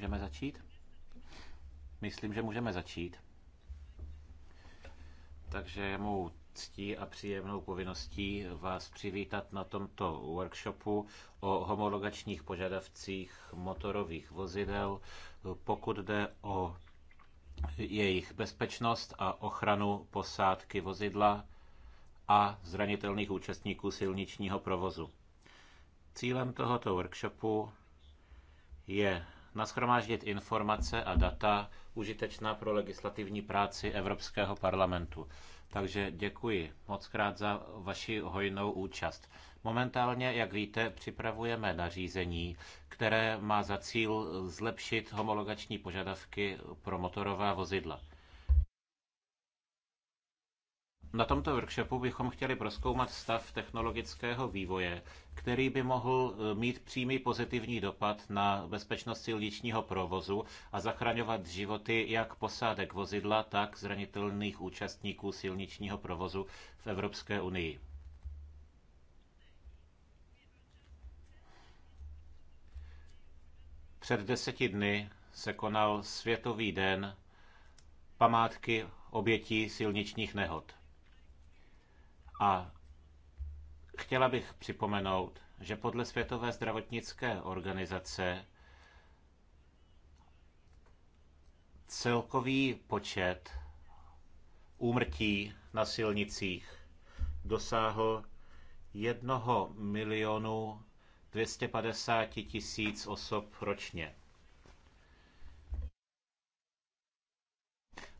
Můžeme začít? Myslím, že můžeme začít. Takže je mou ctí a příjemnou povinností vás přivítat na tomto workshopu o homologačních požadavcích motorových vozidel, pokud jde o jejich bezpečnost a ochranu posádky vozidla a zranitelných účastníků silničního provozu. Cílem tohoto workshopu je nashromáždit informace a data užitečná pro legislativní práci Evropského parlamentu. Takže děkuji moc krát za vaši hojnou účast. Momentálně, jak víte, připravujeme nařízení, které má za cíl zlepšit homologační požadavky pro motorová vozidla. Na tomto workshopu bychom chtěli proskoumat stav technologického vývoje, který by mohl e, mít přímý pozitivní dopad na bezpečnost silničního provozu a zachraňovat životy jak posádek vozidla, tak zranitelných účastníků silničního provozu v Evropské unii. Před deseti dny se konal Světový den památky obětí silničních nehod. A chtěla bych připomenout, že podle Světové zdravotnické organizace celkový počet úmrtí na silnicích dosáhl 1 milionu 250 tisíc osob ročně.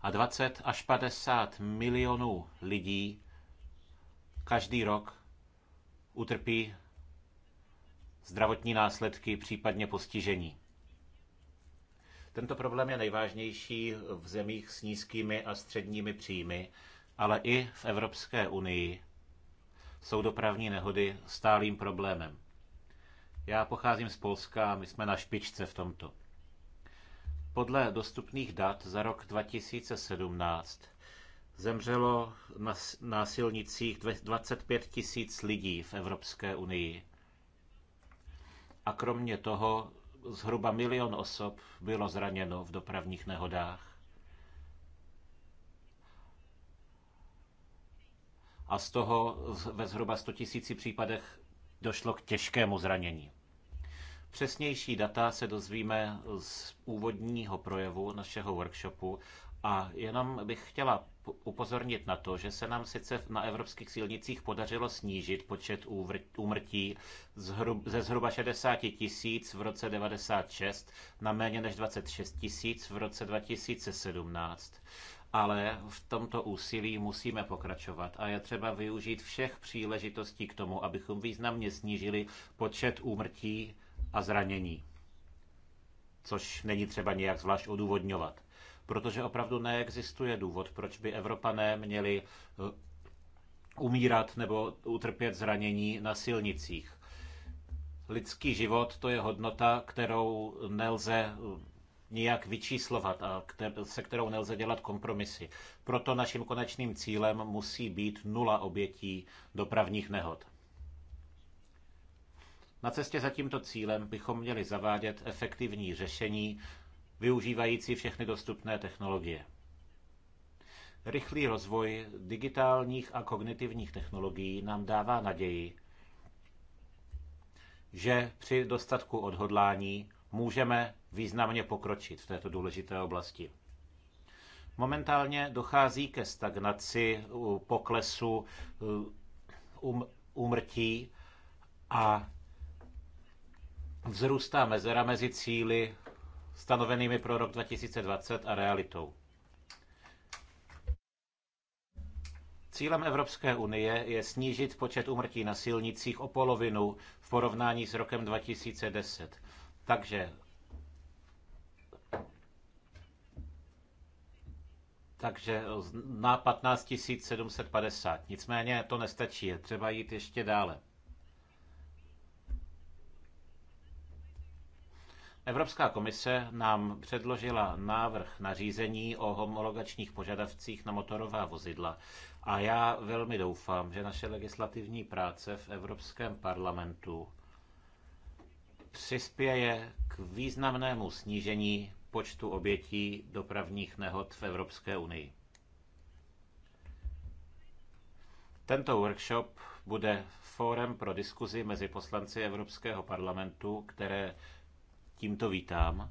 A 20 až 50 milionů lidí každý rok utrpí zdravotní následky, případně postižení. Tento problém je nejvážnější v zemích s nízkými a středními příjmy, ale i v Evropské unii jsou dopravní nehody stálým problémem. Já pocházím z Polska a my jsme na špičce v tomto. Podle dostupných dat za rok 2017 Zemřelo na, na silnicích 25 tisíc lidí v Evropské unii. A kromě toho zhruba milion osob bylo zraněno v dopravních nehodách. A z toho ve zhruba 100 tisíci případech došlo k těžkému zranění. Přesnější data se dozvíme z úvodního projevu našeho workshopu a jenom bych chtěla upozornit na to, že se nám sice na evropských silnicích podařilo snížit počet úmrtí ze zhruba 60 tisíc v roce 96 na méně než 26 tisíc v roce 2017 ale v tomto úsilí musíme pokračovat a je třeba využít všech příležitostí k tomu, abychom významně snížili počet úmrtí a zranění, což není třeba nějak zvlášť odůvodňovat protože opravdu neexistuje důvod, proč by Evropané měli eh, umírat nebo utrpět zranění na silnicích. Lidský život to je hodnota, kterou nelze eh, nijak vyčíslovat a se kterou nelze dělat kompromisy. Proto naším konečným cílem musí být nula obětí dopravních nehod. Na cestě za tímto cílem bychom měli zavádět efektivní řešení, využívající všechny dostupné technologie. Rychlý rozvoj digitálních a kognitivních technologií nám dává naději, že při dostatku odhodlání můžeme významně pokročit v této důležité oblasti. Momentálně dochází ke stagnaci, poklesu um, úmrtí um, a vzrůstá mezera mezi cíly stanovenými pro rok 2020 a realitou. Cílem Evropské unie je snížit počet umrtí na silnicích o polovinu v porovnání s rokem 2010. Takže takže na 15 750. Nicméně to nestačí, je třeba jít ještě dále. Evropská komise nám předložila návrh nařízení o homologačních požadavcích na motorová vozidla a já velmi doufám, že naše legislativní práce v Evropském parlamentu přispěje k významnému snížení počtu obětí dopravních nehod v Evropské unii. Tento workshop bude fórem pro diskuzi mezi poslanci Evropského parlamentu, které tímto vítám.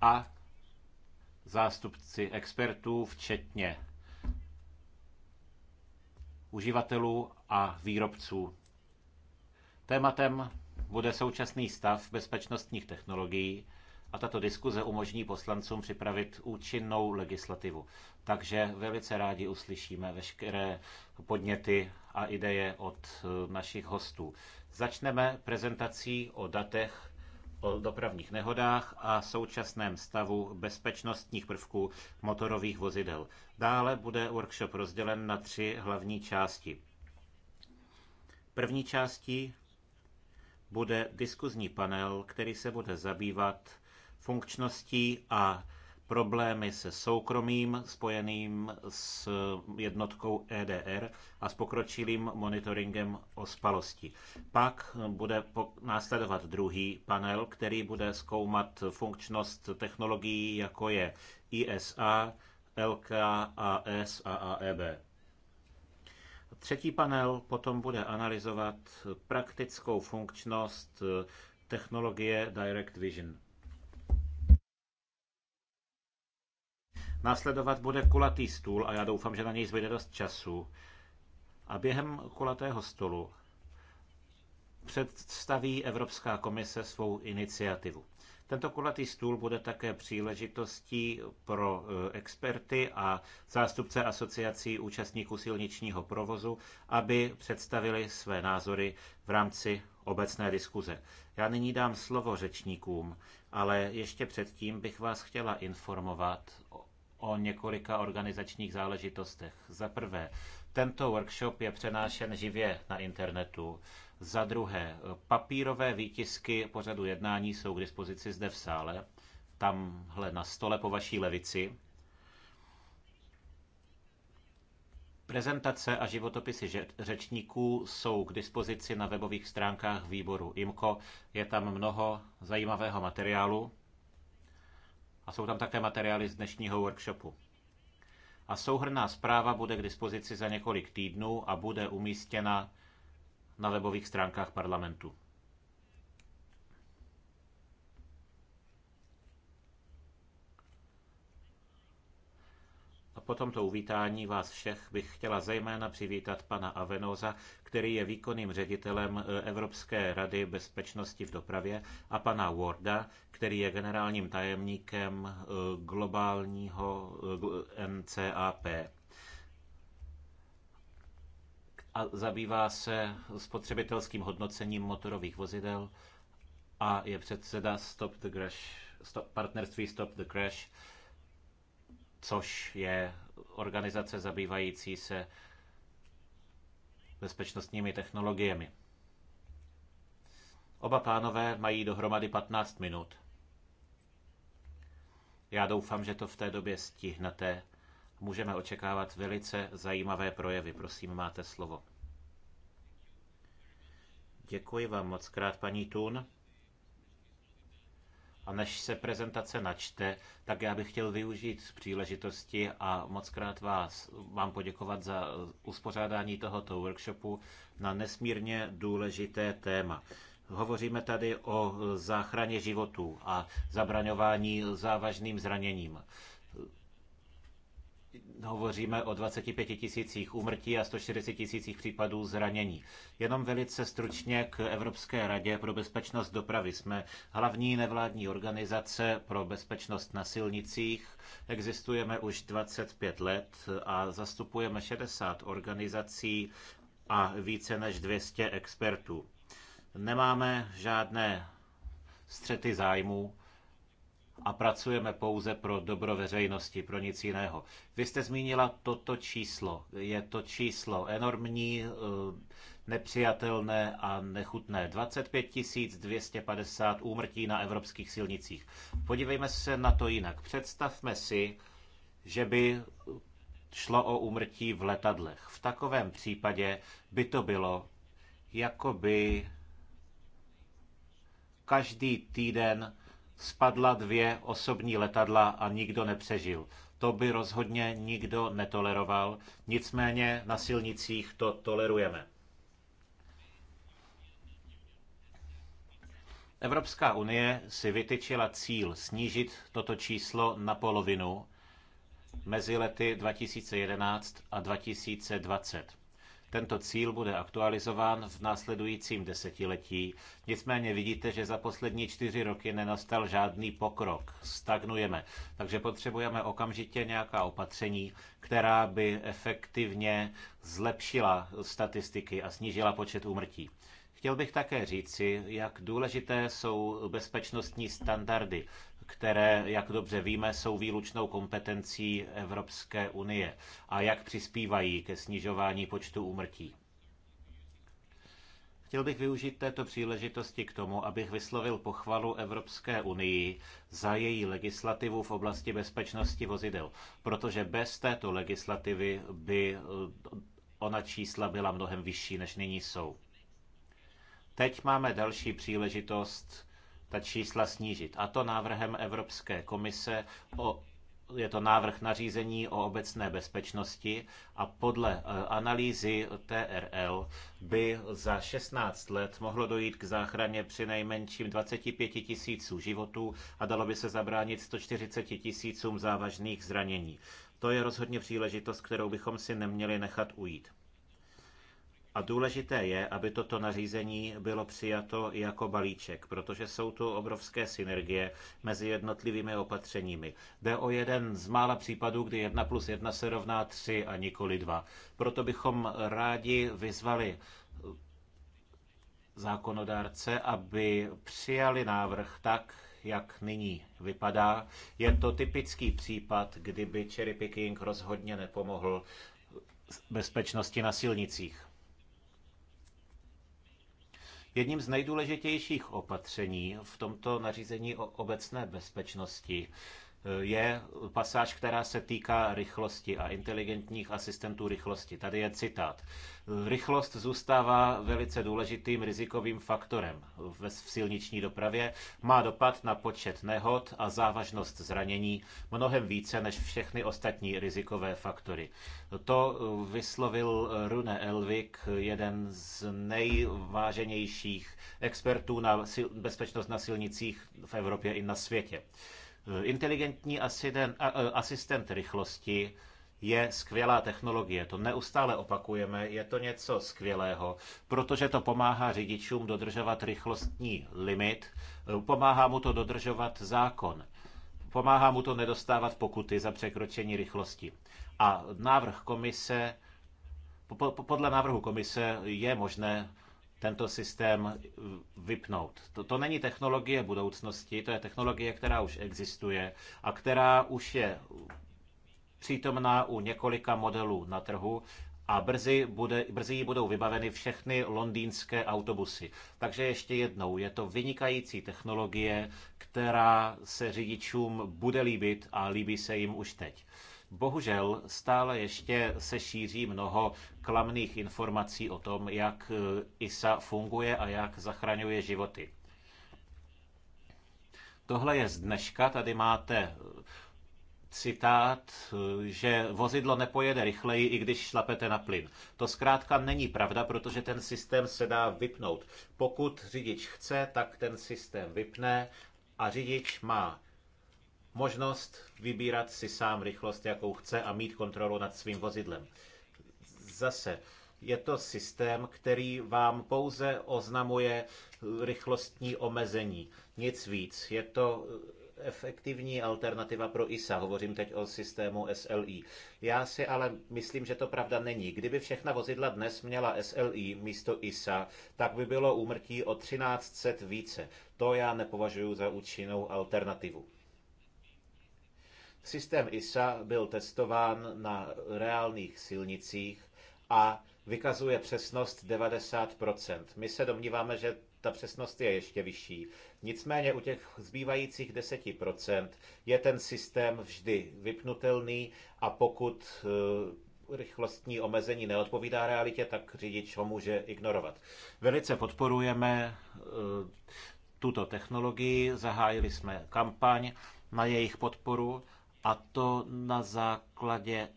A zástupci expertů, včetně uživatelů a výrobců. Tématem bude současný stav bezpečnostních technologií a tato diskuze umožní poslancům připravit účinnou legislativu. Takže velice rádi uslyšíme veškeré podněty a ideje od eh, našich hostů. Začneme prezentací o datech o dopravních nehodách a současném stavu bezpečnostních prvků motorových vozidel. Dále bude workshop rozdělen na tři hlavní části. První částí bude diskuzní panel, který se bude zabývat funkčností a problémy se soukromým spojeným s jednotkou EDR a s pokročilým monitoringem ospalosti. Pak bude následovat druhý panel, který bude zkoumat funkčnost technologií, jako je ISA, AS a AEB. Třetí panel potom bude analyzovat praktickou funkčnost eh, technologie Direct Vision. Následovat bude kulatý stůl a já doufám, že na něj zbyde dost času. A během kulatého stolu představí Evropská komise svou iniciativu. Tento kulatý stůl bude také příležitostí pro e, experty a zástupce asociací účastníků silničního provozu, aby představili své názory v rámci obecné diskuze. Já nyní dám slovo řečníkům, ale ještě předtím bych vás chtěla informovat o několika organizačních záležitostech. Za prvé, tento workshop je přenášen živě na internetu. Za druhé, papírové výtisky pořadu jednání jsou k dispozici zde v sále, tamhle na stole po vaší levici. Prezentace a životopisy řečníků jsou k dispozici na webových stránkách výboru IMCO. Je tam mnoho zajímavého materiálu. A jsou tam také materiály z dnešního workshopu. A souhrná zpráva bude k dispozici za několik týdnů a bude umístěna na webových stránkách parlamentu. Po tomto uvítání vás všech bych chtěla zejména přivítat pana Avenoza, který je výkonným ředitelem e, Evropské rady bezpečnosti v dopravě, a pana Warda, který je generálním tajemníkem e, globálního e, NCAP a zabývá se spotřebitelským hodnocením motorových vozidel a je předseda Stop the Crash, stop, partnerství Stop the Crash, což je organizace zabývající se bezpečnostními technologiemi. Oba pánové mají dohromady 15 minut. Já doufám, že to v té době stihnete. Můžeme očekávat velice zajímavé projevy. Prosím, máte slovo. Děkuji vám moc krát, paní Tun. A než se prezentace načte, tak já bych chtěl využít z příležitosti a moc krát vás vám poděkovat za uspořádání tohoto workshopu na nesmírně důležité téma. Hovoříme tady o záchraně životů a zabraňování závažným zraněním hovoříme o 25 tisících úmrtí a 140 tisících případů zranění. Jenom velice stručně k Evropské radě pro bezpečnost dopravy. Jsme hlavní nevládní organizace pro bezpečnost na silnicích. Existujeme už 25 let a zastupujeme 60 organizací a více než 200 expertů. Nemáme žádné střety zájmů, a pracujeme pouze pro dobro veřejnosti, pro nic jiného. Vy jste zmínila toto číslo. Je to číslo enormní, eh, nepřijatelné a nechutné. 25 250 úmrtí na evropských silnicích. Podívejme se na to jinak. Představme si, že by šlo o úmrtí v letadlech. V takovém případě by to bylo, jako by každý týden spadla dvě osobní letadla a nikdo nepřežil. To by rozhodně nikdo netoleroval, nicméně na silnicích to tolerujeme. Evropská unie si vytyčila cíl snížit toto číslo na polovinu mezi lety 2011 a 2020. Tento cíl bude aktualizován v následujícím desetiletí. Nicméně vidíte, že za poslední čtyři roky nenastal žádný pokrok. Stagnujeme. Takže potřebujeme okamžitě nějaká opatření, která by efektivně zlepšila statistiky a snížila počet úmrtí. Chtěl bych také říci, jak důležité jsou bezpečnostní standardy které, jak dobře víme, jsou výlučnou kompetencí Evropské unie a jak přispívají ke snižování počtu úmrtí. Chtěl bych využít této příležitosti k tomu, abych vyslovil pochvalu Evropské unii za její legislativu v oblasti bezpečnosti vozidel, protože bez této legislativy by eh, ona čísla byla mnohem vyšší, než nyní jsou. Teď máme další příležitost ta čísla snížit. A to návrhem Evropské komise o je to návrh nařízení o obecné bezpečnosti a podle e, analýzy TRL by za 16 let mohlo dojít k záchraně při nejmenším 25 tisíců životů a dalo by se zabránit 140 tisícům závažných zranění. To je rozhodně příležitost, kterou bychom si neměli nechat ujít. A důležité je, aby toto nařízení bylo přijato jako balíček, protože jsou tu obrovské synergie mezi jednotlivými opatřeními. Jde o jeden z mála případů, kdy 1 plus 1 se rovná 3 a nikoli 2. Proto bychom rádi vyzvali zákonodárce, aby přijali návrh tak, jak nyní vypadá. Je to typický případ, kdyby cherry picking rozhodně nepomohl bezpečnosti na silnicích. Jedním z nejdůležitějších opatření v tomto nařízení o obecné bezpečnosti je pasáž, která se týká rychlosti a inteligentních asistentů rychlosti. Tady je citát. Rychlost zůstává velice důležitým rizikovým faktorem v silniční dopravě. Má dopad na počet nehod a závažnost zranění mnohem více než všechny ostatní rizikové faktory. To eh, vyslovil eh, Rune Elvik, jeden z nejváženějších expertů na bezpečnost na silnicích v Evropě i na světě. Inteligentní e, asistent rychlosti je skvělá technologie, to neustále opakujeme, je to něco skvělého, protože to pomáhá řidičům dodržovat rychlostní limit, e, pomáhá mu to dodržovat zákon, pomáhá mu to nedostávat pokuty za překročení rychlosti. A návrh komise, podle návrhu komise je možné tento systém eh, vypnout. To, to není technologie budoucnosti, to je technologie, která už existuje a která už je přítomná u několika modelů na trhu a brzy, bude, brzy jí budou vybaveny všechny londýnské autobusy. Takže ještě jednou, je to vynikající technologie, která se řidičům bude líbit a líbí se jim už teď. Bohužel stále ještě se šíří mnoho klamných informací o tom, jak eh, ISA funguje a jak zachraňuje životy. Tohle je z dneška, tady máte eh, citát, eh, že vozidlo nepojede rychleji, i když šlapete na plyn. To zkrátka není pravda, protože ten systém se dá vypnout. Pokud řidič chce, tak ten systém vypne a řidič má možnost vybírat si sám rychlost, jakou chce a mít kontrolu nad svým vozidlem. Zase, je to systém, který vám pouze oznamuje rychlostní omezení. Nic víc. Je to efektivní alternativa pro ISA. Hovořím teď o systému SLI. Já si ale myslím, že to pravda není. Kdyby všechna vozidla dnes měla SLI místo ISA, tak by bylo úmrtí o 1300 více. To já nepovažuji za účinnou alternativu. Systém ISA byl testován na reálných silnicích a vykazuje přesnost 90%. My se domníváme, že ta přesnost je ještě vyšší. Nicméně u těch zbývajících 10% je ten systém vždy vypnutelný a pokud e, rychlostní omezení neodpovídá realitě, tak řidič ho může ignorovat. Velice podporujeme e, tuto technologii, zahájili jsme kampaň na jejich podporu a to na základě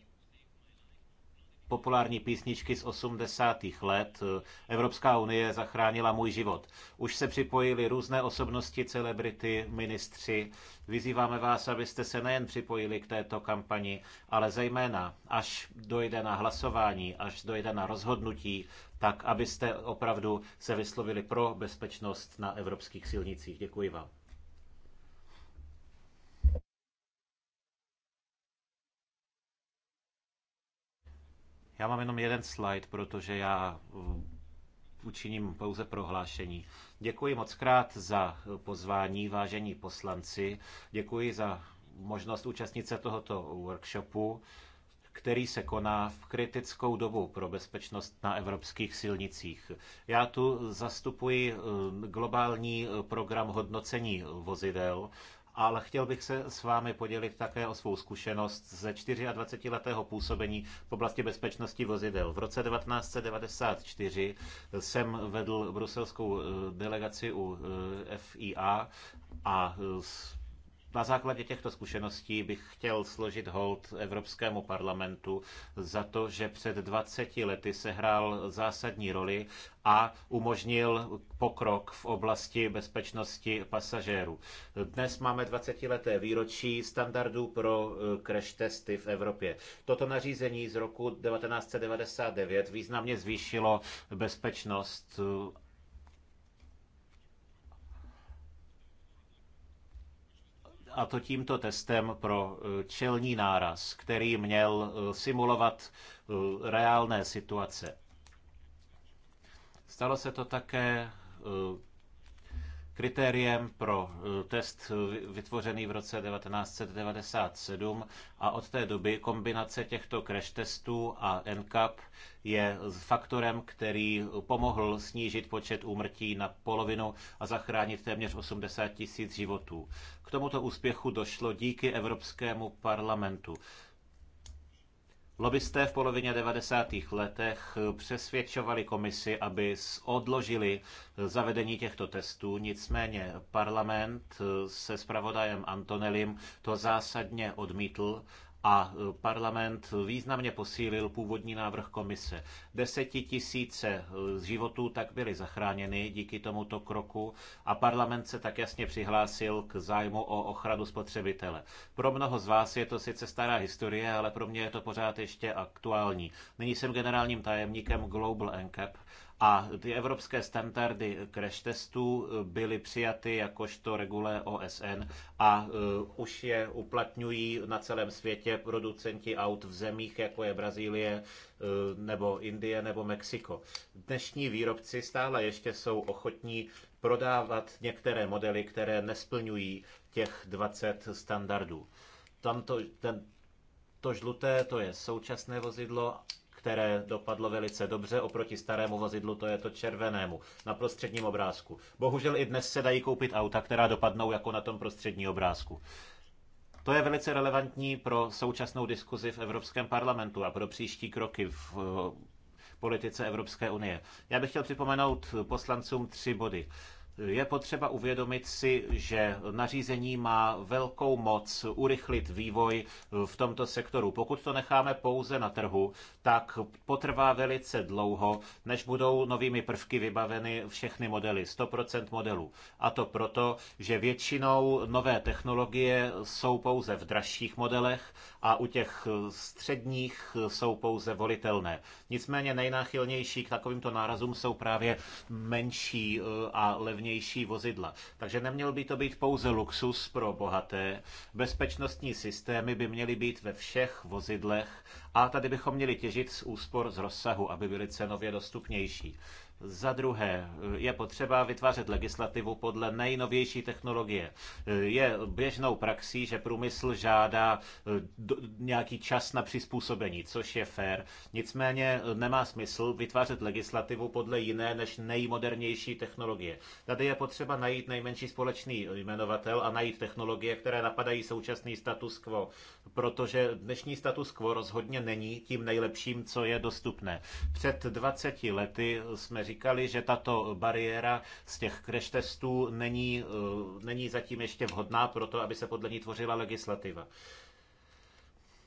populární písničky z 80. let. Evropská unie zachránila můj život. Už se připojili různé osobnosti, celebrity, ministři. Vyzýváme vás, abyste se nejen připojili k této kampani, ale zejména, až dojde na hlasování, až dojde na rozhodnutí, tak abyste opravdu se vyslovili pro bezpečnost na evropských silnicích. Děkuji vám. Já mám jenom jeden slide, protože já eh, učiním pouze prohlášení. Děkuji moc krát za pozvání, vážení poslanci. Děkuji za možnost účastnit se tohoto workshopu, který se koná v kritickou dobu pro bezpečnost na evropských silnicích. Já tu zastupuji eh, globální eh, program hodnocení vozidel ale chtěl bych se s vámi podělit také o svou zkušenost ze 24-letého působení v oblasti bezpečnosti vozidel. V roce 1994 jsem vedl bruselskou eh, delegaci u eh, FIA a eh, s na základě těchto zkušeností bych chtěl složit hold Evropskému parlamentu za to, že před 20 lety se hrál zásadní roli a umožnil pokrok v oblasti bezpečnosti pasažérů. Dnes máme 20-leté výročí standardů pro eh, crash testy v Evropě. Toto nařízení z roku 1999 významně zvýšilo bezpečnost eh, a to tímto testem pro eh, čelní náraz, který měl eh, simulovat eh, reálné situace. Stalo se to také kritériem pro eh, test vytvořený v roce 1997 a od té doby kombinace těchto crash testů a NCAP je faktorem, který pomohl snížit počet úmrtí na polovinu a zachránit téměř 80 tisíc životů. K tomuto úspěchu došlo díky Evropskému parlamentu. Lobbysté v polovině 90. letech přesvědčovali komisi, aby odložili zavedení těchto testů, nicméně parlament se spravodajem Antonelim to zásadně odmítl a e, parlament významně posílil původní návrh komise. Desetitisíce e, životů tak byly zachráněny díky tomuto kroku a parlament se tak jasně přihlásil k zájmu o ochranu spotřebitele. Pro mnoho z vás je to sice stará historie, ale pro mě je to pořád ještě aktuální. Nyní jsem generálním tajemníkem Global NCAP a ty evropské standardy crash testů byly přijaty jakožto regulé OSN a e, už je uplatňují na celém světě producenti aut v zemích, jako je Brazílie e, nebo Indie nebo Mexiko. Dnešní výrobci stále ještě jsou ochotní prodávat některé modely, které nesplňují těch 20 standardů. Tamto, ten, to žluté, to je současné vozidlo které dopadlo velice dobře oproti starému vozidlu, to je to červenému, na prostředním obrázku. Bohužel i dnes se dají koupit auta, která dopadnou jako na tom prostředním obrázku. To je velice relevantní pro současnou diskuzi v Evropském parlamentu a pro příští kroky v eh, politice Evropské unie. Já bych chtěl připomenout poslancům tři body je potřeba uvědomit si, že nařízení má velkou moc urychlit vývoj v tomto sektoru. Pokud to necháme pouze na trhu, tak potrvá velice dlouho, než budou novými prvky vybaveny všechny modely, 100% modelů. A to proto, že většinou nové technologie jsou pouze v dražších modelech a u těch středních jsou pouze volitelné. Nicméně nejnáchylnější k takovýmto nárazům jsou právě menší a levnější levnější vozidla. Takže neměl by to být pouze luxus pro bohaté. Bezpečnostní systémy by měly být ve všech vozidlech a tady bychom měli těžit z úspor z rozsahu, aby byly cenově dostupnější. Za druhé, je potřeba vytvářet legislativu podle nejnovější technologie. Je běžnou praxí, že průmysl žádá eh, nějaký čas na přizpůsobení, což je fér. Nicméně eh, nemá smysl vytvářet legislativu podle jiné než nejmodernější technologie. Tady je potřeba najít nejmenší společný jmenovatel a najít technologie, které napadají současný status quo, protože dnešní status quo rozhodně není tím nejlepším, co je dostupné. Před 20 lety jsme říkali, říkali, že tato bariéra z těch crash testů není, eh, není zatím ještě vhodná pro to, aby se podle ní tvořila legislativa.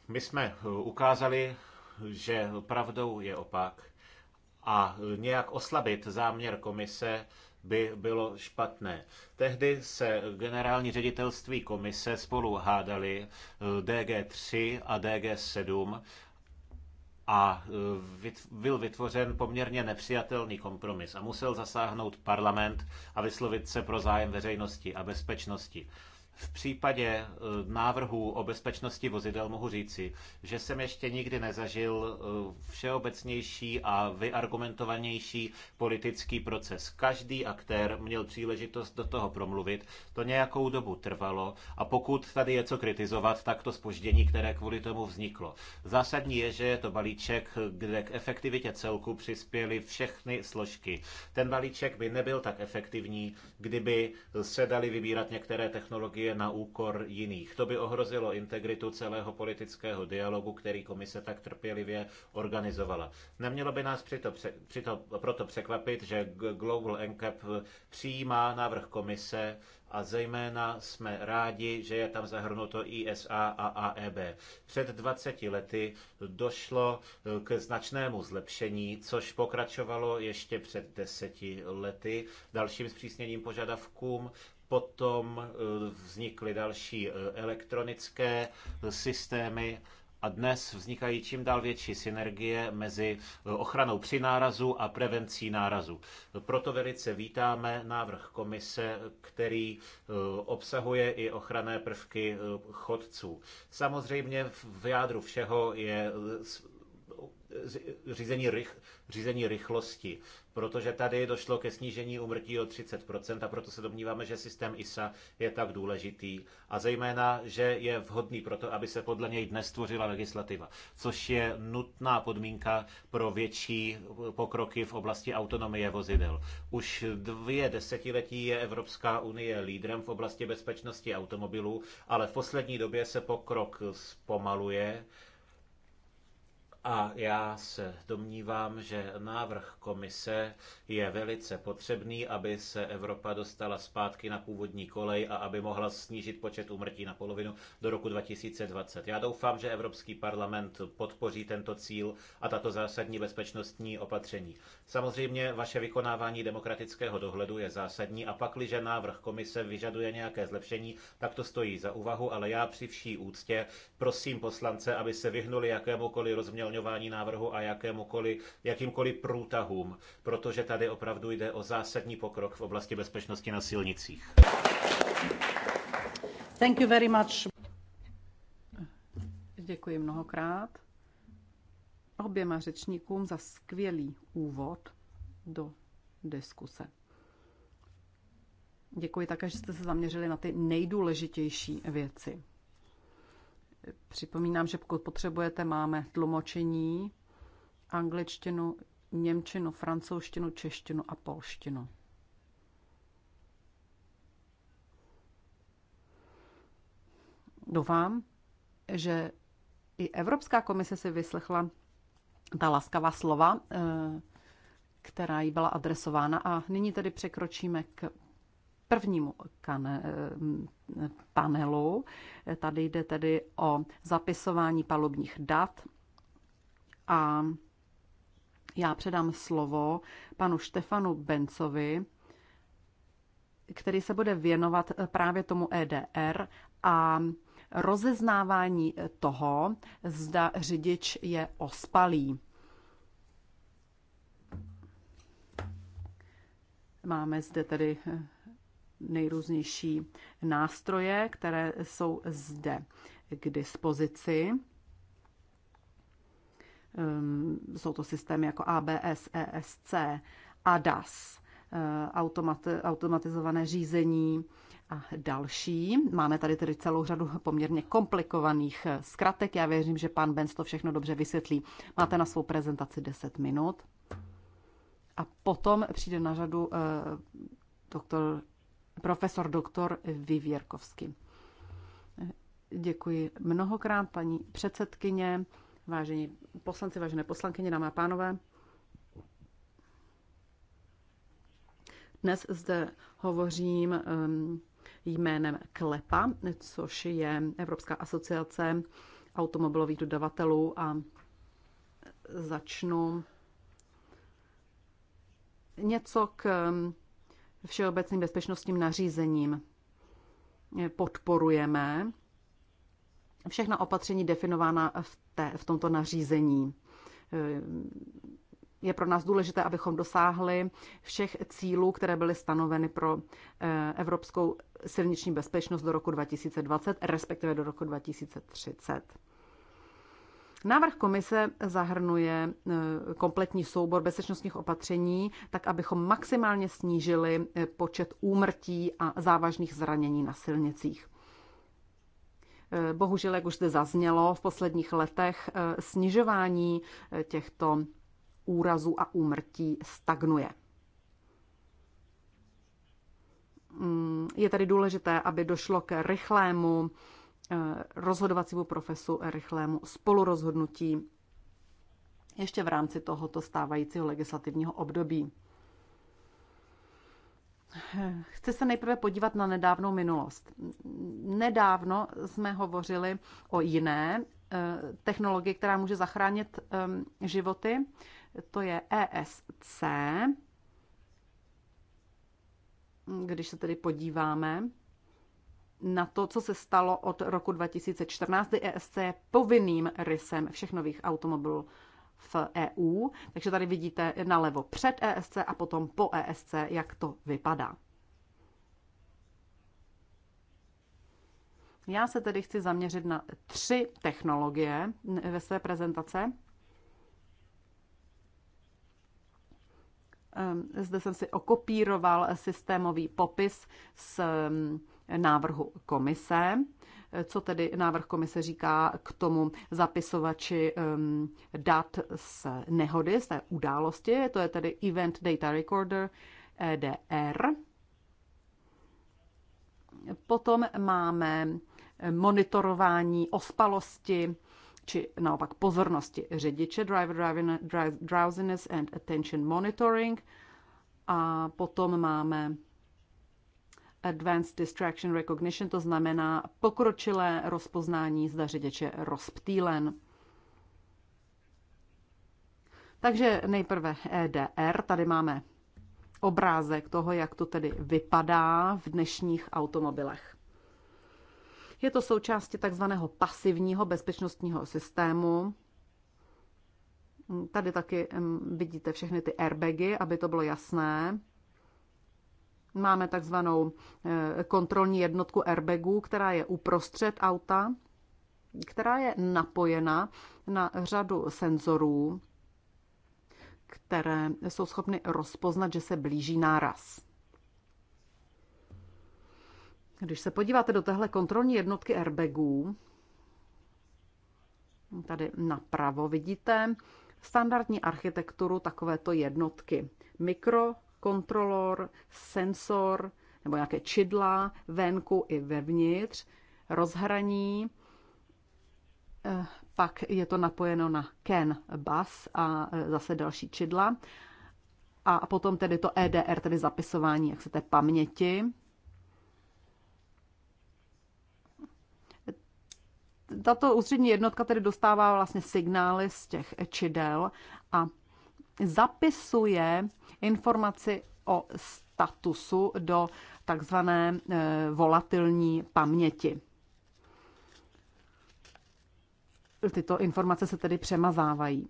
My jsme eh, ukázali, že pravdou je opak a nějak oslabit záměr komise by bylo špatné. Tehdy se generální ředitelství komise spolu hádali eh, DG3 a DG7 a e, byl vytvořen poměrně nepřijatelný kompromis a musel zasáhnout parlament a vyslovit se pro zájem veřejnosti a bezpečnosti. V případě eh, návrhů o bezpečnosti vozidel mohu říci, že jsem ještě nikdy nezažil eh, všeobecnější a vyargumentovanější politický proces. Každý aktér měl příležitost do toho promluvit, to nějakou dobu trvalo a pokud tady je co kritizovat, tak to spoždění, které kvůli tomu vzniklo. Zásadní je, že je to balíček, kde k efektivitě celku přispěly všechny složky. Ten balíček by nebyl tak efektivní, kdyby se dali vybírat některé technologie je na úkor jiných. To by ohrozilo integritu celého politického dialogu, který komise tak trpělivě organizovala. Nemělo by nás přito, přito, proto překvapit, že Global NCAP přijímá návrh komise a zejména jsme rádi, že je tam zahrnuto ISA a AEB. Před 20 lety došlo eh, k značnému zlepšení, což pokračovalo ještě před deseti lety dalším zpřísněním požadavkům Potom eh, vznikly další eh, elektronické eh, systémy a dnes vznikají čím dál větší synergie mezi ochranou při nárazu a prevencí nárazu. Proto velice vítáme návrh komise, který obsahuje i ochranné prvky chodců. Samozřejmě v jádru všeho je řízení, rych, řízení rychlosti protože tady došlo ke snížení umrtí o 30% a proto se domníváme, že systém ISA je tak důležitý a zejména, že je vhodný pro to, aby se podle něj dnes tvořila legislativa, což je nutná podmínka pro větší pokroky v oblasti autonomie vozidel. Už dvě desetiletí je Evropská unie lídrem v oblasti bezpečnosti automobilů, ale v poslední době se pokrok zpomaluje a já se domnívám, že návrh komise je velice potřebný, aby se Evropa dostala zpátky na původní kolej a aby mohla snížit počet umrtí na polovinu do roku 2020. Já doufám, že Evropský parlament podpoří tento cíl a tato zásadní bezpečnostní opatření. Samozřejmě vaše vykonávání demokratického dohledu je zásadní a pakliže návrh komise vyžaduje nějaké zlepšení, tak to stojí za úvahu, ale já při vší úctě prosím poslance, aby se vyhnuli jakémukoliv rozmělnění pozměňování návrhu a jakýmkoliv průtahům, protože tady opravdu jde o zásadní pokrok v oblasti bezpečnosti na silnicích. Thank you very much. Děkuji mnohokrát oběma řečníkům za skvělý úvod do diskuse. Děkuji také, že jste se zaměřili na ty nejdůležitější věci. Připomínám, že pokud potřebujete, máme tlumočení, angličtinu, němčinu, francouzštinu, češtinu a polštinu. Doufám, že i Evropská komise si vyslechla ta laskavá slova, eh, která jí byla adresována. A nyní tedy překročíme k prvnímu kan- eh, panelu. Tady jde tedy o zapisování palubních dat a já předám slovo panu Štefanu Bencovi, který se bude věnovat právě tomu EDR a rozeznávání toho, zda řidič je ospalý. Máme zde tedy nejrůznější nástroje, které jsou zde k dispozici. Ehm, jsou to systémy jako ABS, ESC ADAS, DAS, eh, automatizované řízení a další. Máme tady tedy celou řadu poměrně komplikovaných eh, zkratek. Já věřím, že pan Benz to všechno dobře vysvětlí. Máte na svou prezentaci 10 minut. A potom přijde na řadu eh, doktor profesor doktor Vivěrkovský. Děkuji mnohokrát, paní předsedkyně, vážení poslanci, vážené poslankyně, dámy a pánové. Dnes zde hovořím um, jménem KLEPA, což je Evropská asociace automobilových dodavatelů a začnu něco k um, všeobecným bezpečnostním nařízením. Podporujeme všechna opatření definována v, té, v tomto nařízení. Je pro nás důležité, abychom dosáhli všech cílů, které byly stanoveny pro eh, evropskou silniční bezpečnost do roku 2020, respektive do roku 2030. Návrh komise zahrnuje e, kompletní soubor bezpečnostních opatření, tak abychom maximálně snížili e, počet úmrtí a závažných zranění na silnicích. E, bohužel, jak už zde zaznělo, v posledních letech snižování těchto úrazů a úmrtí stagnuje. Mm, je tady důležité, aby došlo k rychlému Eh, rozhodovacímu profesu rychlému spolurozhodnutí ještě v rámci tohoto stávajícího legislativního období. Chci se nejprve podívat na nedávnou minulost. Nedávno jsme hovořili o jiné eh, technologii, která může zachránit eh, životy. To je ESC. Když se tedy podíváme na to, co se stalo od roku 2014, kdy ESC je povinným rysem všech nových automobilů v EU. Takže tady vidíte nalevo před ESC a potom po ESC, jak to vypadá. Já se tedy chci zaměřit na tři technologie ve své prezentace. Ehm, zde jsem si okopíroval systémový popis s ehm, návrhu komise. Co tedy návrh komise říká k tomu zapisovači um, dat z nehody, z té události, to je tedy Event Data Recorder EDR. Potom máme monitorování ospalosti či naopak pozornosti řidiče, driver drowsiness and attention monitoring. A potom máme Advanced Distraction Recognition, to znamená pokročilé rozpoznání zda je rozptýlen. Takže nejprve EDR, tady máme obrázek toho, jak to tedy vypadá v dnešních automobilech. Je to součástí takzvaného pasivního bezpečnostního systému. Tady taky mm, vidíte všechny ty airbagy, aby to bylo jasné. Máme takzvanou eh, kontrolní jednotku airbagů, která je uprostřed auta, která je napojena na řadu senzorů, které jsou schopny rozpoznat, že se blíží náraz. Když se podíváte do téhle kontrolní jednotky airbagů, tady napravo vidíte standardní architekturu takovéto jednotky. Mikro kontrolor, sensor nebo nějaké čidla venku i vevnitř, rozhraní. Eh, pak je to napojeno na CAN bus a eh, zase další čidla. A potom tedy to EDR, tedy zapisování, jak se té paměti. Tato ústřední jednotka tedy dostává vlastně signály z těch čidel a zapisuje informaci o statusu do takzvané e, volatilní paměti. Tyto informace se tedy přemazávají.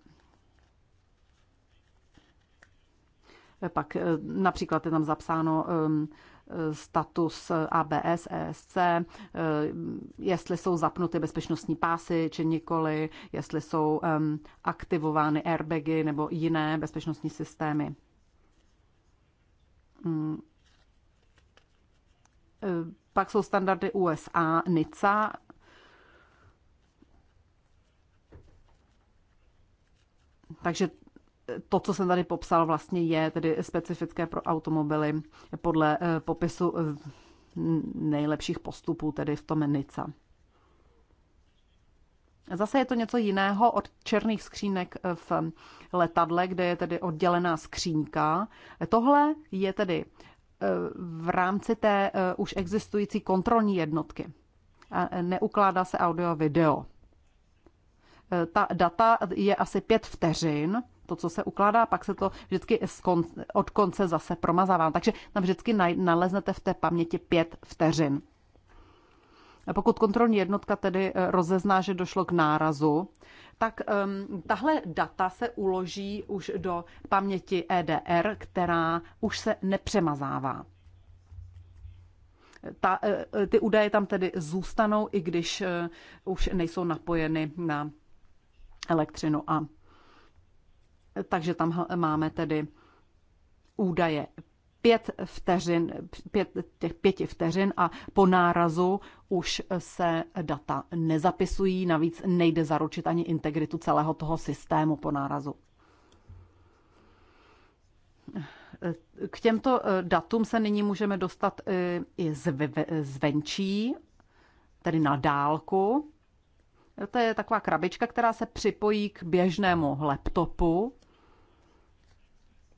Pak e, například je tam zapsáno e, status ABS, ESC, eh, jestli jsou zapnuty bezpečnostní pásy či nikoli, jestli jsou aktivovány airbagy nebo jiné bezpečnostní systémy. Hmm. Eh, pak jsou standardy USA, NICA, takže to, co jsem tady popsal, vlastně je tedy specifické pro automobily podle eh, popisu eh, nejlepších postupů, tedy v tom NICA. Zase je to něco jiného od černých skřínek eh, v letadle, kde je tedy oddělená skřínka. Tohle je tedy v rámci té už existující kontrolní jednotky. Neukládá se audio a video. Ta data je asi pět vteřin, to, co se ukládá, pak se to vždycky od konce zase promazává. Takže tam vždycky naleznete v té paměti pět vteřin. Pokud kontrolní jednotka tedy eh, rozezná, že došlo k nárazu, tak um, tahle data se uloží už do paměti EDR, která už se nepřemazává. Ta, eh, eh, ty údaje tam tedy zůstanou, i když už nejsou napojeny na elektřinu a takže tam máme tedy údaje pět vteřin, pět, těch pěti vteřin a po nárazu už se data nezapisují, navíc nejde zaručit ani integritu celého toho systému po nárazu. K těmto eh, datům se nyní můžeme dostat eh, i zvenčí, tedy na dálku. To je taková krabička, která se připojí k běžnému laptopu,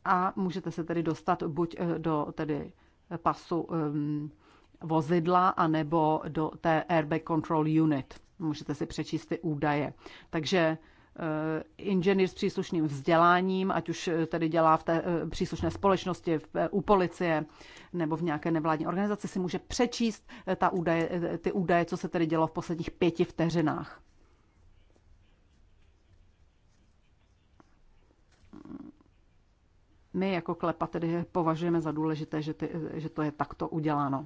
a můžete se tedy dostat buď eh, do tedy pasu ehm, vozidla anebo do té Airbag Control Unit. Můžete si přečíst ty údaje. Takže eh, inženýr s příslušným vzděláním, ať už eh, tedy dělá v té příslušné společnosti, u policie nebo v nějaké nevládní organizaci, si může přečíst ta údaje, ty údaje, co se tedy dělo v posledních pěti vteřinách. My jako klepa tedy považujeme za důležité, že, ty, že to je takto uděláno.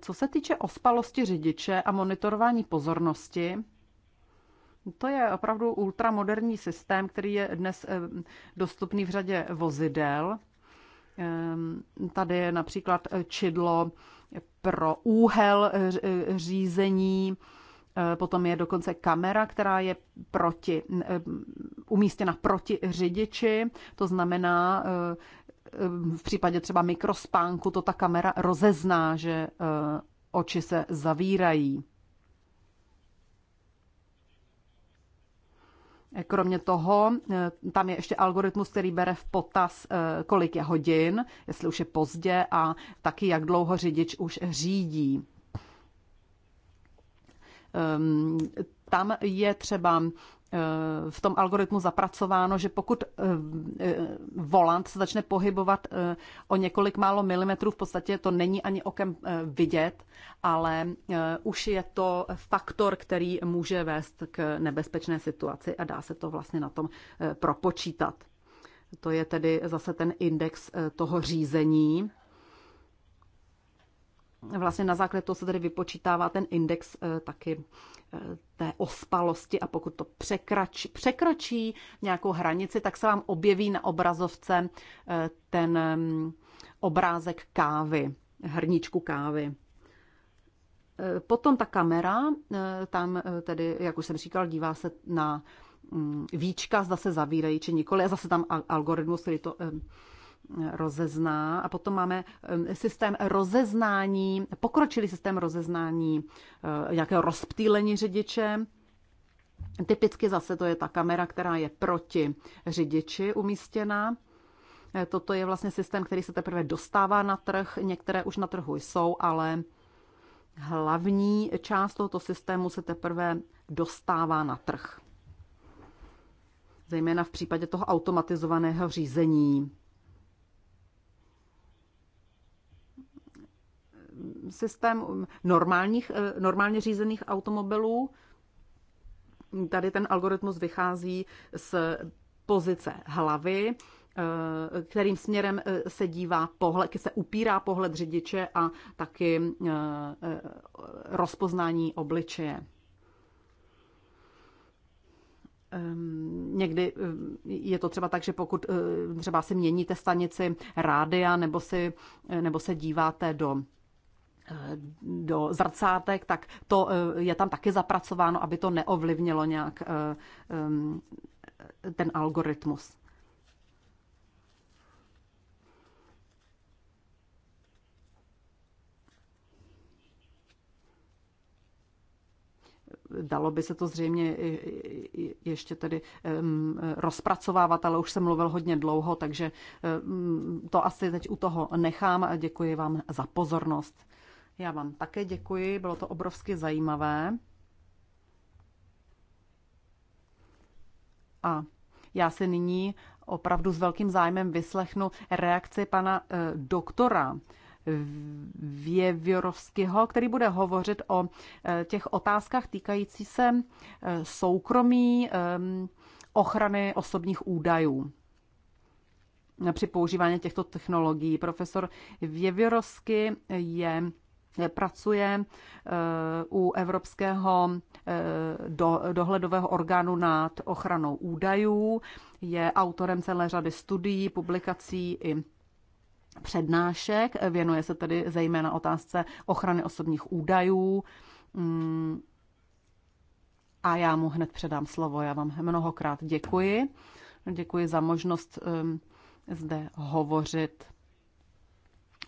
Co se týče ospalosti řidiče a monitorování pozornosti, to je opravdu ultramoderní systém, který je dnes eh, dostupný v řadě vozidel. Ehm, tady je například čidlo pro úhel eh, řízení, Eh, potom je dokonce kamera, která je proti, eh, umístěna proti řidiči, to znamená, eh, v případě třeba mikrospánku to ta kamera rozezná, že oči se zavírají. Kromě toho, tam je ještě algoritmus, který bere v potaz, kolik je hodin, jestli už je pozdě a taky jak dlouho řidič už řídí. Ehm, tam je třeba eh, v tom algoritmu zapracováno, že pokud eh, eh, volant se začne pohybovat o několik málo milimetrů, v podstatě to není ani okem vidět, ale už je to faktor, který může vést k nebezpečné situaci a dá se to vlastně na tom propočítat. To je tedy zase ten index toho řízení vlastně na základě toho se tady vypočítává ten index eh, taky eh, té ospalosti a pokud to překračí, překračí nějakou hranici, tak se vám objeví na obrazovce eh, ten mm, obrázek kávy, hrníčku kávy. Potom ta kamera, tam tedy, jak už jsem říkal, dívá se na mm, víčka, zda se zavírají či nikoli. A zase tam algoritmus, který to rozezná. A potom máme eh, systém rozeznání, pokročilý systém rozeznání eh, nějakého rozptýlení řidiče. Typicky zase to je ta kamera, která je proti řidiči umístěna. Eh, toto je vlastně systém, který se teprve dostává na trh. Některé už na trhu jsou, ale hlavní část tohoto systému se teprve dostává na trh. Zejména v případě toho automatizovaného řízení systém normálních, eh, normálně řízených automobilů. Tady ten algoritmus vychází z pozice hlavy, eh, kterým směrem eh, se dívá pohled, se upírá pohled řidiče a taky rozpoznání obličeje. Ehm, někdy je to třeba tak, že pokud třeba si měníte stanici rádia nebo, si, nebo se díváte do Eh, do zrcátek, tak to eh, je tam taky zapracováno, aby to neovlivnilo nějak eh, ten algoritmus. dalo by se to zřejmě ještě tedy rozpracovávat, ale už jsem mluvil hodně dlouho, takže to asi teď u toho nechám a děkuji vám za pozornost. Já vám také děkuji, bylo to obrovsky zajímavé. A já se nyní opravdu s velkým zájmem vyslechnu reakci pana eh, doktora Věvjorovského, který bude hovořit o eh, těch otázkách týkající se eh, soukromí eh, ochrany osobních údajů při používání těchto technologií. Profesor Věvjorovský je pracuje eh, u Evropského eh, dohledového orgánu nad ochranou údajů, je autorem celé řady studií, publikací i přednášek, věnuje se tedy zejména otázce ochrany osobních údajů. Mm. A já mu hned předám slovo. Já vám mnohokrát děkuji. Děkuji za možnost ehm, zde hovořit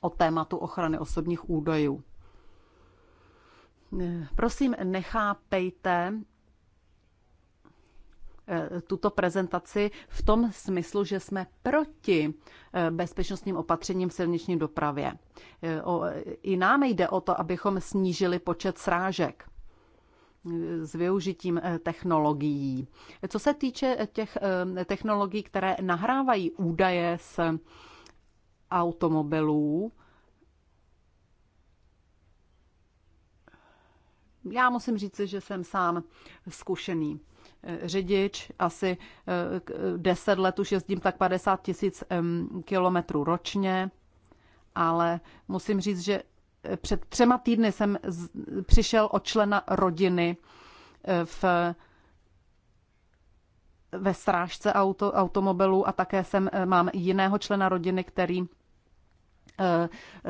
o tématu ochrany osobních údajů. Prosím, nechápejte eh, tuto prezentaci v tom smyslu, že jsme proti eh, bezpečnostním opatřením v silniční dopravě. Eh, I nám jde o to, abychom snížili počet srážek s využitím technologií. Co se týče těch technologií, které nahrávají údaje z automobilů, Já musím říct, že jsem sám zkušený eh, řidič, asi 10 eh, eh, let už jezdím tak 50 tisíc kilometrů ročně, ale musím říct, že před třema týdny jsem přišel od člena rodiny v ve strážce auto, automobilů a také jsem, mám jiného člena rodiny, který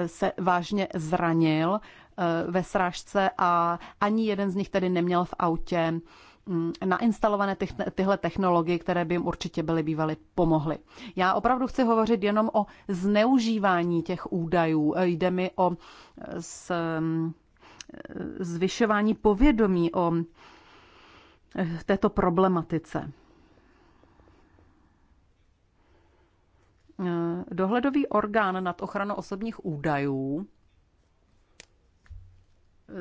se vážně zranil Eh, ve srážce a ani jeden z nich tedy neměl v autě mm, nainstalované ty, tyhle technologie, které by jim určitě byly bývaly pomohly. Já opravdu chci hovořit jenom o zneužívání těch údajů. Eh, jde mi o eh, s, mm, zvyšování povědomí o této problematice. Dohledový orgán nad ochranou osobních údajů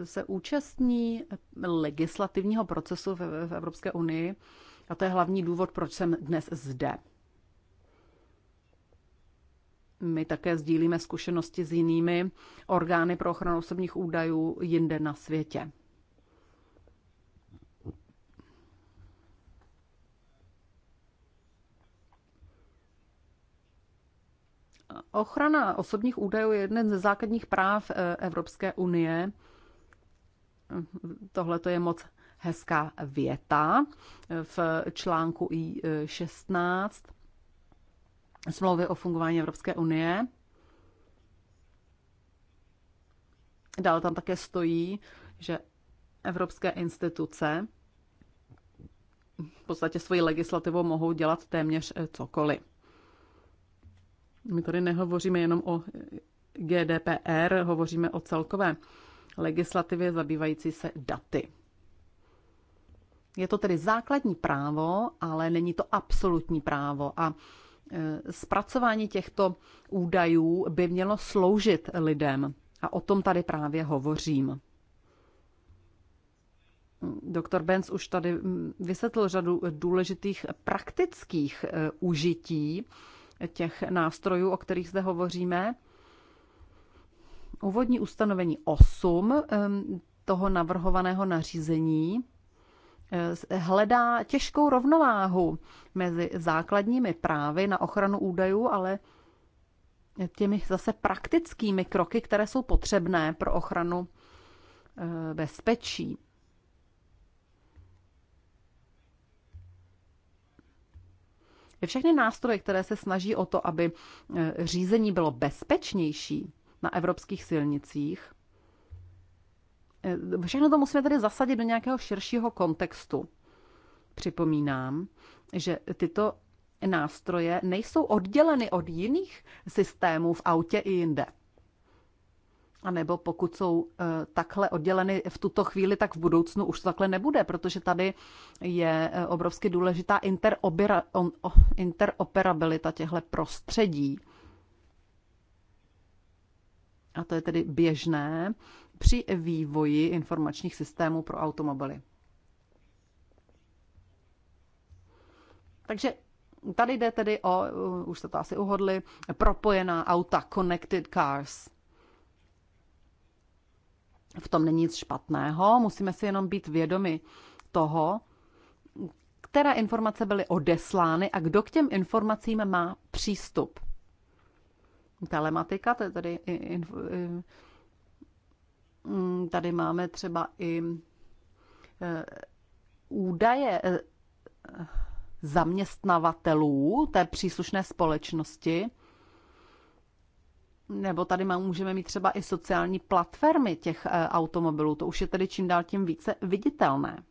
se účastní legislativního procesu v, v Evropské unii a to je hlavní důvod, proč jsem dnes zde. My také sdílíme zkušenosti s jinými orgány pro ochranu osobních údajů jinde na světě. Ochrana osobních údajů je jeden ze základních práv eh, Evropské unie. Tohle to je moc hezká věta v článku I16 e, smlouvy o fungování Evropské unie. Dále tam také stojí, že evropské instituce v podstatě svoji legislativou mohou dělat téměř e, cokoliv. My tady nehovoříme jenom o e, GDPR, hovoříme o celkové legislativě zabývající se daty. Je to tedy základní právo, ale není to absolutní právo. A e, zpracování těchto údajů by mělo sloužit lidem. A o tom tady právě hovořím. Doktor Benz už tady vysvětlil řadu důležitých praktických e, užití těch nástrojů, o kterých zde hovoříme úvodní ustanovení 8 toho navrhovaného nařízení eh, hledá těžkou rovnováhu mezi základními právy na ochranu údajů, ale těmi zase praktickými kroky, které jsou potřebné pro ochranu eh, bezpečí. Všechny nástroje, které se snaží o to, aby eh, řízení bylo bezpečnější, na evropských silnicích. E, všechno to musíme tedy zasadit do nějakého širšího kontextu. Připomínám, že tyto nástroje nejsou odděleny od jiných systémů v autě i jinde. A nebo pokud jsou e, takhle odděleny v tuto chvíli, tak v budoucnu už to takhle nebude, protože tady je e, obrovsky důležitá interoperabilita těchto prostředí a to je tedy běžné při vývoji informačních systémů pro automobily. Takže tady jde tedy o, uh, už se to asi uhodli, propojená auta, connected cars. V tom není nic špatného, musíme si jenom být vědomi toho, které informace byly odeslány a kdo k těm informacím má přístup telematika, to je tady mm, tady máme třeba i e, údaje e, zaměstnavatelů té příslušné společnosti, nebo tady má, můžeme mít třeba i sociální platformy těch e, automobilů. To už je tedy čím dál tím více viditelné.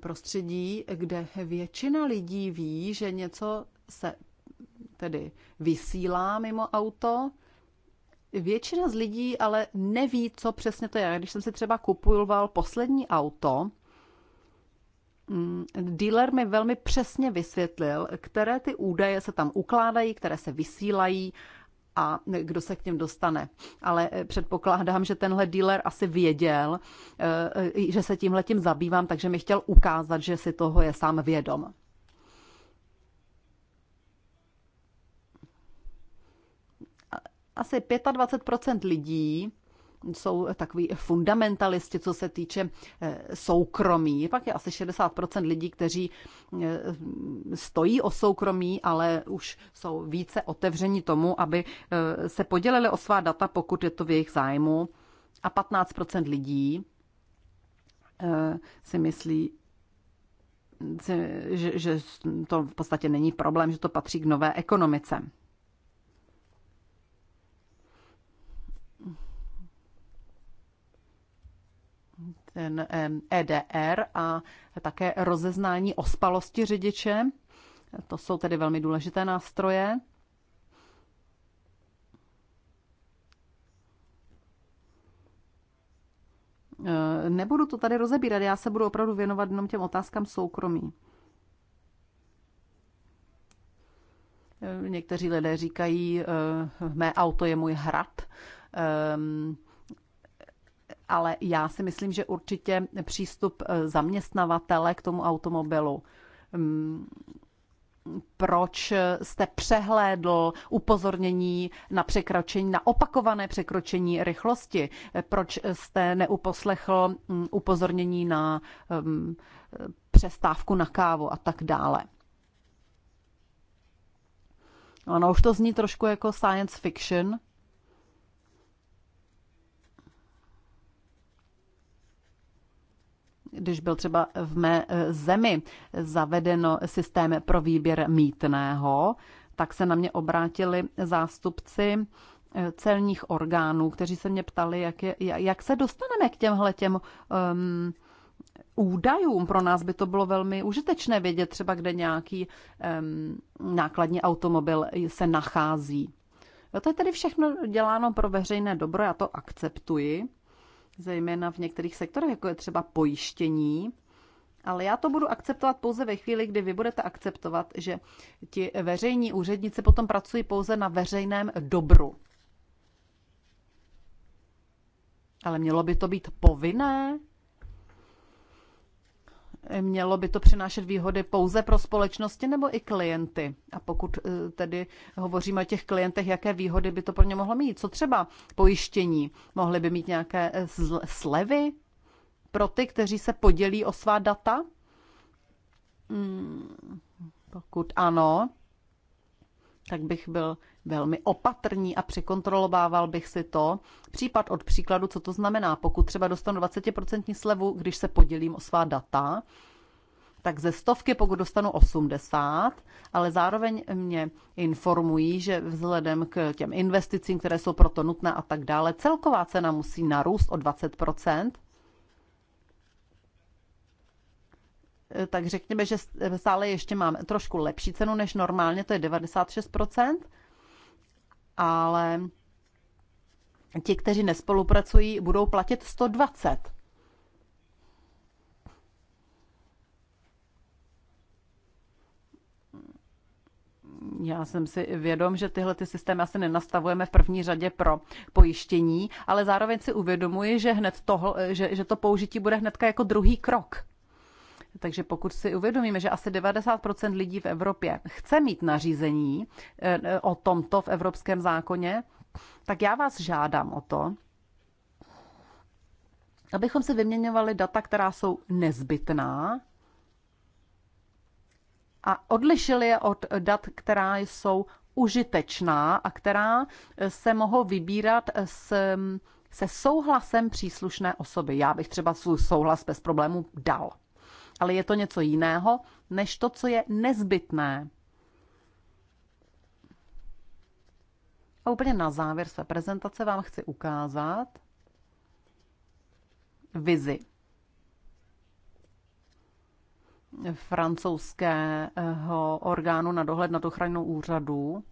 Prostředí, kde většina lidí ví, že něco se tedy vysílá mimo auto. Většina z lidí ale neví, co přesně to je. Když jsem si třeba kupoval poslední auto, mm, dealer mi velmi přesně vysvětlil, které ty údaje se tam ukládají, které se vysílají a kdo se k něm dostane. Ale eh, předpokládám, že tenhle dealer asi věděl, eh, že se tím zabývám, takže mi chtěl ukázat, že si toho je sám vědom. asi 25 lidí jsou takový fundamentalisti, co se týče eh, soukromí. Pak je asi 60% lidí, kteří eh, stojí o soukromí, ale už jsou více otevřeni tomu, aby eh, se podělili o svá data, pokud je to v jejich zájmu. A 15% lidí si myslí, že to v podstatě není problém, že to patří k nové ekonomice. ten EDR e a také rozeznání ospalosti řidiče. To jsou tedy velmi důležité nástroje. E, nebudu to tady rozebírat, já se budu opravdu věnovat jenom těm otázkám soukromí. E, někteří lidé říkají, mé auto je můj hrad ale já si myslím, že určitě přístup eh, zaměstnavatele k tomu automobilu mm, proč jste přehlédl upozornění na překročení, na opakované překročení rychlosti, eh, proč jste neuposlechl mm, upozornění na um, přestávku na kávu a tak dále. Ano, už to zní trošku jako science fiction, když byl třeba v mé eh, zemi zavedeno systém pro výběr mítného, tak se na mě obrátili zástupci eh, celních orgánů, kteří se mě ptali, jak, je, jak se dostaneme k těmhle těm um, údajům. Pro nás by to bylo velmi užitečné vědět třeba, kde nějaký um, nákladní automobil se nachází. No to je tedy všechno děláno pro veřejné dobro, já to akceptuji zejména v některých sektorech, jako je třeba pojištění. Ale já to budu akceptovat pouze ve chvíli, kdy vy budete akceptovat, že ti veřejní úředníci potom pracují pouze na veřejném dobru. Ale mělo by to být povinné? Mělo by to přinášet výhody pouze pro společnosti nebo i klienty? A pokud e, tedy hovoříme o těch klientech, jaké výhody by to pro ně mohlo mít? Co třeba pojištění? Mohly by mít nějaké e, slevy pro ty, kteří se podělí o svá data? Hmm, pokud ano, tak bych byl velmi opatrný a překontrolovával bych si to. Případ od příkladu, co to znamená. Pokud třeba dostanu 20% slevu, když se podělím o svá data, tak ze stovky, pokud dostanu 80, ale zároveň mě informují, že vzhledem k těm investicím, které jsou proto nutné a tak dále, celková cena musí narůst o 20 Eh, tak řekněme, že eh, stále ještě mám trošku lepší cenu než normálně, to je 96%, ale ti, kteří nespolupracují, budou platit 120. Já jsem si vědom, že tyhle ty systémy asi nenastavujeme v první řadě pro pojištění, ale zároveň si uvědomuji, že, hned toho, eh, že, že to použití bude hnedka jako druhý krok. Takže pokud si uvědomíme, že asi 90% lidí v Evropě chce mít nařízení eh, eh, o tomto v evropském zákoně, tak já vás žádám o to, abychom si vyměňovali data, která jsou nezbytná a odlišili je od dat, která jsou užitečná a která eh, se mohou vybírat s se souhlasem příslušné osoby. Já bych třeba svůj souhlas bez problémů dal ale je to něco jiného, než to, co je nezbytné. A úplně na závěr své prezentace vám chci ukázat vizi francouzského orgánu na dohled nad ochranou úřadu.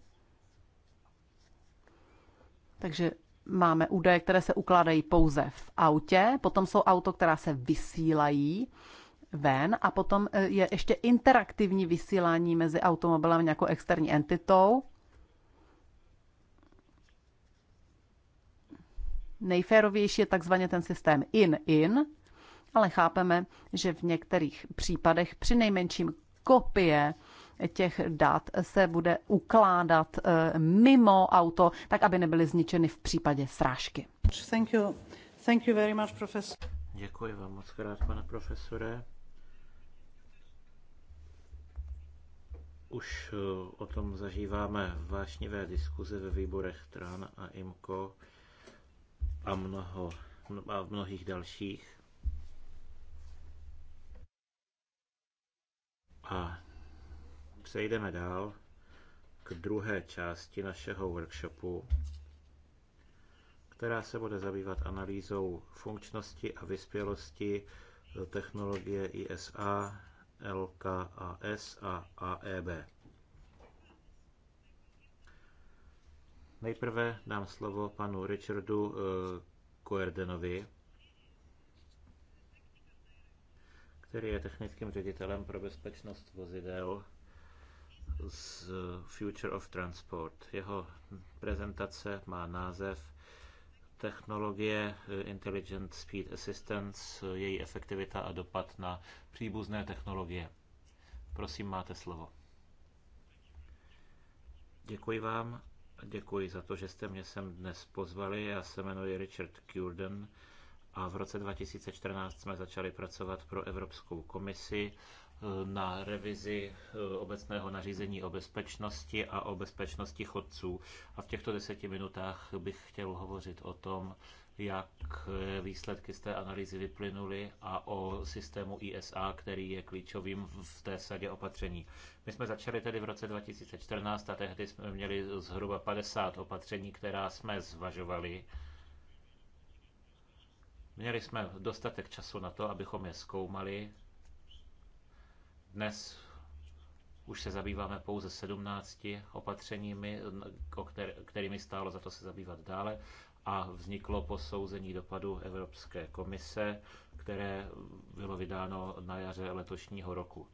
Takže máme údaje, které se ukládají pouze v autě, potom jsou auto, která se vysílají ven a potom e, je ještě interaktivní vysílání mezi automobilem a nějakou externí entitou. Nejférovější je takzvaně ten systém in-in, ale chápeme, že v některých případech při nejmenším kopie těch dat se bude ukládat e, mimo auto, tak aby nebyly zničeny v případě srážky. Thank you. Thank you very much, professor. Děkuji vám moc krát, pane profesore. Už eh, o tom zažíváme vášnivé diskuze ve výborech TRAN a IMCO a, mnoho, a mnohých dalších. A přejdeme dál k druhé části našeho workshopu, která se bude zabývat analýzou funkčnosti a vyspělosti eh, technologie ISA LKAS a AEB. Nejprve dám slovo panu Richardu Koerdenovi, eh, který je technickým ředitelem pro bezpečnost vozidel z Future of Transport. Jeho prezentace má název technologie eh, Intelligent Speed Assistance, eh, její efektivita a dopad na příbuzné technologie. Prosím, máte slovo. Děkuji vám. Děkuji za to, že jste mě sem dnes pozvali. Já se jmenuji Richard Curden a v roce 2014 jsme začali pracovat pro Evropskou komisi Eh, na revizi eh, obecného nařízení o bezpečnosti a o bezpečnosti chodců. A v těchto deseti minutách bych chtěl hovořit o tom, jak eh, výsledky z té analýzy vyplynuly a o systému ISA, který je klíčovým v té sadě opatření. My jsme začali tedy v roce 2014 a tehdy jsme měli zhruba 50 opatření, která jsme zvažovali. Měli jsme dostatek času na to, abychom je zkoumali, dnes už se zabýváme pouze 17 opatřeními, kterými stálo za to se zabývat dále a vzniklo posouzení dopadu Evropské komise, které bylo vydáno na jaře letošního roku.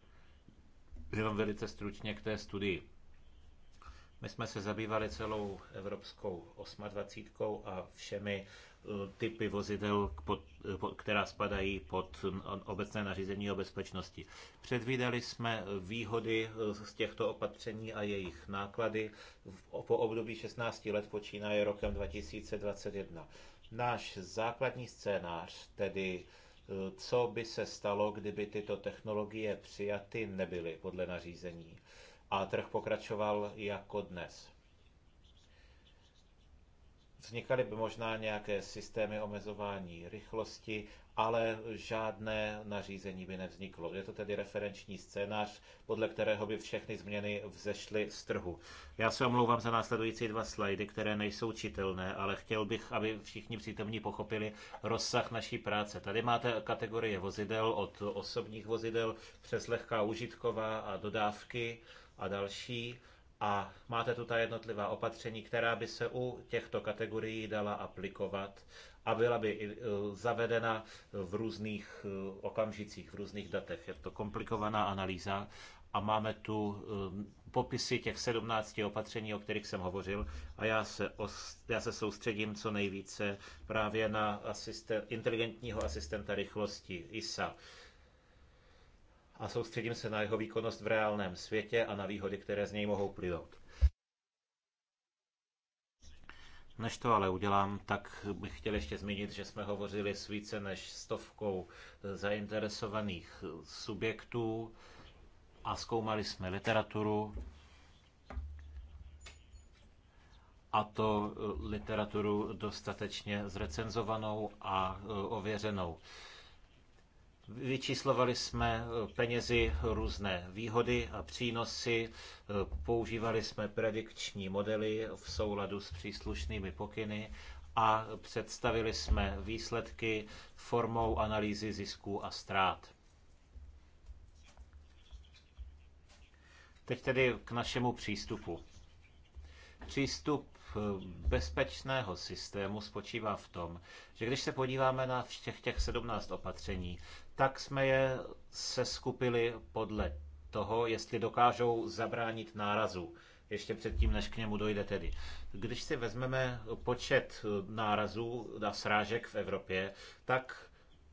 Jenom velice stručně k té studii. My jsme se zabývali celou evropskou 28 a všemi eh, typy vozidel, eh, která spadají pod mm, obecné nařízení o bezpečnosti. Předvídali jsme eh, výhody z těchto opatření a jejich náklady po období 16 let počínaje rokem 2021. Náš základní scénář, tedy co by se stalo, kdyby tyto technologie přijaty nebyly podle nařízení, a trh pokračoval jako dnes. Vznikaly by možná nějaké systémy omezování rychlosti, ale žádné nařízení by nevzniklo. Je to tedy referenční scénář, podle kterého by všechny změny vzešly z trhu. Já se omlouvám za následující dva slajdy, které nejsou čitelné, ale chtěl bych, aby všichni přítomní pochopili rozsah naší práce. Tady máte kategorie vozidel od osobních vozidel přes lehká užitková a dodávky a další. A máte tu ta jednotlivá opatření, která by se u těchto kategorií dala aplikovat a byla by eh, zavedena v různých eh, okamžicích, v různých datech. Je to komplikovaná analýza a máme tu eh, popisy těch 17 opatření, o kterých jsem hovořil a já se, já se soustředím co nejvíce právě na asisten, inteligentního asistenta rychlosti ISA a soustředím se na jeho výkonnost v reálném světě a na výhody, které z něj mohou plynout. Než to ale udělám, tak bych chtěl ještě zmínit, že jsme hovořili s více než stovkou eh, zainteresovaných eh, subjektů a zkoumali jsme literaturu, a to eh, literaturu dostatečně zrecenzovanou a ověřenou. Vyčíslovali jsme eh, penězi různé výhody a přínosy, eh, používali jsme predikční modely v souladu s příslušnými pokyny a představili jsme výsledky formou analýzy zisků a ztrát. Teď tedy k našemu přístupu. Přístup eh, bezpečného systému spočívá v tom, že když se podíváme na všech těch 17 opatření, tak jsme je seskupili podle toho, jestli dokážou zabránit nárazu. Ještě předtím, než k němu dojde tedy. Když si vezmeme počet nárazů a srážek v Evropě, tak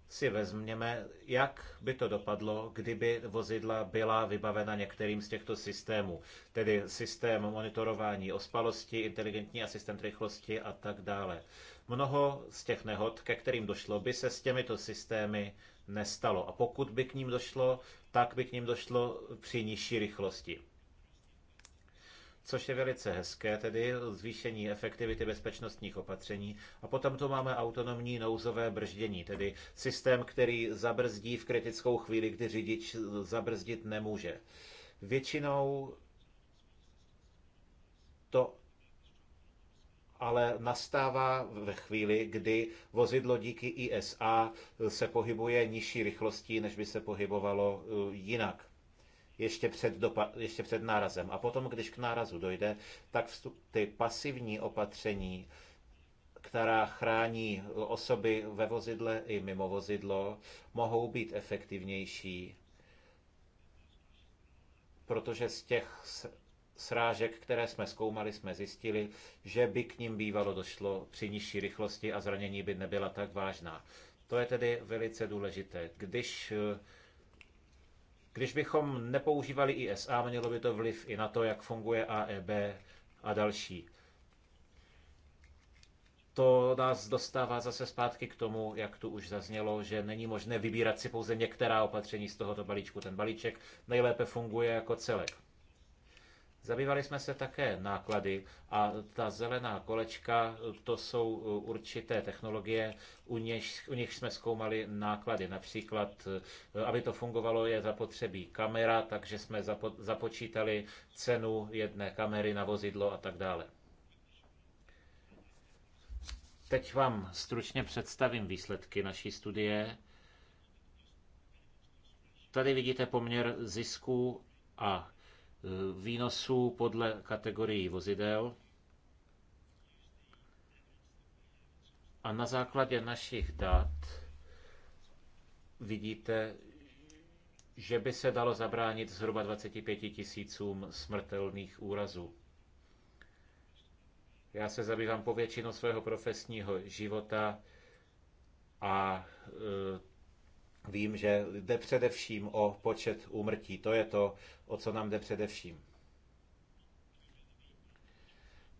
si vezměme, jak by to dopadlo, kdyby vozidla byla vybavena některým z těchto systémů, tedy systém monitorování ospalosti, inteligentní asistent rychlosti a tak dále. Mnoho z těch nehod, ke kterým došlo, by se s těmito systémy nestalo. A pokud by k ním došlo, tak by k ním došlo při nižší rychlosti. Což je velice hezké, tedy zvýšení efektivity bezpečnostních opatření. A potom tu máme autonomní nouzové brždění, tedy systém, který zabrzdí v kritickou chvíli, kdy řidič zabrzdit nemůže. Většinou to ale nastává ve chvíli, kdy vozidlo díky ISA se pohybuje nižší rychlostí, než by se pohybovalo eh, jinak. Ještě před, dopa- ještě před nárazem. A potom, když k nárazu dojde, tak ty pasivní opatření, která chrání osoby ve vozidle i mimo vozidlo, mohou být efektivnější, protože z těch srážek, které jsme zkoumali, jsme zjistili, že by k ním bývalo došlo při nižší rychlosti a zranění by nebyla tak vážná. To je tedy velice důležité. Když když bychom nepoužívali ISA, mělo by to vliv i na to, jak funguje AEB a další. To nás dostává zase zpátky k tomu, jak tu už zaznělo, že není možné vybírat si pouze některá opatření z tohoto balíčku. Ten balíček nejlépe funguje jako celek. Zabývali jsme se také náklady a ta zelená kolečka, to jsou uh, určité technologie, u nich, u nich jsme zkoumali náklady. Například, uh, aby to fungovalo, je zapotřebí kamera, takže jsme zapo, započítali cenu jedné kamery na vozidlo a tak dále. Teď vám stručně představím výsledky naší studie. Tady vidíte poměr zisků a Eh, výnosů podle kategorií vozidel. A na základě našich dat vidíte, že by se dalo zabránit zhruba 25 tisícům smrtelných úrazů. Já se zabývám po většinu svého profesního života a eh, Vím, že jde především o počet úmrtí. To je to, o co nám jde především.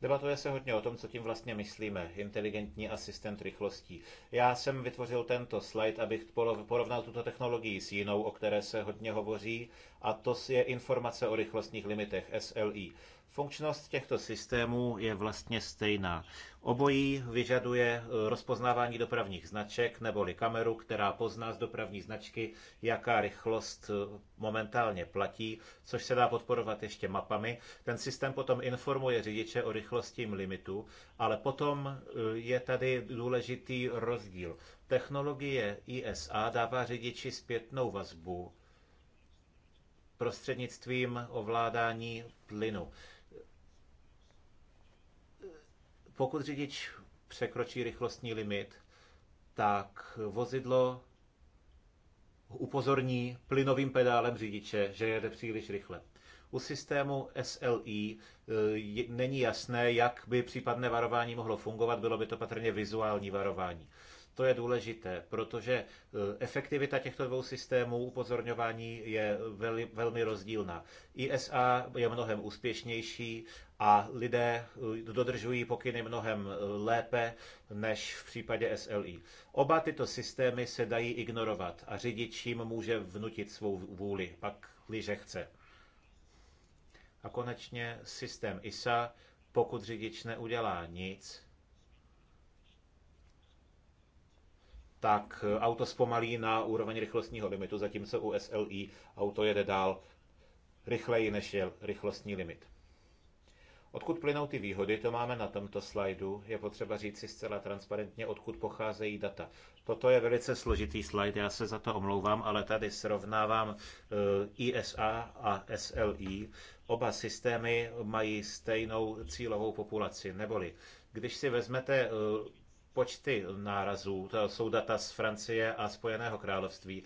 Debatuje se hodně o tom, co tím vlastně myslíme. Inteligentní asistent rychlostí. Já jsem vytvořil tento slide, abych porovnal tuto technologii s jinou, o které se hodně hovoří, a to je informace o rychlostních limitech, SLI. Funkčnost těchto systémů je vlastně stejná. Obojí vyžaduje eh, rozpoznávání dopravních značek neboli kameru, která pozná z dopravní značky, jaká rychlost eh, momentálně platí, což se dá podporovat ještě mapami. Ten systém potom informuje řidiče o rychlosti limitu, ale potom eh, je tady důležitý rozdíl. Technologie ISA dává řidiči zpětnou vazbu prostřednictvím ovládání plynu. Pokud řidič překročí rychlostní limit, tak vozidlo upozorní plynovým pedálem řidiče, že jede příliš rychle. U systému SLI eh, není jasné, jak by případné varování mohlo fungovat, bylo by to patrně vizuální varování. To je důležité, protože e, efektivita těchto dvou systémů upozorňování je veli, velmi rozdílná. ISA je mnohem úspěšnější a lidé e, dodržují pokyny mnohem e, lépe než v případě SLI. Oba tyto systémy se dají ignorovat a řidič jim může vnutit svou vůli, pak liže chce. A konečně systém ISA, pokud řidič neudělá nic, tak eh, auto zpomalí na úroveň rychlostního limitu, zatímco u SLI auto jede dál rychleji, než je rychlostní limit. Odkud plynou ty výhody, to máme na tomto slajdu. Je potřeba říct si zcela transparentně, odkud pocházejí data. Toto je velice složitý slide, já se za to omlouvám, ale tady srovnávám eh, ISA a SLI. Oba systémy mají stejnou cílovou populaci, neboli když si vezmete eh, počty nárazů, to jsou data z Francie a Spojeného království,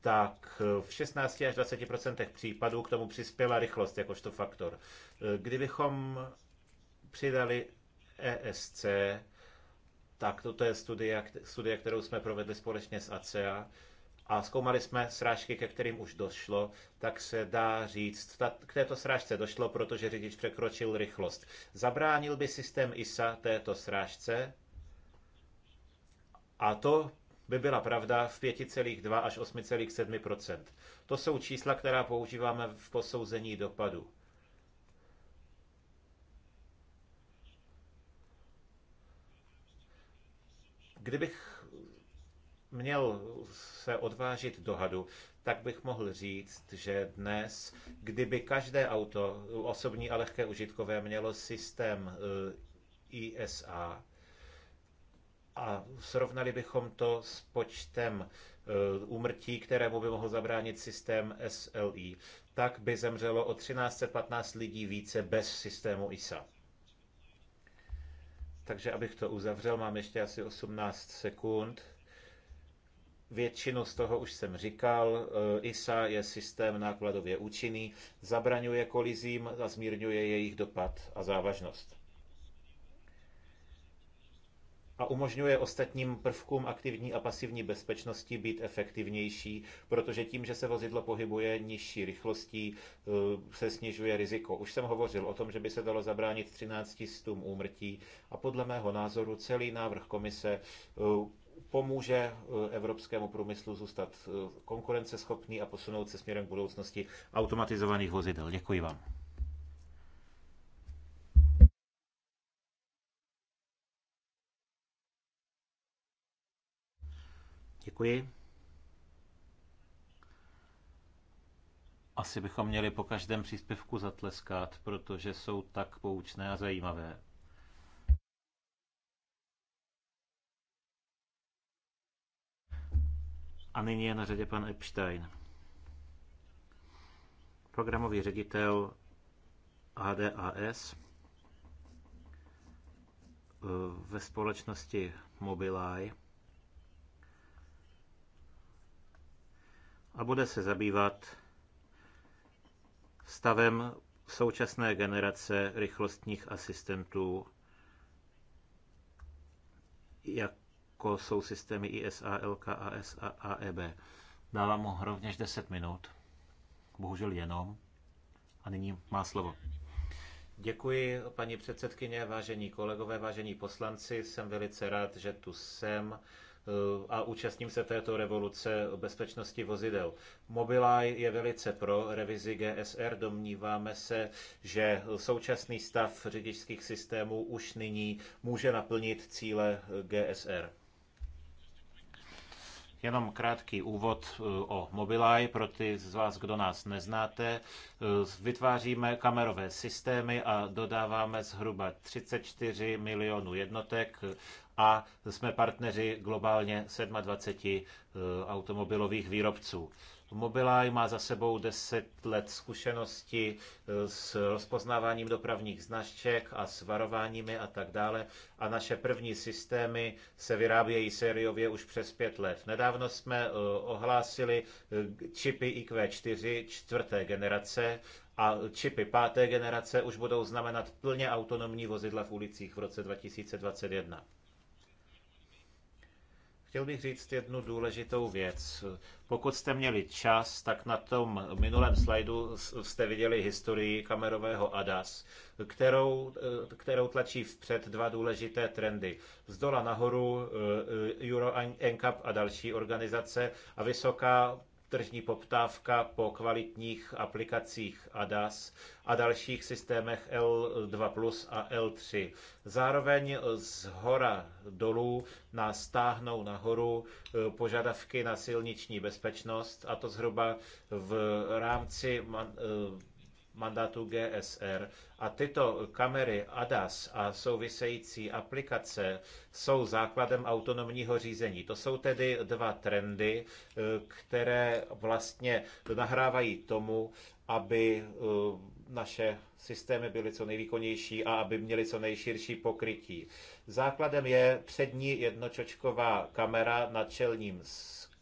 tak v 16 až 20 případů k tomu přispěla rychlost jakožto faktor. Kdybychom přidali ESC, tak toto je studie, studie, kterou jsme provedli společně s ACEA a zkoumali jsme srážky, ke kterým už došlo, tak se dá říct, ta, k této srážce došlo, protože řidič překročil rychlost. Zabránil by systém ISA této srážce? A to by byla pravda v 5,2 až 8,7 To jsou čísla, která používáme v posouzení dopadu. Kdybych měl se odvážit dohadu, tak bych mohl říct, že dnes, kdyby každé auto, osobní a lehké užitkové, mělo systém eh, ISA, a srovnali bychom to s počtem e, úmrtí, kterému by mohl zabránit systém SLI, tak by zemřelo o 1315 lidí více bez systému ISA. Takže abych to uzavřel, mám ještě asi 18 sekund. Většinu z toho už jsem říkal. E, ISA je systém nákladově účinný, zabraňuje kolizím a zmírňuje jejich dopad a závažnost a umožňuje ostatním prvkům aktivní a pasivní bezpečnosti být efektivnější, protože tím, že se vozidlo pohybuje nižší rychlostí, eh, se snižuje riziko. Už jsem hovořil o tom, že by se dalo zabránit 13 stům úmrtí a podle mého názoru celý návrh komise eh, pomůže eh, evropskému průmyslu zůstat konkurenceschopný a posunout se směrem k budoucnosti automatizovaných vozidel. Děkuji vám. Děkuji. Asi bychom měli po každém příspěvku zatleskat, protože jsou tak poučné a zajímavé. A nyní je na řadě pan Epstein, programový ředitel ADAS eh, ve společnosti Mobileye. a bude se zabývat stavem současné generace rychlostních asistentů, jako jsou systémy ISA, LKAS a AEB. Dávám mu rovněž 10 minut, bohužel jenom. A nyní má slovo. Děkuji, paní předsedkyně, vážení kolegové, vážení poslanci. Jsem velice rád, že tu jsem a účastním se této revoluce bezpečnosti vozidel. Mobileye je velice pro revizi GSR. Domníváme se, že současný stav řidičských systémů už nyní může naplnit cíle GSR. Jenom krátký úvod uh, o Mobileye pro ty z vás, kdo nás neznáte. Uh, vytváříme kamerové systémy a dodáváme zhruba 34 milionů jednotek a jsme partneři globálně 27 eh, automobilových výrobců. Mobilaj má za sebou 10 let zkušenosti eh, s rozpoznáváním dopravních značek a s varováními a tak dále. A naše první systémy se vyrábějí sériově už přes 5 let. Nedávno jsme eh, ohlásili čipy IQ4 čtvrté generace a čipy páté generace už budou znamenat plně autonomní vozidla v ulicích v roce 2021. Chtěl bych říct jednu důležitou věc. Pokud jste měli čas, tak na tom minulém slajdu jste viděli historii kamerového ADAS, kterou, eh, kterou tlačí vpřed dva důležité trendy. Z dola nahoru eh, eh, Euro NCAP a další organizace a vysoká tržní poptávka po kvalitních aplikacích ADAS a dalších systémech L2 a L3. Zároveň z hora dolů nás stáhnou nahoru eh, požadavky na silniční bezpečnost a to zhruba v rámci eh, mandátu GSR. A tyto kamery ADAS a související aplikace jsou základem autonomního řízení. To jsou tedy dva trendy, eh, které vlastně nahrávají tomu, aby eh, naše systémy byly co nejvýkonnější a aby měly co nejširší pokrytí. Základem je přední jednočočková kamera na čelním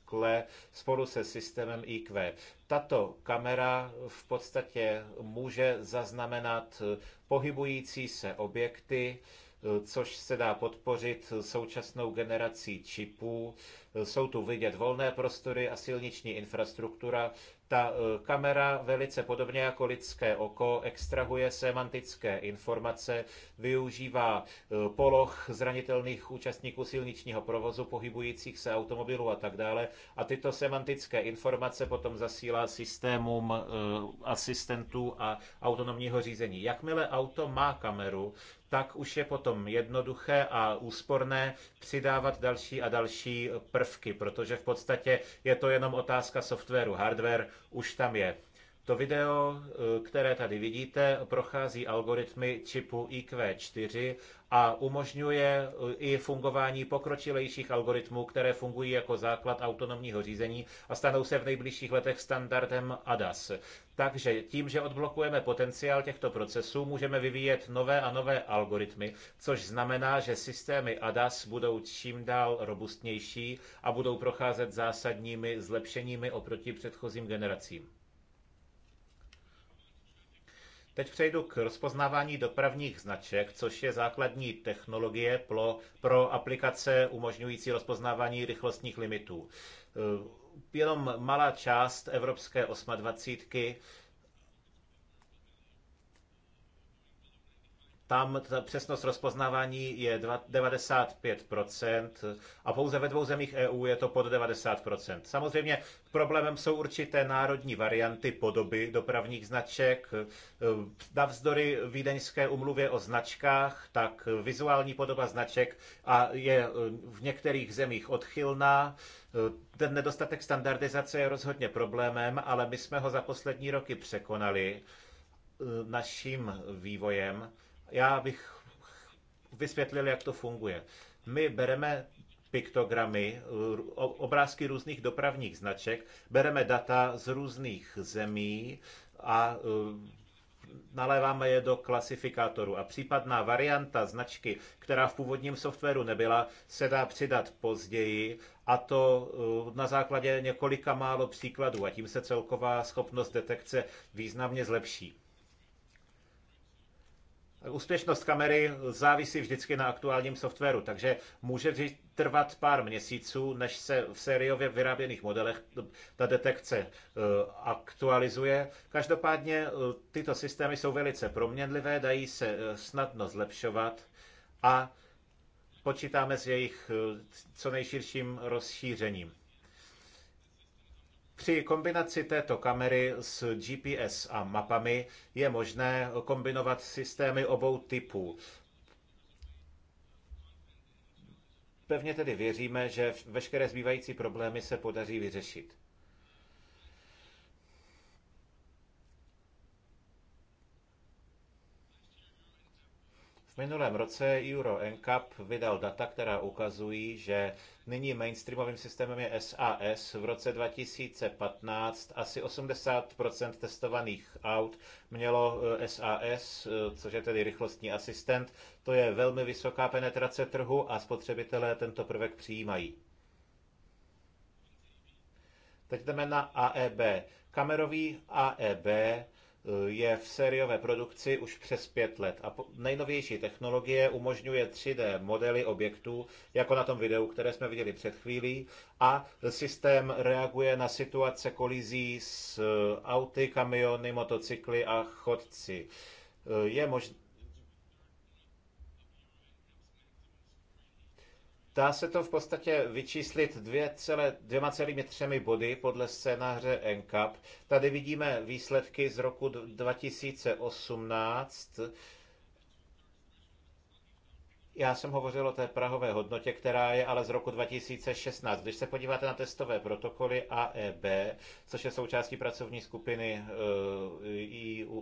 takhle spolu se systémem IQ. Tato kamera v podstatě může zaznamenat pohybující se objekty, což se dá podpořit současnou generací čipů, jsou tu vidět volné prostory a silniční infrastruktura. Ta e, kamera velice podobně jako lidské oko extrahuje semantické informace, využívá e, poloh zranitelných účastníků silničního provozu, pohybujících se automobilů a tak dále. A tyto semantické informace potom zasílá systémům e, asistentů a autonomního řízení. Jakmile auto má kameru, tak už je potom jednoduché a úsporné přidávat další a další prvky prvky, protože v podstatě je to jenom otázka softwaru. Hardware už tam je. To video, eh, které tady vidíte, prochází algoritmy čipu IQ4 a umožňuje eh, i fungování pokročilejších algoritmů, které fungují jako základ autonomního řízení a stanou se v nejbližších letech standardem ADAS. Takže tím, že odblokujeme potenciál těchto procesů, můžeme vyvíjet nové a nové algoritmy, což znamená, že systémy ADAS budou čím dál robustnější a budou procházet zásadními zlepšeními oproti předchozím generacím. Teď přejdu k rozpoznávání dopravních značek, což je základní technologie pro, pro aplikace umožňující rozpoznávání rychlostních limitů. Jenom malá část evropské 28 Tam ta přesnost rozpoznávání je 95% a pouze ve dvou zemích EU je to pod 90%. Samozřejmě problémem jsou určité národní varianty podoby dopravních značek. Navzdory vídeňské umluvě o značkách, tak vizuální podoba značek a je eh, v některých zemích odchylná. Ten nedostatek standardizace je rozhodně problémem, ale my jsme ho za poslední roky překonali eh, naším vývojem. Já bych vysvětlil, jak to funguje. My bereme piktogramy, obrázky různých dopravních značek, bereme data z různých zemí a e, naléváme je do klasifikátoru a případná varianta značky, která v původním softwaru nebyla, se dá přidat později a to e, na základě několika málo příkladů a tím se celková schopnost detekce významně zlepší. Úspěšnost kamery závisí vždycky na aktuálním softwaru, takže může trvat pár měsíců, než se v sériově vyráběných modelech ta detekce e, aktualizuje. Každopádně e, tyto systémy jsou velice proměnlivé, dají se e, snadno zlepšovat a počítáme s jejich co nejširším rozšířením. Při kombinaci této kamery s GPS a mapami je možné kombinovat systémy obou typů. Pevně tedy věříme, že veškeré zbývající problémy se podaří vyřešit. minulém roce Euro NCAP vydal data, která ukazují, že nyní mainstreamovým systémem je SAS. V roce 2015 asi 80% testovaných aut mělo SAS, eh, eh, což je tedy rychlostní asistent. To je velmi vysoká penetrace trhu a spotřebitelé tento prvek přijímají. Teď jdeme na AEB. Kamerový AEB je v sériové produkci už přes pět let a nejnovější technologie umožňuje 3D modely objektů, jako na tom videu, které jsme viděli před chvílí, a systém reaguje na situace kolizí s auty, kamiony, motocykly a chodci. Je možné Dá se to v podstatě vyčíslit 2,3 body podle scénáře NCAP. Tady vidíme výsledky z roku 2018. Já jsem hovořil o té prahové hodnotě, která je ale z roku 2016. Když se podíváte na testové protokoly AEB, což je součástí pracovní skupiny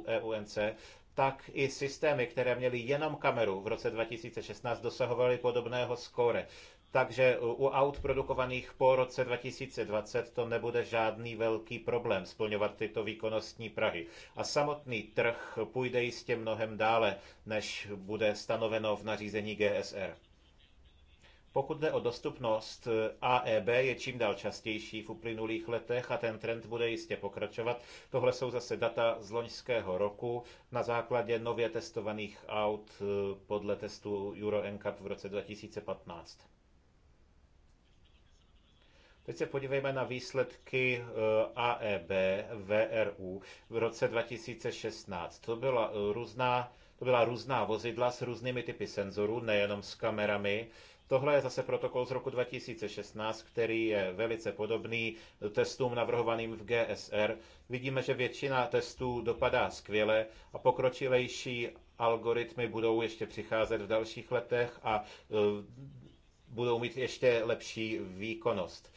EUNC, eh, tak i systémy, které měly jenom kameru v roce 2016, dosahovaly podobného skóre. Takže u aut produkovaných po roce 2020 to nebude žádný velký problém splňovat tyto výkonnostní prahy. A samotný trh půjde jistě mnohem dále, než bude stanoveno v nařízení GSR. Pokud jde o dostupnost, eh, AEB je čím dál častější v uplynulých letech a ten trend bude jistě pokračovat. Tohle jsou zase data z loňského roku na základě nově testovaných aut eh, podle testu Euro NCAP v roce 2015. Teď se podívejme na výsledky eh, AEB VRU v roce 2016. To byla různá, to byla různá vozidla s různými typy senzorů, nejenom s kamerami. Tohle je zase protokol z roku 2016, který je velice podobný testům navrhovaným v GSR. Vidíme, že většina testů dopadá skvěle a pokročilejší algoritmy budou ještě přicházet v dalších letech a eh, budou mít ještě lepší výkonnost.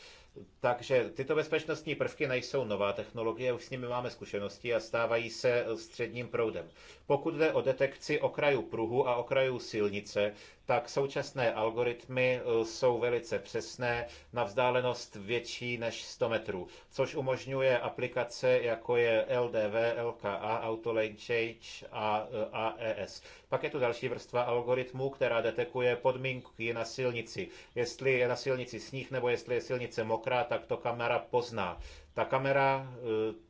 Takže tyto bezpečnostní prvky nejsou nová technologie, už s nimi máme zkušenosti a stávají se eh, středním proudem. Pokud jde o detekci okrajů pruhu a okrajů silnice, tak současné algoritmy eh, jsou velice přesné na vzdálenost větší než 100 metrů, což umožňuje aplikace jako je LDV, LKA, Autolane Change a AES. Eh, e Pak je tu další vrstva algoritmů, která detekuje podmínky na silnici. Jestli je na silnici sníh nebo jestli je silnice mokrá, tak to kamera pozná. Ta kamera eh,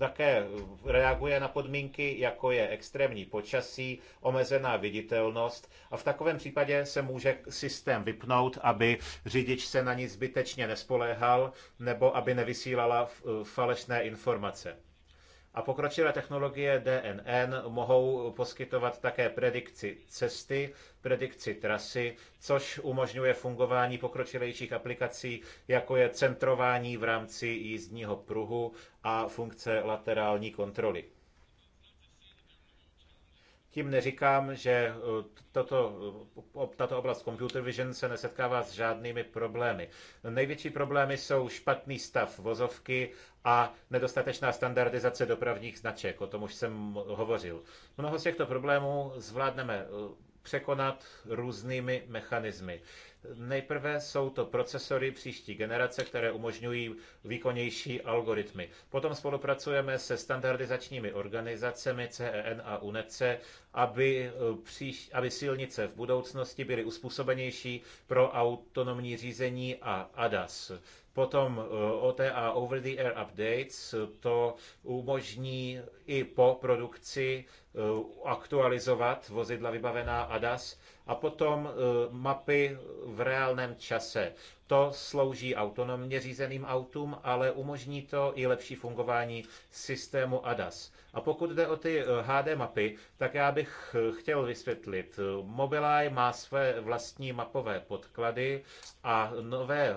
také reaguje na podmínky, jako je extrémní počasí, omezená viditelnost a v takovém případě se může systém vypnout, aby řidič se na ní zbytečně nespoléhal nebo aby nevysílala eh, falešné informace. A pokročilé technologie DNN mohou poskytovat také predikci cesty, predikci trasy, což umožňuje fungování pokročilejších aplikací, jako je centrování v rámci jízdního pruhu a funkce laterální kontroly. Tím neříkám, že eh, toto, eh, tato oblast computer vision se nesetkává s žádnými problémy. Největší problémy jsou špatný stav vozovky a nedostatečná standardizace dopravních značek. O tom už jsem hovořil. Mnoho z těchto problémů zvládneme eh, překonat různými mechanismy. Nejprve jsou to procesory příští generace, které umožňují výkonnější algoritmy. Potom spolupracujeme se standardizačními organizacemi CEN a UNECE, aby, eh, příš, aby silnice v budoucnosti byly uspůsobenější pro autonomní řízení a ADAS. Potom eh, OTA Over the Air Updates, to umožní i po produkci eh, aktualizovat vozidla vybavená ADAS a potom eh, mapy v reálném čase. To slouží autonomně řízeným autům, ale umožní to i lepší fungování systému ADAS. A pokud jde o ty HD eh, mapy, tak já bych eh, chtěl vysvětlit. Mobileye má své vlastní mapové podklady a nové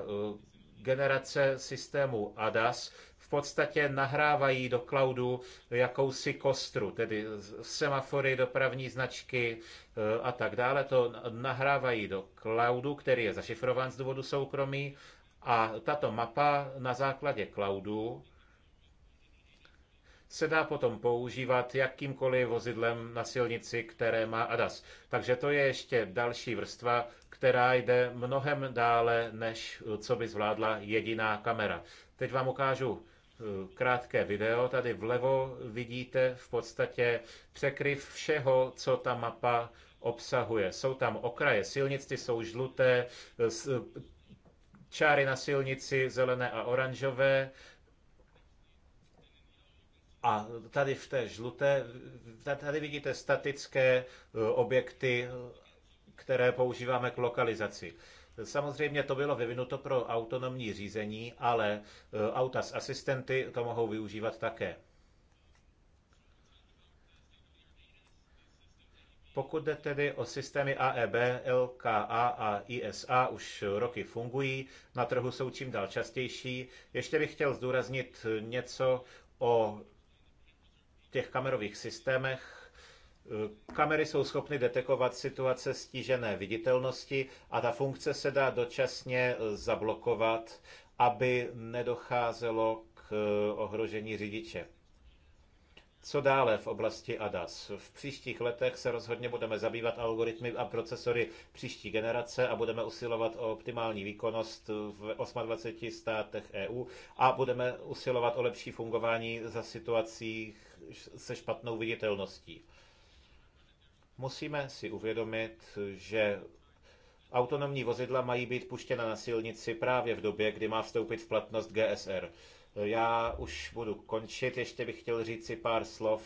generace systému ADAS podstatě nahrávají do cloudu jakousi kostru, tedy semafory, dopravní značky e, a tak dále. To nahrávají do cloudu, který je zašifrován z důvodu soukromí a tato mapa na základě cloudu se dá potom používat jakýmkoliv vozidlem na silnici, které má ADAS. Takže to je ještě další vrstva, která jde mnohem dále, než co by zvládla jediná kamera. Teď vám ukážu Eh, krátké video. Tady vlevo vidíte v podstatě překryv všeho, co ta mapa obsahuje. Jsou tam okraje silnic, ty jsou žluté, eh, eh, čáry na silnici zelené a oranžové. A tady v té žluté, tady vidíte statické objekty, které používáme k lokalizaci. Samozřejmě to bylo vyvinuto pro autonomní řízení, ale e, auta s asistenty to mohou využívat také. Pokud jde tedy o systémy AEB, LKA a ISA, e už roky fungují, na trhu jsou čím dál častější. Ještě bych chtěl zdůraznit něco o těch kamerových systémech, Eh, kamery jsou schopny detekovat situace stížené viditelnosti a ta funkce se dá dočasně eh, zablokovat, aby nedocházelo k eh, ohrožení řidiče. Co dále v oblasti ADAS? V příštích letech se rozhodně budeme zabývat algoritmy a procesory příští generace a budeme usilovat o optimální výkonnost v 28 státech EU a budeme usilovat o lepší fungování za situací se špatnou viditelností. Musíme si uvědomit, že autonomní vozidla mají být puštěna na silnici právě v době, kdy má vstoupit v platnost GSR. Já už budu končit, ještě bych chtěl říct si pár slov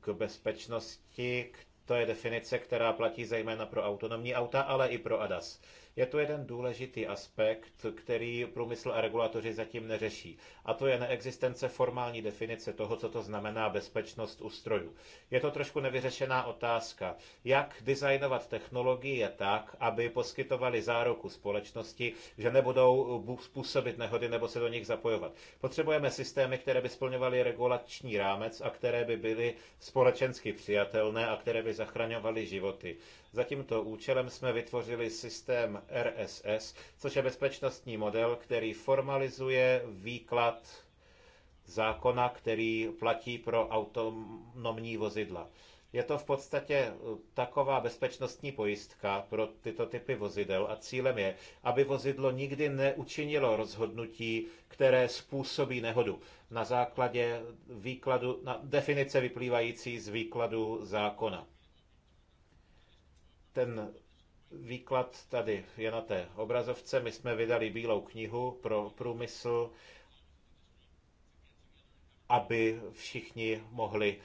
k bezpečnosti. To je definice, která platí zejména pro autonomní auta, ale i pro ADAS. Je to jeden důležitý aspekt, který průmysl a regulatoři zatím neřeší, a to je neexistence formální definice toho, co to znamená bezpečnost ústrojů. Je to trošku nevyřešená otázka, jak designovat technologie tak, aby poskytovali záruku společnosti, že nebudou eh, způsobit nehody nebo se do nich zapojovat. Potřebujeme systémy, které by splňovaly regulační rámec a které by byly společensky přijatelné a které by zachraňovaly životy. Za tímto účelem jsme vytvořili systém RSS, což je bezpečnostní model, který formalizuje výklad zákona, který platí pro autonomní vozidla. Je to v podstatě eh, taková bezpečnostní pojistka pro tyto typy vozidel a cílem je, aby vozidlo nikdy neučinilo rozhodnutí, které způsobí nehodu na základě výkladu, na definice vyplývající z výkladu zákona. Ten výklad tady je na té obrazovce. My jsme vydali bílou knihu pro průmysl, aby všichni mohli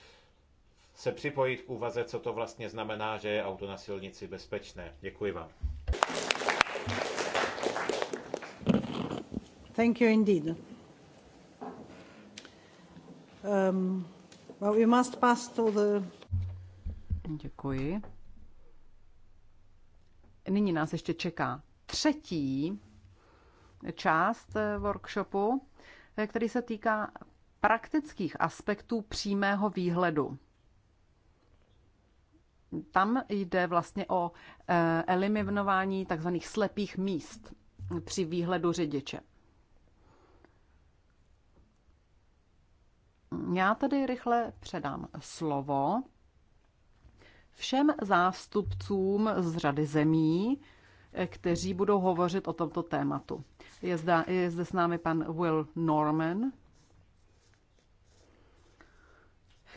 se připojit k úvaze, co to vlastně znamená, že je auto na silnici bezpečné. Děkuji vám. Thank you indeed. Um, well, we must pass to the... Děkuji. Nyní nás ještě čeká třetí část eh, workshopu, eh, který se týká praktických aspektů přímého výhledu. Tam jde vlastně o eh, eliminování tzv. slepých míst při výhledu řidiče. Já tady rychle předám slovo všem zástupcům z řady zemí, eh, kteří budou hovořit o tomto tématu. Je zde, je zde s námi pan Will Norman,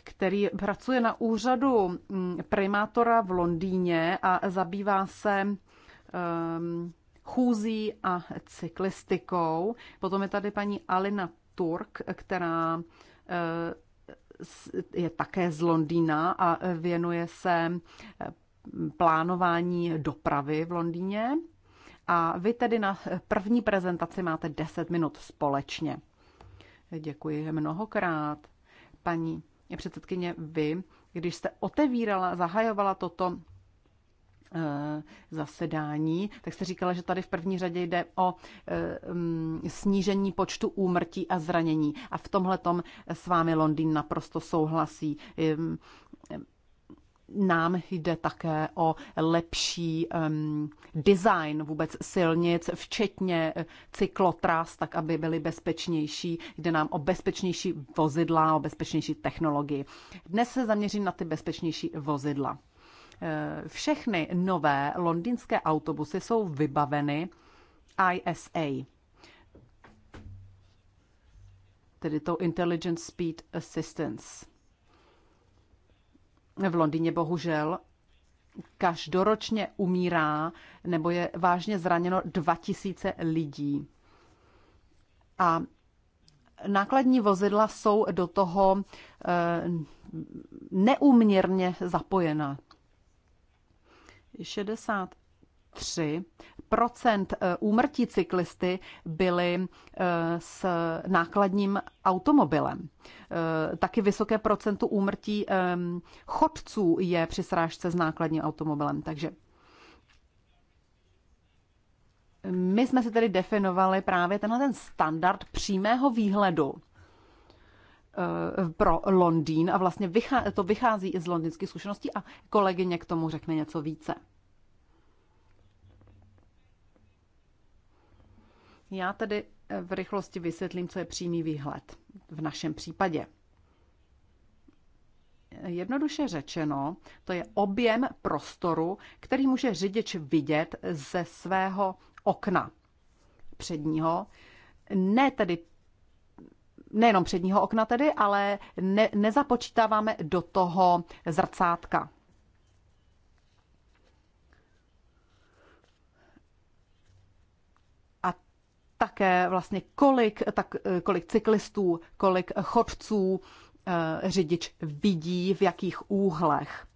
který pracuje na úřadu mm, primátora v Londýně a zabývá se um, chůzí a cyklistikou. Potom je tady paní Alina Turk, která eh, je také z Londýna a věnuje se plánování dopravy v Londýně. A vy tedy na první prezentaci máte 10 minut společně. Děkuji mnohokrát. Paní předsedkyně, vy, když jste otevírala, zahajovala toto Eh, zasedání, tak jste říkala, že tady v první řadě jde o eh, mm, snížení počtu úmrtí a zranění. A v tomhle tom s vámi Londýn naprosto souhlasí. Eh, nám jde také o lepší um, design vůbec silnic, včetně cyklotras, tak aby byly bezpečnější. Jde nám o bezpečnější vozidla, o bezpečnější technologii. Dnes se zaměřím na ty bezpečnější vozidla. Eh, všechny nové londýnské autobusy jsou vybaveny ISA, tedy to Intelligent Speed Assistance. V Londýně bohužel každoročně umírá nebo je vážně zraněno 2000 lidí. A nákladní vozidla jsou do toho eh, neuměrně zapojena. 60 3 eh, úmrtí cyklisty byly eh, s nákladním automobilem. Eh, taky vysoké procento úmrtí ehm, chodců je při srážce s nákladním automobilem. Takže my jsme si tedy definovali právě tenhle ten standard přímého výhledu Eh, pro Londýn a vlastně to vychází i z londýnských zkušeností a kolegyně k tomu řekne něco více. Já tedy eh, v rychlosti vysvětlím, co je přímý výhled v našem případě. Jednoduše řečeno, to je objem prostoru, který může řidič vidět ze svého okna předního, ne tedy nejenom předního okna tedy, ale ne, nezapočítáváme do toho zrcátka. A také vlastně kolik, tak, eh, kolik cyklistů, kolik chodců eh, řidič vidí v jakých úhlech.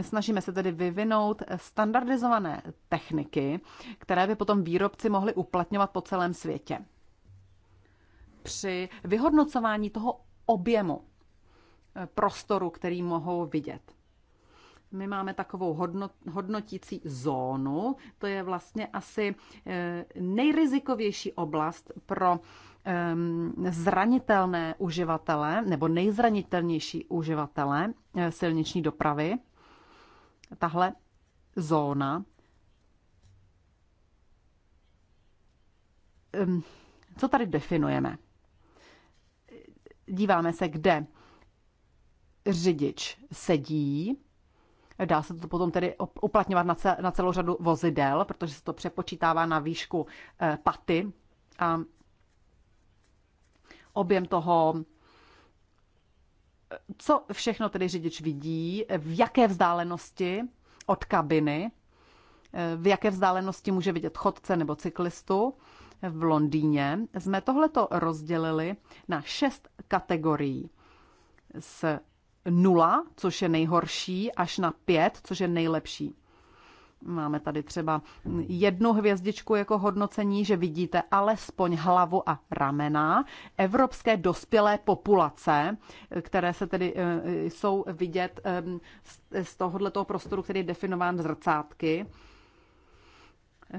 Snažíme se tedy vyvinout standardizované techniky, které by potom výrobci mohli uplatňovat po celém světě. Při vyhodnocování toho objemu eh, prostoru, který mohou vidět. My máme takovou hodnotící zónu, to je vlastně asi eh, nejrizikovější oblast pro ehm, zranitelné uživatele nebo nejzranitelnější uživatele eh, silniční dopravy tahle zóna co tady definujeme? Díváme se, kde řidič sedí, Dá se to potom tedy uplatňovat na celou řadu vozidel, protože se to přepočítává na výšku eh, paty a objem toho co všechno tedy řidič vidí, v jaké vzdálenosti od kabiny, v jaké vzdálenosti může vidět chodce nebo cyklistu. V Londýně jsme tohleto rozdělili na šest kategorií. S nula, což je nejhorší, až na pět, což je nejlepší. Máme tady třeba jednu hvězdičku jako hodnocení, že vidíte alespoň hlavu a ramena evropské dospělé populace, které se tedy eh, jsou vidět ehm, z tohoto prostoru, který je definován zrcátky.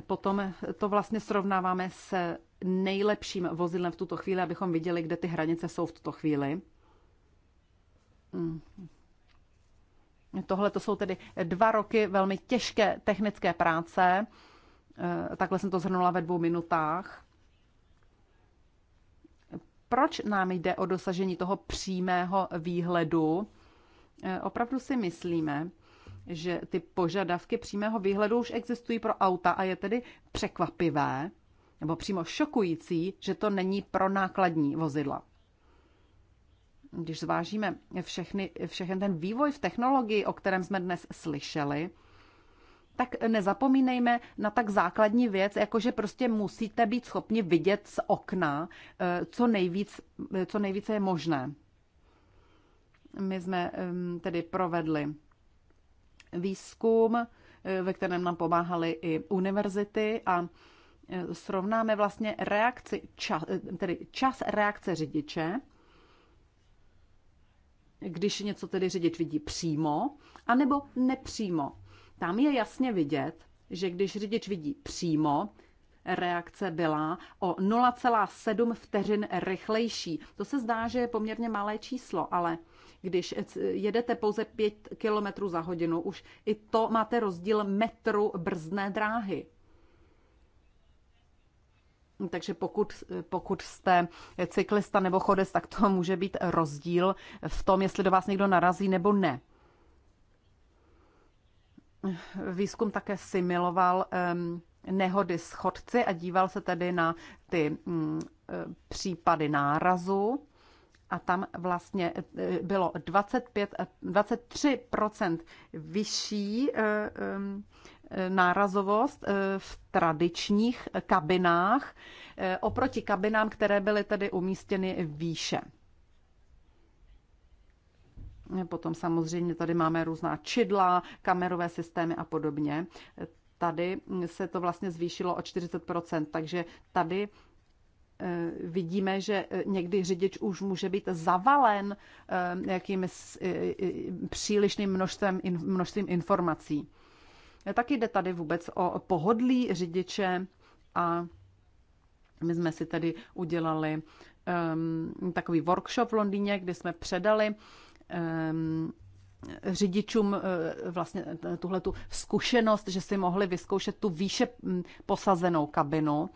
Potom to vlastně srovnáváme s nejlepším vozidlem v tuto chvíli, abychom viděli, kde ty hranice jsou v tuto chvíli. Hmm. Tohle to jsou tedy dva roky velmi těžké technické práce. Eh, takhle jsem to zhrnula ve dvou minutách. Proč nám jde o dosažení toho přímého výhledu? Eh, opravdu si myslíme, že ty požadavky přímého výhledu už existují pro auta a je tedy překvapivé nebo přímo šokující, že to není pro nákladní vozidla když zvážíme všechny, všechen ten vývoj v technologii, o kterém jsme dnes slyšeli, tak nezapomínejme na tak základní věc, jako že prostě musíte být schopni vidět z okna, eh, co, nejvíc, eh, co nejvíce je možné. My jsme ehm, tedy provedli výzkum, eh, ve kterém nám pomáhaly i univerzity a srovnáme vlastně reakci, čas, tedy čas reakce řidiče když něco tedy řidič vidí přímo, anebo nepřímo. Tam je jasně vidět, že když řidič vidí přímo, reakce byla o 0,7 vteřin rychlejší. To se zdá, že je poměrně malé číslo, ale když jedete pouze 5 km za hodinu, už i to máte rozdíl metru brzdné dráhy. Takže pokud, pokud jste cyklista nebo chodec, tak to může být rozdíl v tom, jestli do vás někdo narazí nebo ne. Výzkum také simuloval um, nehody s chodci a díval se tedy na ty um, případy nárazu. A tam vlastně e, bylo 25, 23 vyšší um, nárazovost eh, v tradičních kabinách eh, oproti kabinám, které byly tedy umístěny výše. Potom samozřejmě tady máme různá čidla, kamerové systémy a podobně. Tady se to vlastně zvýšilo o 40%, takže tady eh, vidíme, že někdy řidič už může být zavalen jakým přílišným množstvím, množstvím informací. Taky jde tady vůbec o pohodlí řidiče a my jsme si tedy udělali um, takový workshop v Londýně, kde jsme předali um, řidičům eh, vlastně eh, tuhle tu zkušenost, že si mohli vyzkoušet tu výše hm, posazenou kabinu.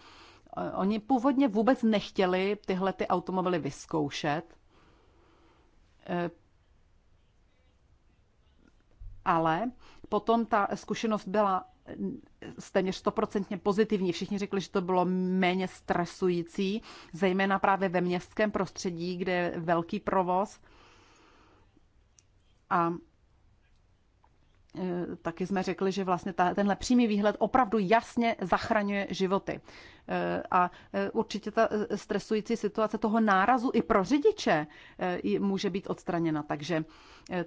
Eh, oni původně vůbec nechtěli tyhle ty automobily vyzkoušet, ale potom ta zkušenost byla stejně stoprocentně pozitivní. Všichni řekli, že to bylo méně stresující, zejména právě ve městském prostředí, kde je velký provoz. A Eh, taky jsme řekli, že vlastně ta, tenhle přímý výhled opravdu jasně zachraňuje životy. Eh, a eh, určitě ta stresující situace toho nárazu i pro řidiče může být odstraněna. Takže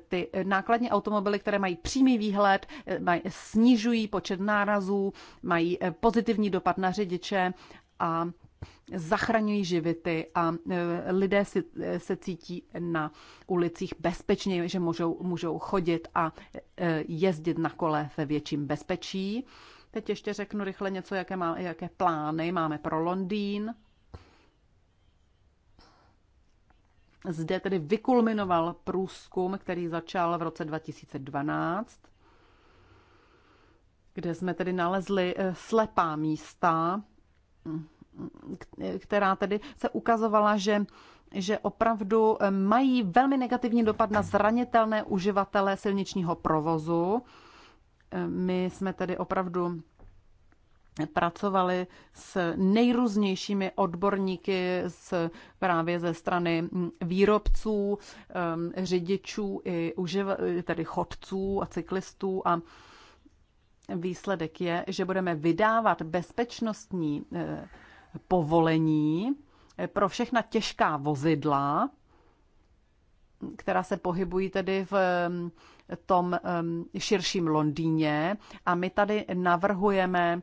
ty nákladní automobily, které mají přímý výhled, mají, snižují počet nárazů, mají pozitivní dopad na řidiče a zachraňují živity a e, lidé si, e, se cítí na ulicích bezpečně, že můžou, můžou chodit a e, jezdit na kole ve větším bezpečí. Teď ještě řeknu rychle něco, jaké, má, jaké plány máme pro Londýn. Zde tedy vykulminoval průzkum, který začal v roce 2012, kde jsme tedy nalezli slepá místa, která tedy se ukazovala, že že opravdu eh, mají velmi negativní dopad na zranitelné uživatele silničního provozu. Eh, my jsme tedy opravdu pracovali s nejrůznějšími odborníky z právě ze strany hm, výrobců, eh, řidičů i uživ, tedy chodců a cyklistů a výsledek je, že budeme vydávat bezpečnostní povolení pro všechna těžká vozidla, která se pohybují tedy v tom širším Londýně. A my tady navrhujeme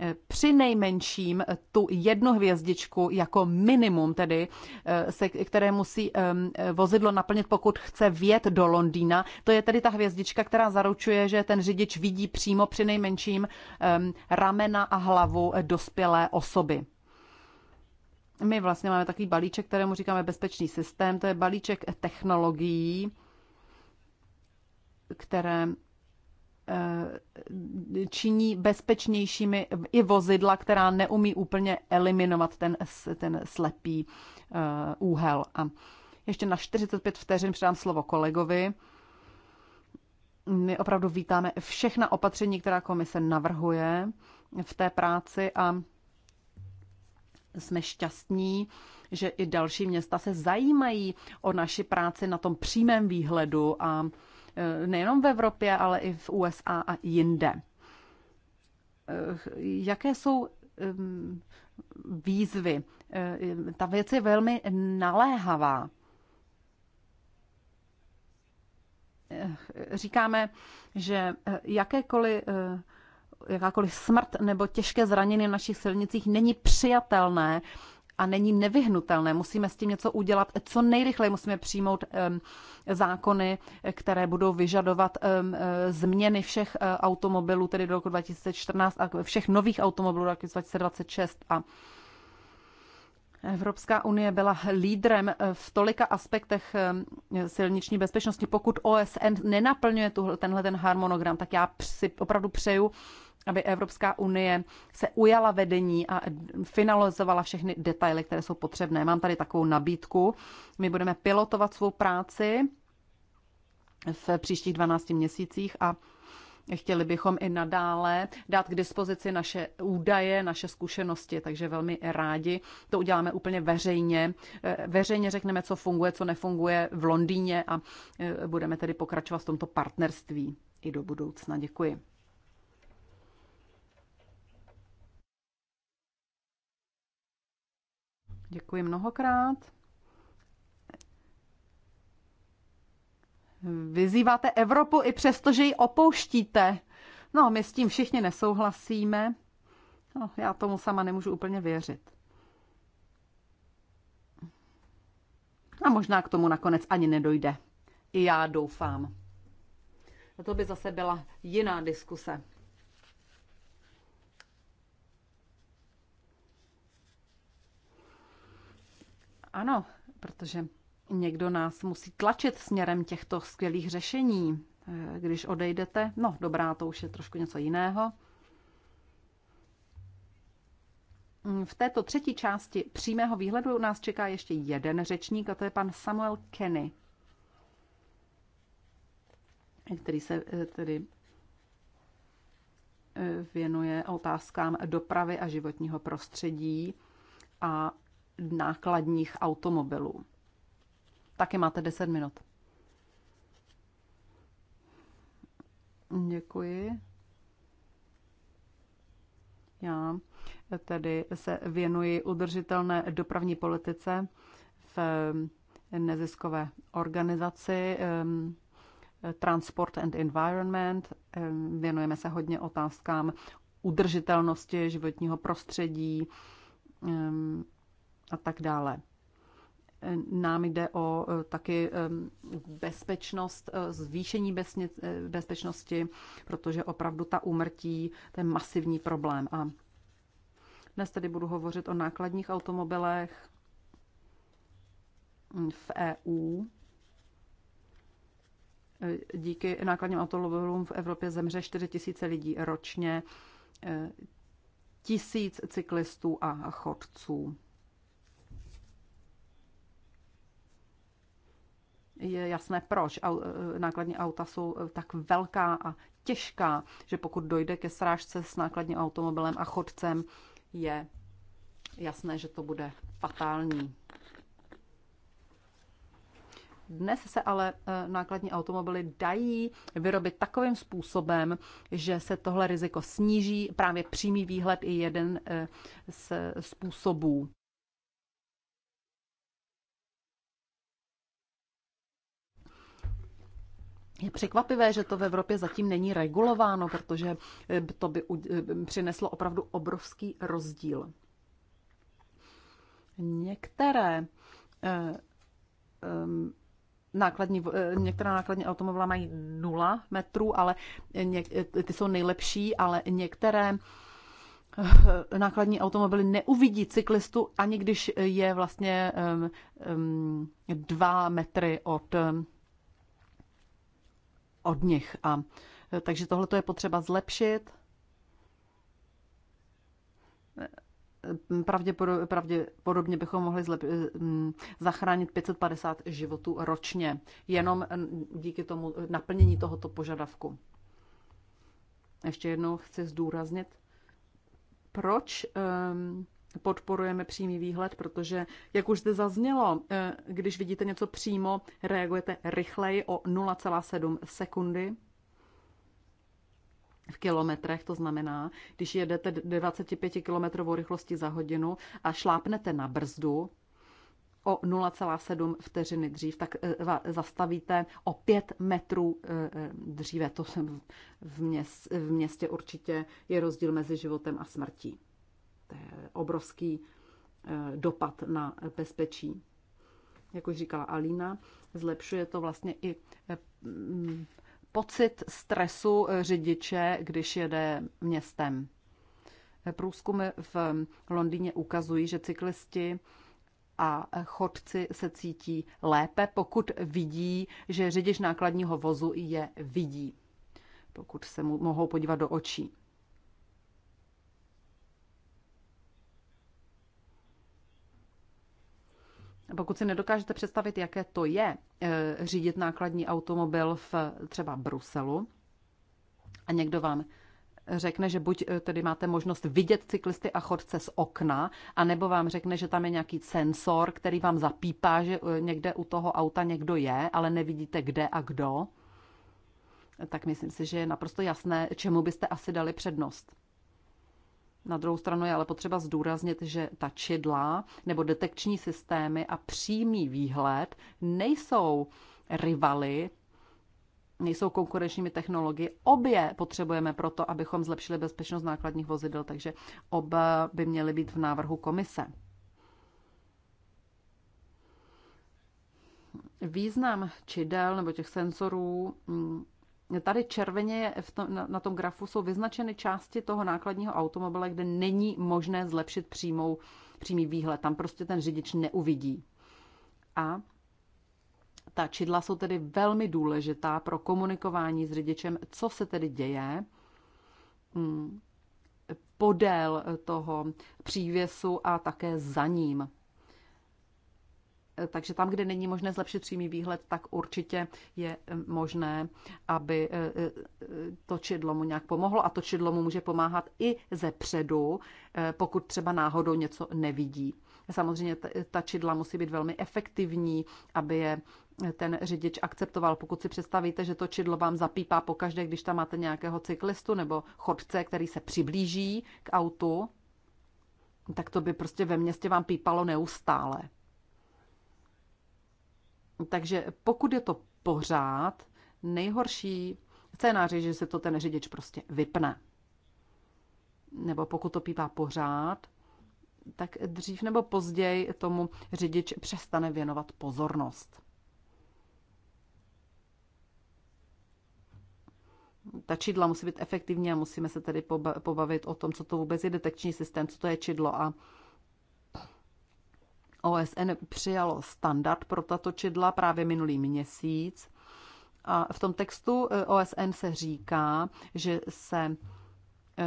eh, při nejmenším tu jednu hvězdičku jako minimum, tedy, eh, se, které musí vozidlo naplnit, pokud chce vjet do Londýna. To je tedy ta hvězdička, která zaručuje, že ten řidič vidí přímo při nejmenším ramena a hlavu dospělé osoby my vlastně máme takový balíček, kterému říkáme bezpečný systém. To je balíček technologií, které eh, činí bezpečnějšími i vozidla, která neumí úplně eliminovat ten, ten slepý eh, úhel. A ještě na 45 vteřin předám slovo kolegovi. My opravdu vítáme všechna opatření, která komise navrhuje v té práci a jsme šťastní, že i další města se zajímají o naši práci na tom přímém výhledu a e, nejenom v Evropě, ale i v USA a jinde. E, jaké jsou výzvy? E, ta věc je velmi naléhavá. Říkáme, že jakékoliv jakákoliv smrt nebo těžké zranění na našich silnicích není přijatelné a není nevyhnutelné. Musíme s tím něco udělat co nejrychleji. Musíme přijmout um, zákony, které budou vyžadovat um, změny všech e, automobilů, tedy do roku 2014 a všech nových automobilů do roku 2026. A Evropská unie byla lídrem v tolika aspektech silniční bezpečnosti. Pokud OSN nenaplňuje tuhle, tenhle ten harmonogram, tak já si opravdu přeju, aby Evropská unie se ujala vedení a finalizovala všechny detaily, které jsou potřebné. Mám tady takovou nabídku. My budeme pilotovat svou práci v příštích 12 měsících a Chtěli bychom i nadále dát k dispozici naše údaje, naše zkušenosti, takže velmi rádi to uděláme úplně veřejně. Eh, veřejně řekneme, co funguje, co nefunguje v Londýně a eh, budeme tedy pokračovat v tomto partnerství i do budoucna. Děkuji. Děkuji mnohokrát. Vyzýváte Evropu i přesto, že ji opouštíte. No, my s tím všichni nesouhlasíme. No, já tomu sama nemůžu úplně věřit. A možná k tomu nakonec ani nedojde. I já doufám. A to by zase byla jiná diskuse. Ano, protože někdo nás musí tlačit směrem těchto skvělých řešení. Eh, když odejdete, no dobrá, to už je trošku něco jiného. Mm, v této třetí části přímého výhledu nás čeká ještě jeden řečník, a to je pan Samuel Kenny, který se eh, tedy eh, věnuje otázkám dopravy a životního prostředí a nákladních automobilů. Taky máte 10 minut. Děkuji. Já tedy se věnuji udržitelné dopravní politice v ehm, neziskové organizaci ehm, Transport and Environment. Ehm, věnujeme se hodně otázkám udržitelnosti životního prostředí, a tak dále. Nám jde o e, taky e, bezpečnost, e, zvýšení bezpečnosti, protože opravdu ta úmrtí, to je masivní problém. A dnes tedy budu hovořit o nákladních automobilech v EU. Díky nákladním automobilům v Evropě zemře 4 000 lidí ročně, tisíc cyklistů a chodců. je jasné, proč eh, nákladní auta jsou eh, tak velká a těžká, že pokud dojde ke srážce s nákladním automobilem a chodcem, je jasné, že to bude fatální. Dnes se ale eh, nákladní automobily dají vyrobit takovým způsobem, že se tohle riziko sníží. Právě přímý výhled je jeden z způsobů. Je překvapivé, že to v Evropě zatím není regulováno, protože eh, to by eh, přineslo opravdu obrovský rozdíl. Některé eh, ehm, nákladní, některá nákladní automobila mají 0 metrů, ale ty jsou nejlepší, ale některé nákladní automobily neuvidí cyklistu, ani když je vlastně 2 ehm, ehm, metry od od nich. A, e, takže tohle je potřeba zlepšit. E, pravděpodobně bychom mohli zlep- e, zachránit 550 životů ročně, jenom díky tomu naplnění tohoto požadavku. Ještě jednou chci zdůraznit, proč um, podporujeme přímý výhled, protože, jak už zde zaznělo, eh, když vidíte něco přímo, reagujete rychleji o 0,7 sekundy v kilometrech, to znamená, když jedete 25 km rychlostí za hodinu a šlápnete na brzdu o 0,7 vteřiny dřív, tak eh, zastavíte o 5 metrů eh, dříve. To v, měst, v městě určitě je rozdíl mezi životem a smrtí to je obrovský eh, dopad na bezpečí. Jak už říkala Alína, zlepšuje to vlastně i eh, mm, pocit stresu řidiče, když jede městem. Eh, průzkumy v Londýně ukazují, že cyklisti a chodci se cítí lépe, pokud vidí, že řidič nákladního vozu je vidí, pokud se mu mohou podívat do očí. Pokud si nedokážete představit, jaké to je eh, řídit nákladní automobil v třeba Bruselu a někdo vám řekne, že buď eh, tedy máte možnost vidět cyklisty a chodce z okna, anebo vám řekne, že tam je nějaký sensor, který vám zapípá, že eh, někde u toho auta někdo je, ale nevidíte kde a kdo, tak myslím si, že je naprosto jasné, čemu byste asi dali přednost. Na druhou stranu je ale potřeba zdůraznit, že ta čidla nebo detekční systémy a přímý výhled nejsou rivaly, nejsou konkurenčními technologii. Obě potřebujeme proto, abychom zlepšili bezpečnost nákladních vozidel, takže oba by měly být v návrhu komise. Význam čidel nebo těch senzorů mm, Tady červeně v tom, na tom grafu jsou vyznačeny části toho nákladního automobile, kde není možné zlepšit přímou, přímý výhled. Tam prostě ten řidič neuvidí. A ta čidla jsou tedy velmi důležitá pro komunikování s řidičem, co se tedy děje mm, podél toho přívěsu a také za ním takže tam, kde není možné zlepšit přímý výhled, tak určitě je eh, možné, aby eh, eh, to čidlo mu nějak pomohlo a to čidlo mu může pomáhat i ze předu, pokud třeba náhodou něco nevidí. Samozřejmě ta čidla musí být velmi efektivní, aby je ten řidič akceptoval. Pokud si představíte, že to čidlo vám zapípá pokaždé, když tam máte nějakého cyklistu nebo chodce, který se přiblíží k autu, tak to by prostě ve městě vám pípalo neustále. Takže pokud je to pořád, nejhorší scénář je, že se to ten řidič prostě vypne. Nebo pokud to pípá pořád, tak dřív nebo později tomu řidič přestane věnovat pozornost. ta čidla musí být efektivní a musíme se tedy pobavit o tom, co to vůbec je detekční systém, co to je čidlo a OSN přijalo standard pro tato čidla právě minulý měsíc. A v tom textu eh, OSN se říká, že se eh,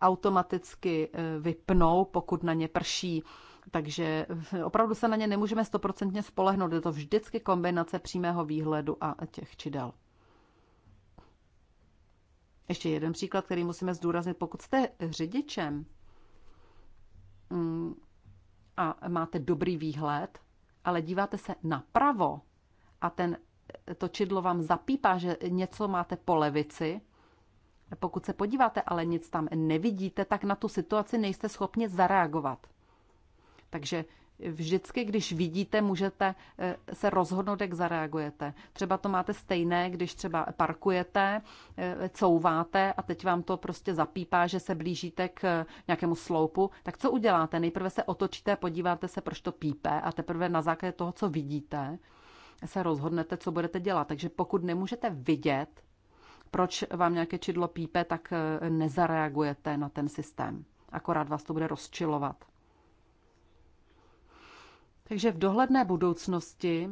automaticky eh, vypnou, pokud na ně prší. Takže opravdu se na ně nemůžeme stoprocentně spolehnout. Je to vždycky kombinace přímého výhledu a těch čidel. Ještě jeden příklad, který musíme zdůraznit. Pokud jste řidičem, mm, a máte dobrý výhled, ale díváte se napravo a ten, to čidlo vám zapípá, že něco máte po levici, pokud se podíváte, ale nic tam nevidíte, tak na tu situaci nejste schopni zareagovat. Takže vždycky, když vidíte, můžete eh, se rozhodnout, jak zareagujete. Třeba to máte stejné, když třeba parkujete, eh, couváte a teď vám to prostě zapípá, že se blížíte k eh, nějakému sloupu. Tak co uděláte? Nejprve se otočíte, podíváte se, proč to pípe a teprve na základě toho, co vidíte, se rozhodnete, co budete dělat. Takže pokud nemůžete vidět, proč vám nějaké čidlo pípe, tak nezareagujete na ten systém. Akorát vás to bude rozčilovat. Takže v dohledné budoucnosti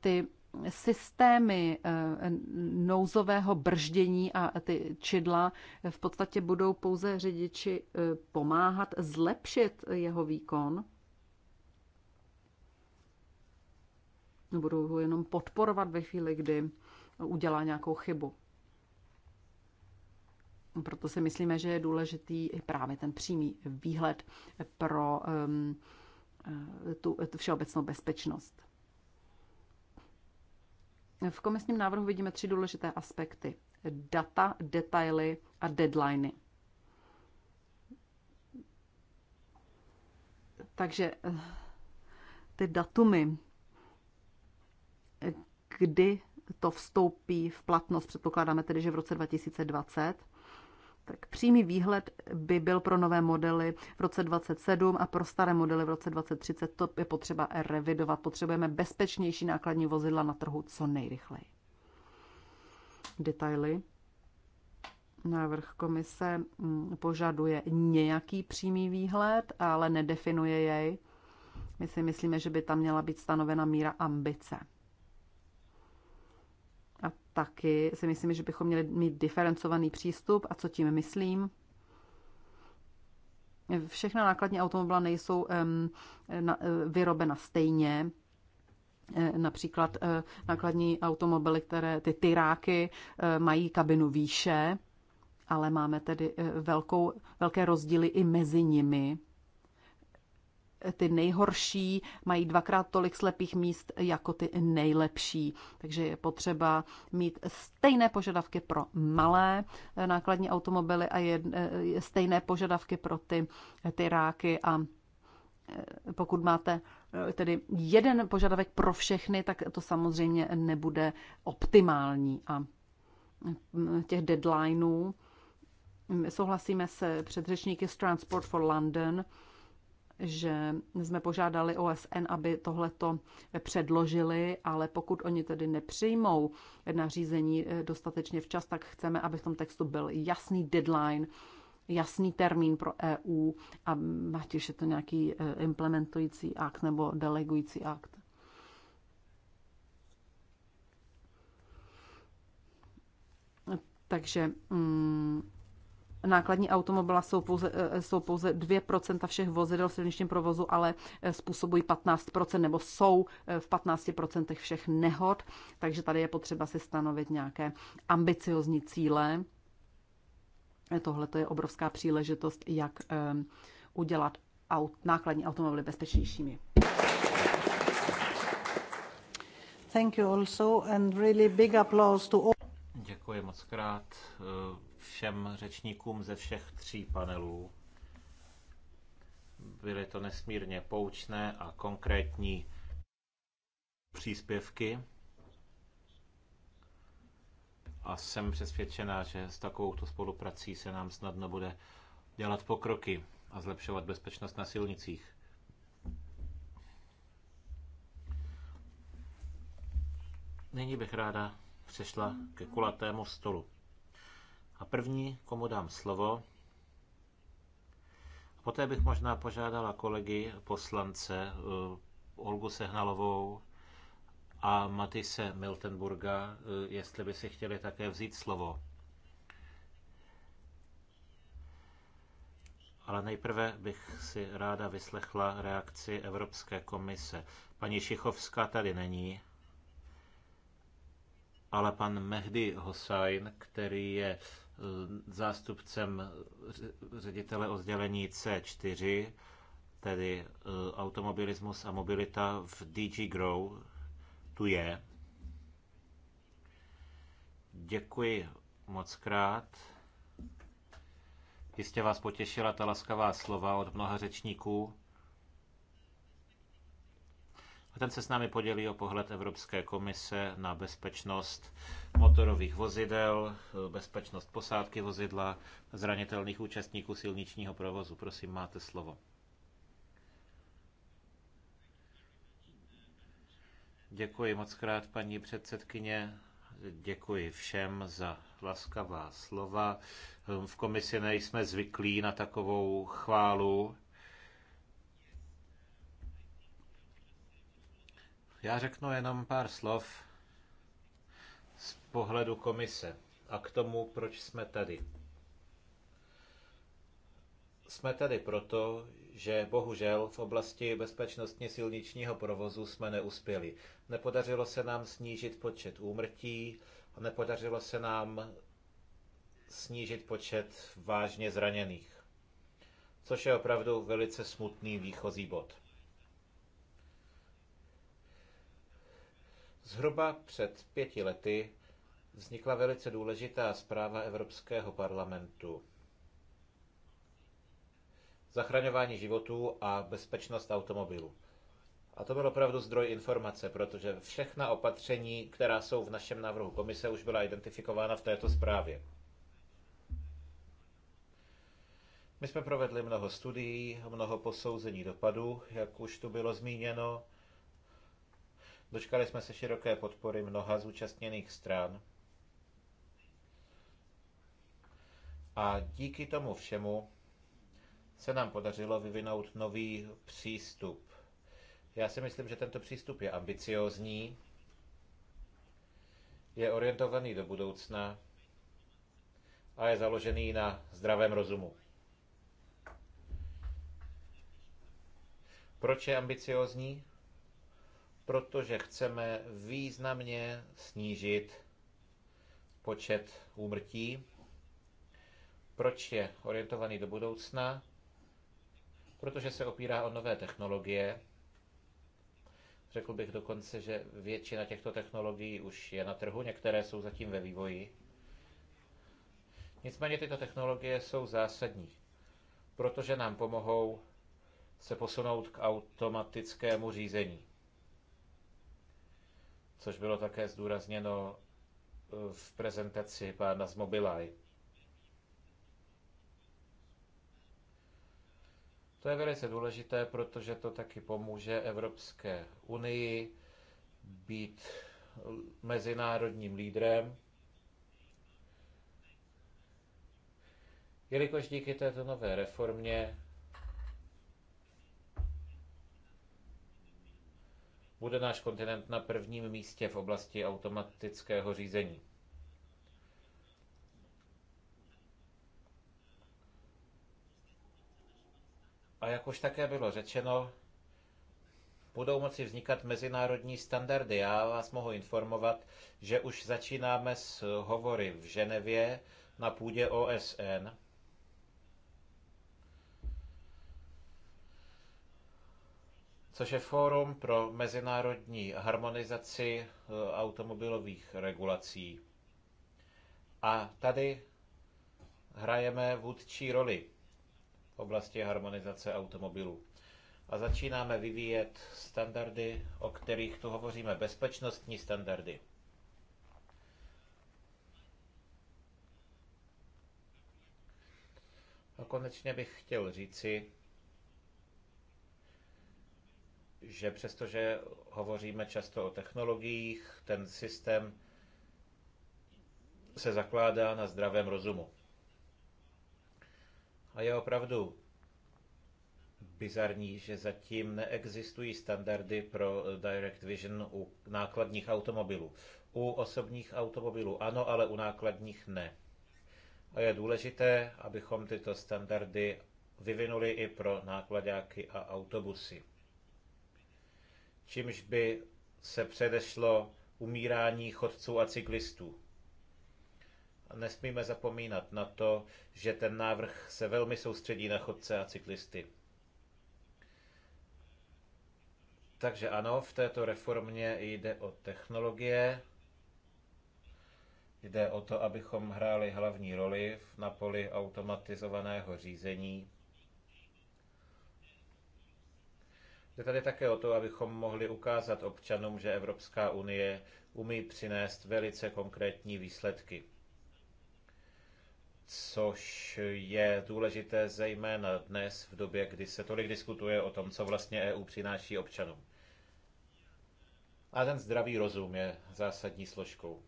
ty systémy eh, nouzového brždění a ty čidla v podstatě budou pouze řidiči eh, pomáhat zlepšit jeho výkon. Budou ho jenom podporovat ve chvíli, kdy udělá nějakou chybu. Proto si myslíme, že je důležitý i právě ten přímý výhled pro um, Eh, tu, tu všeobecnou bezpečnost. V komisním návrhu vidíme tři důležité aspekty. Data, detaily a deadliny. Takže eh, ty datumy, eh, kdy to vstoupí v platnost, předpokládáme tedy, že v roce 2020, tak přímý výhled by byl pro nové modely v roce 2027 a pro staré modely v roce 2030. To je potřeba revidovat. Potřebujeme bezpečnější nákladní vozidla na trhu co nejrychleji. Detaily. Návrh komise mm, požaduje nějaký přímý výhled, ale nedefinuje jej. My si myslíme, že by tam měla být stanovena míra ambice taky si myslím, že bychom měli mít diferencovaný přístup. A co tím myslím? Všechna nákladní automobila nejsou e, vyrobena stejně. E, například e, nákladní automobily, které ty tyráky mají kabinu výše, ale máme tedy velkou, velké rozdíly i mezi nimi ty nejhorší mají dvakrát tolik slepých míst jako ty nejlepší. Takže je potřeba mít stejné požadavky pro malé eh, nákladní automobily a eh, je, stejné požadavky pro ty, eh, ty ráky a pokud máte tedy jeden požadavek pro všechny, tak to samozřejmě nebude optimální. A mm, těch deadlineů souhlasíme se předřečníky z Transport for London, že jsme požádali OSN, aby tohleto předložili, ale pokud oni tedy nepřijmou nařízení eh, dostatečně včas, tak chceme, aby v tom textu byl jasný deadline, jasný termín pro EU a ať už je to nějaký eh, implementující akt nebo delegující akt. Takže mm, nákladní automobila jsou pouze, eh, jsou pouze 2% všech vozidel v silničním provozu, ale eh, způsobují 15% nebo jsou eh, v 15% všech nehod, takže tady je potřeba si stanovit nějaké ambiciozní cíle. Tohle je obrovská příležitost, jak udělat aut, nákladní automobily bezpečnějšími. Thank you also and really big applause to all. Děkuji moc krát všem řečníkům ze všech tří panelů. Byly to nesmírně poučné a konkrétní příspěvky. A jsem přesvědčená, že s takovouto spoluprací se nám snadno bude dělat pokroky a zlepšovat bezpečnost na silnicích. Nyní bych ráda přešla ke kulatému stolu. A první, komu dám slovo, poté bych možná požádala kolegy poslance eh, Olgu Sehnalovou a Matise Miltenburga, eh, jestli by si chtěli také vzít slovo. Ale nejprve bych si ráda vyslechla reakci Evropské komise. Paní Šichovská tady není, ale pan Mehdi Hosajn, který je Eh, zástupcem ředitele oddělení C4, tedy eh, automobilismus a mobilita v DG Grow, tu je. Děkuji moc krát. Jistě vás potěšila ta laskavá slova od mnoha řečníků. A ten se s námi podělí o pohled Evropské komise na bezpečnost motorových vozidel, bezpečnost posádky vozidla, zranitelných účastníků silničního provozu. Prosím, máte slovo. Děkuji moc krát, paní předsedkyně. Děkuji všem za laskavá slova. V komisi nejsme zvyklí na takovou chválu Já řeknu jenom pár slov z pohledu komise a k tomu, proč jsme tady. Jsme tady proto, že bohužel v oblasti bezpečnostně silničního provozu jsme neuspěli. Nepodařilo se nám snížit počet úmrtí, nepodařilo se nám snížit počet vážně zraněných, což je opravdu velice smutný výchozí bod. Zhruba před pěti lety vznikla velice důležitá zpráva Evropského parlamentu. Zachraňování životů a bezpečnost automobilů. A to byl opravdu zdroj informace, protože všechna opatření, která jsou v našem návrhu komise, už byla identifikována v této zprávě. My jsme provedli mnoho studií, mnoho posouzení dopadů, jak už tu bylo zmíněno, Dočkali jsme se široké podpory mnoha zúčastněných stran. A díky tomu všemu se nám podařilo vyvinout nový přístup. Já si myslím, že tento přístup je ambiciózní, je orientovaný do budoucna a je založený na zdravém rozumu. Proč je ambiciózní? protože chceme významně snížit počet úmrtí. Proč je orientovaný do budoucna? Protože se opírá o nové technologie. Řekl bych dokonce, že většina těchto technologií už je na trhu, některé jsou zatím ve vývoji. Nicméně tyto technologie jsou zásadní, protože nám pomohou se posunout k automatickému řízení což bylo také zdůrazněno eh, v prezentaci pána z Mobilaj. To je velice důležité, protože to taky pomůže Evropské unii být mezinárodním lídrem, jelikož díky této nové reformě bude náš kontinent na prvním místě v oblasti automatického řízení. A jak už také bylo řečeno, budou moci vznikat mezinárodní standardy. Já vás mohu informovat, že už začínáme s hovory v Ženevě na půdě OSN což je Fórum pro mezinárodní harmonizaci eh, automobilových regulací. A tady hrajeme vůdčí roli v oblasti harmonizace automobilů. A začínáme vyvíjet standardy, o kterých tu hovoříme, bezpečnostní standardy. A konečně bych chtěl říci, že přestože hovoříme často o technologiích, ten systém se zakládá na zdravém rozumu. A je opravdu bizarní, že zatím neexistují standardy pro Direct Vision u nákladních automobilů. U osobních automobilů ano, ale u nákladních ne. A je důležité, abychom tyto standardy vyvinuli i pro nákladáky a autobusy čímž by se předešlo umírání chodců a cyklistů. Nesmíme zapomínat na to, že ten návrh se velmi soustředí na chodce a cyklisty. Takže ano, v této reformě jde o technologie, jde o to, abychom hráli hlavní roli na poli automatizovaného řízení Jde tady také o to, abychom mohli ukázat občanům, že Evropská unie umí přinést velice konkrétní výsledky. Což je důležité zejména dnes, v době, kdy se tolik diskutuje o tom, co vlastně EU přináší občanům. A ten zdravý rozum je zásadní složkou.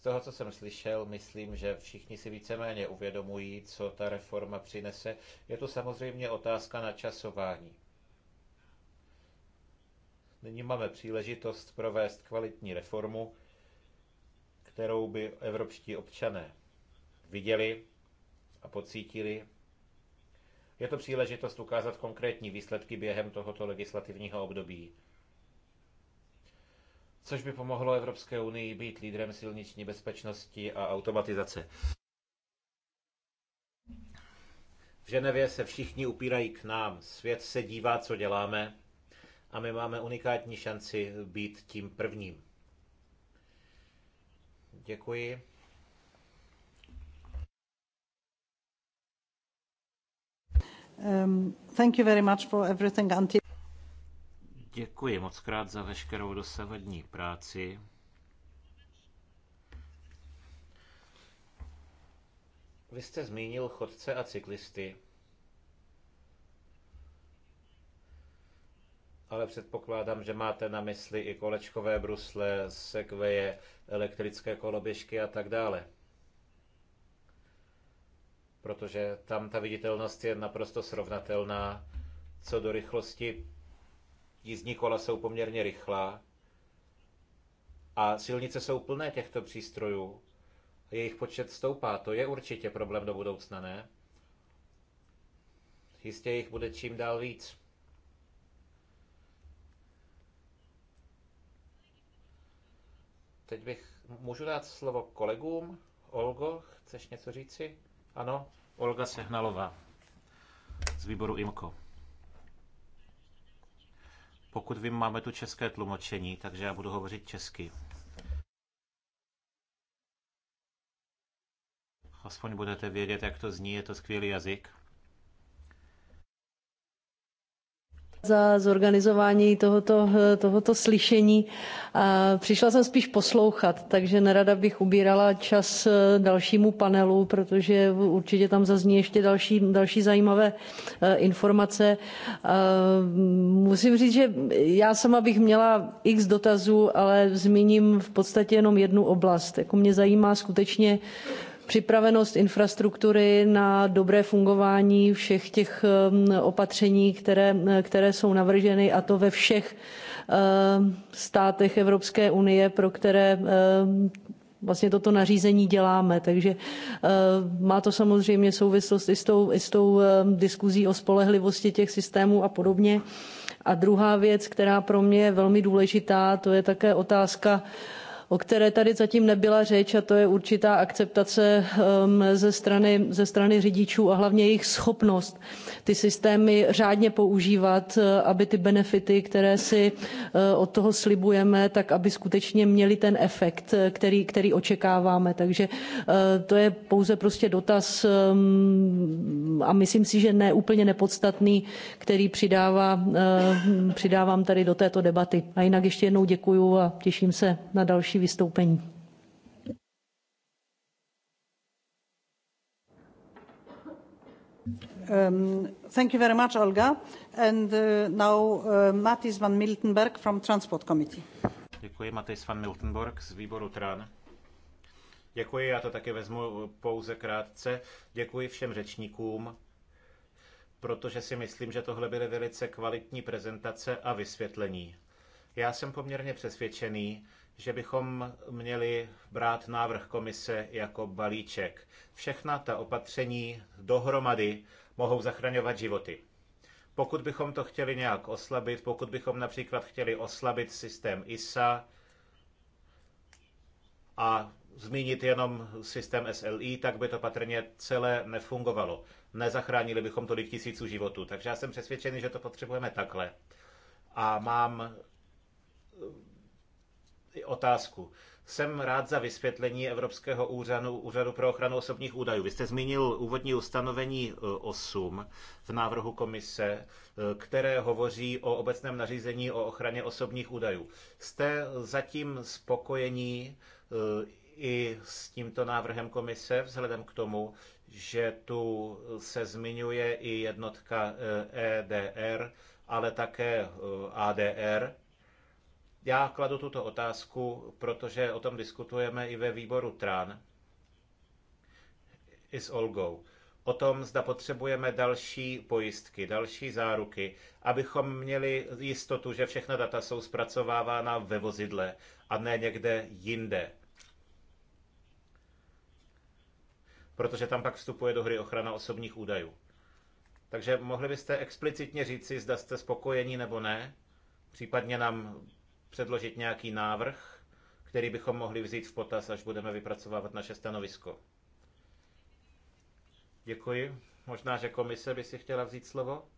Z toho, co jsem slyšel, myslím, že všichni si víceméně uvědomují, co ta reforma přinese. Je to samozřejmě otázka na časování. Nyní máme příležitost provést kvalitní reformu, kterou by evropští občané viděli a pocítili. Je to příležitost ukázat konkrétní výsledky během tohoto legislativního období což by pomohlo Evropské unii být lídrem silniční bezpečnosti a automatizace. V Ženevě se všichni upírají k nám, svět se dívá, co děláme a my máme unikátní šanci být tím prvním. Děkuji. Um, thank you very much for everything until... Děkuji moc krát za veškerou dosavadní práci. Vy jste zmínil chodce a cyklisty. ale předpokládám, že máte na mysli i kolečkové brusle, sekveje, elektrické koloběžky a tak dále. Protože tam ta viditelnost je naprosto srovnatelná co do rychlosti jízdní kola jsou poměrně rychlá a silnice jsou plné těchto přístrojů. Jejich počet stoupá. To je určitě problém do budoucna, ne? Jistě jich bude čím dál víc. Teď bych... Můžu dát slovo kolegům? Olgo, chceš něco říci? Ano, Olga Sehnalová z výboru IMKO. Pokud vím, máme tu české tlumočení, takže já budu hovořit česky. Aspoň budete vědět, jak to zní, je to skvělý jazyk. za zorganizování tohoto, tohoto slyšení. A přišla jsem spíš poslouchat, takže nerada bych ubírala čas e, dalšímu panelu, protože určitě tam zazní ještě další, další zajímavé e, informace. A e, musím říct, že já sama bych měla x dotazů, ale zmíním v podstatě jenom jednu oblast. Jako mě zajímá skutečně připravenost infrastruktury na dobré fungování všech těch um, opatření, které, které jsou navrženy, a to ve všech um, státech Evropské unie, pro které um, vlastně toto nařízení děláme. Takže má to samozřejmě souvislost i s tou, i s tou diskuzí o spolehlivosti těch systémů a podobně. A druhá věc, která pro mě je velmi důležitá, to je také otázka o které tady zatím nebyla řeč, a to je určitá akceptace ehm, ze strany, ze strany řidičů a hlavně jejich schopnost ty systémy řádně používat, eh, aby ty benefity, které si eh, od toho slibujeme, tak aby skutečně měly ten efekt, eh, který, který očekáváme. Takže to je pouze prostě dotaz ehm, a myslím si, že ne úplně nepodstatný, který přidává, přidávám tady do této debaty. A jinak ještě jednou děkuju a těším se na další vystoupení. Um, thank you very much, Olga. And uh, now uh, Matis van Miltenberg from Transport Committee. Děkuji, Matis van Miltenberg z výboru TRAN. Děkuji, já to taky vezmu pouze krátce. Děkuji všem řečníkům, protože si myslím, že tohle byly velice kvalitní prezentace a vysvětlení. Já jsem poměrně přesvědčený, že bychom měli brát návrh komise jako balíček. Všechna ta opatření dohromady mohou zachraňovat životy. Pokud bychom to chtěli nějak oslabit, pokud bychom například chtěli oslabit systém ISA a zmínit jenom systém SLI, tak by to patrně celé nefungovalo. Nezachránili bychom tolik tisíců životů. Takže já jsem přesvědčený, že to potřebujeme takhle. A mám otázku. Jsem rád za vysvětlení Evropského úřadu, úřadu pro ochranu osobních údajů. Vy jste zmínil úvodní ustanovení 8 e, v návrhu komise, e, které hovoří o obecném nařízení o ochraně osobních údajů. Jste zatím spokojení e, i s tímto návrhem komise, vzhledem k tomu, že tu se zmiňuje i jednotka EDR, ale také ADR. Já kladu tuto otázku, protože o tom diskutujeme i ve výboru TRAN i s Olgou. O tom, zda potřebujeme další pojistky, další záruky, abychom měli jistotu, že všechna data jsou zpracovávána ve vozidle a ne někde jinde. Protože tam pak vstupuje do hry ochrana osobních údajů. Takže mohli byste explicitně říci, zda jste spokojení nebo ne, případně nám předložit nějaký návrh, který bychom mohli vzít v potaz, až budeme vypracovávat naše stanovisko. Děkuji. Možná, že komise by si chtěla vzít slovo?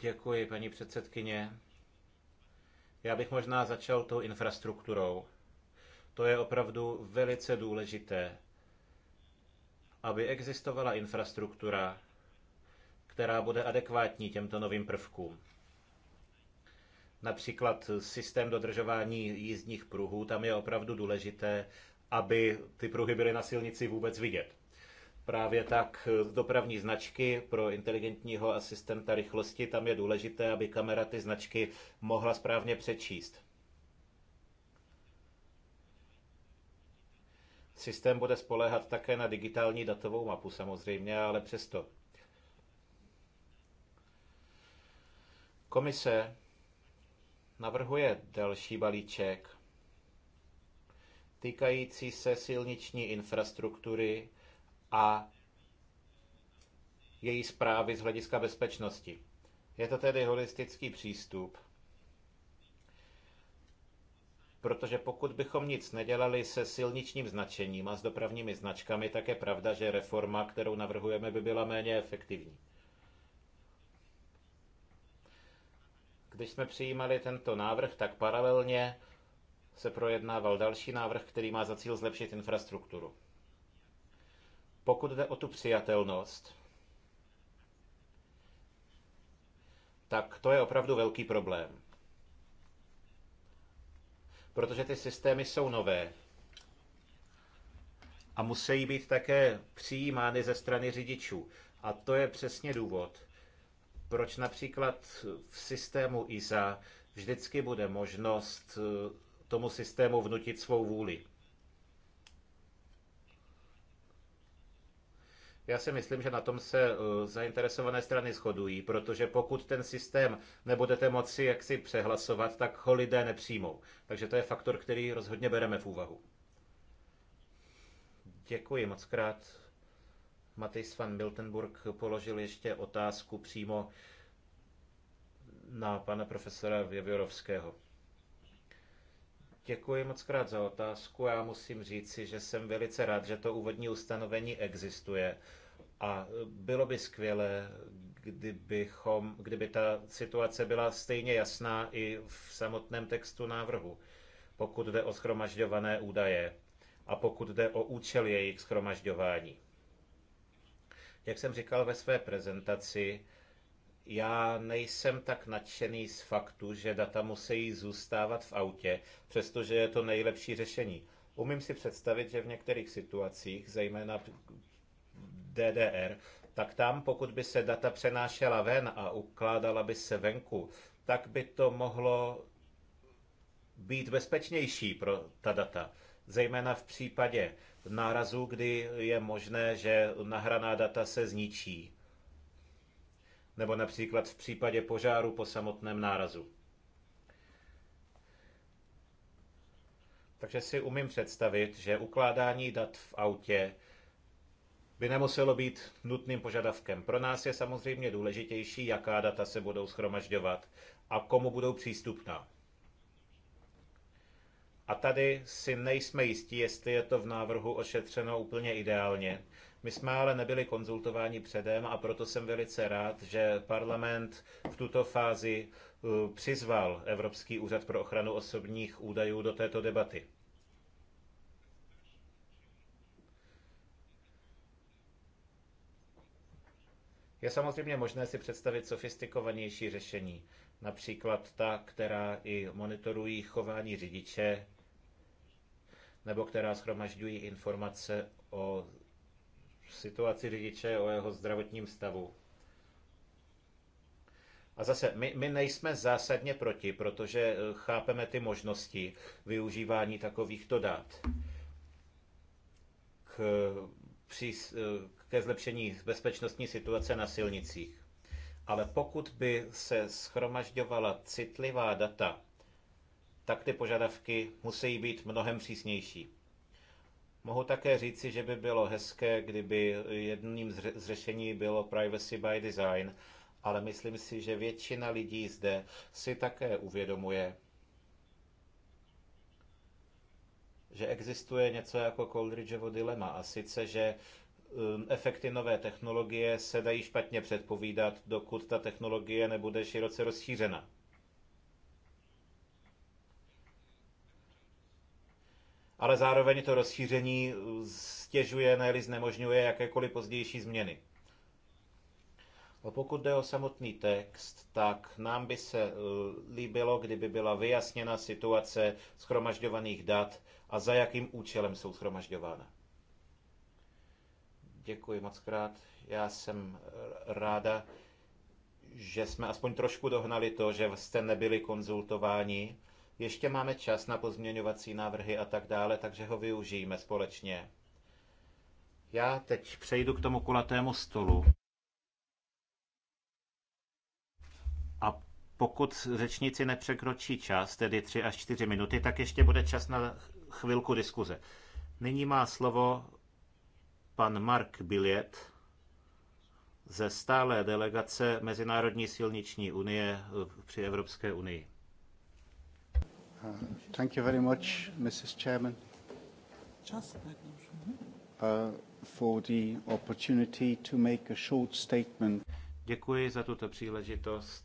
Děkuji, paní předsedkyně. Já bych možná začal tou infrastrukturou. To je opravdu velice důležité aby existovala infrastruktura, která bude adekvátní těmto novým prvkům. Například systém dodržování jízdních pruhů, tam je opravdu důležité, aby ty pruhy byly na silnici vůbec vidět. Právě tak dopravní značky pro inteligentního asistenta rychlosti, tam je důležité, aby kamera ty značky mohla správně přečíst. Systém bude spoléhat také na digitální datovou mapu samozřejmě, ale přesto. Komise navrhuje další balíček týkající se silniční infrastruktury a její zprávy z hlediska bezpečnosti. Je to tedy holistický přístup, protože pokud bychom nic nedělali se silničním značením a s dopravními značkami, tak je pravda, že reforma, kterou navrhujeme, by byla méně efektivní. Když jsme přijímali tento návrh, tak paralelně se projednával další návrh, který má za cíl zlepšit infrastrukturu. Pokud jde o tu přijatelnost, tak to je opravdu velký problém protože ty systémy jsou nové a musí být také přijímány ze strany řidičů. A to je přesně důvod, proč například v systému ISA vždycky bude možnost eh, tomu systému vnutit svou vůli. Já si myslím, že na tom se eh, zainteresované strany shodují, protože pokud ten systém nebudete moci jaksi přehlasovat, tak ho lidé nepřijmou. Takže to je faktor, který rozhodně bereme v úvahu. Děkuji moc krát. Matejs van Miltenburg položil ještě otázku přímo na pana profesora Věvorovského. Děkuji moc krát za otázku. Já musím říci, že jsem velice rád, že to úvodní ustanovení existuje. A bylo by skvělé, kdybychom, kdyby ta situace byla stejně jasná i v samotném textu návrhu, pokud jde o schromažďované údaje a pokud jde o účel jejich schromažďování. Jak jsem říkal ve své prezentaci, já nejsem tak nadšený z faktu, že data musí zůstávat v autě, přestože je to nejlepší řešení. Umím si představit, že v některých situacích, zejména DDR, tak tam, pokud by se data přenášela ven a ukládala by se venku, tak by to mohlo být bezpečnější pro ta data. Zejména v případě nárazu, kdy je možné, že nahraná data se zničí nebo například v případě požáru po samotném nárazu. Takže si umím představit, že ukládání dat v autě by nemuselo být nutným požadavkem. Pro nás je samozřejmě důležitější, jaká data se budou schromažďovat a komu budou přístupná. A tady si nejsme jistí, jestli je to v návrhu ošetřeno úplně ideálně, my jsme ale nebyli konzultováni předem a proto jsem velice rád, že parlament v tuto fázi eh, přizval Evropský úřad pro ochranu osobních údajů do této debaty. Je samozřejmě možné si představit sofistikovanější řešení, například ta, která i monitorují chování řidiče nebo která schromažďují informace o situaci řidiče, o jeho zdravotním stavu. A zase, my, my nejsme zásadně proti, protože eh, chápeme ty možnosti využívání takovýchto dat k, při, eh, ke zlepšení bezpečnostní situace na silnicích. Ale pokud by se schromažďovala citlivá data, tak ty požadavky musí být mnohem přísnější. Mohu také říci, že by bylo hezké, kdyby jedním z řešení bylo privacy by design, ale myslím si, že většina lidí zde si také uvědomuje, že existuje něco jako Coleridgeovo dilema a sice, že um, efekty nové technologie se dají špatně předpovídat, dokud ta technologie nebude široce rozšířena. ale zároveň to rozšíření uh, stěžuje, ne znemožňuje jakékoliv pozdější změny. A pokud jde o samotný text, tak nám by se uh, líbilo, kdyby byla vyjasněna situace schromažďovaných dat a za jakým účelem jsou schromažďována. Děkuji moc krát. Já jsem uh, ráda, že jsme aspoň trošku dohnali to, že jste nebyli konzultováni ještě máme čas na pozměňovací návrhy a tak dále, takže ho využijeme společně. Já teď přejdu k tomu kulatému stolu. A pokud řečníci nepřekročí čas, tedy 3 až 4 minuty, tak ještě bude čas na chvilku diskuze. Nyní má slovo pan Mark Biliet ze stálé delegace Mezinárodní silniční unie při Evropské unii. Uh, thank you very much, Mrs. Chairman, uh, for the opportunity to make a short statement. Děkuji za tuto příležitost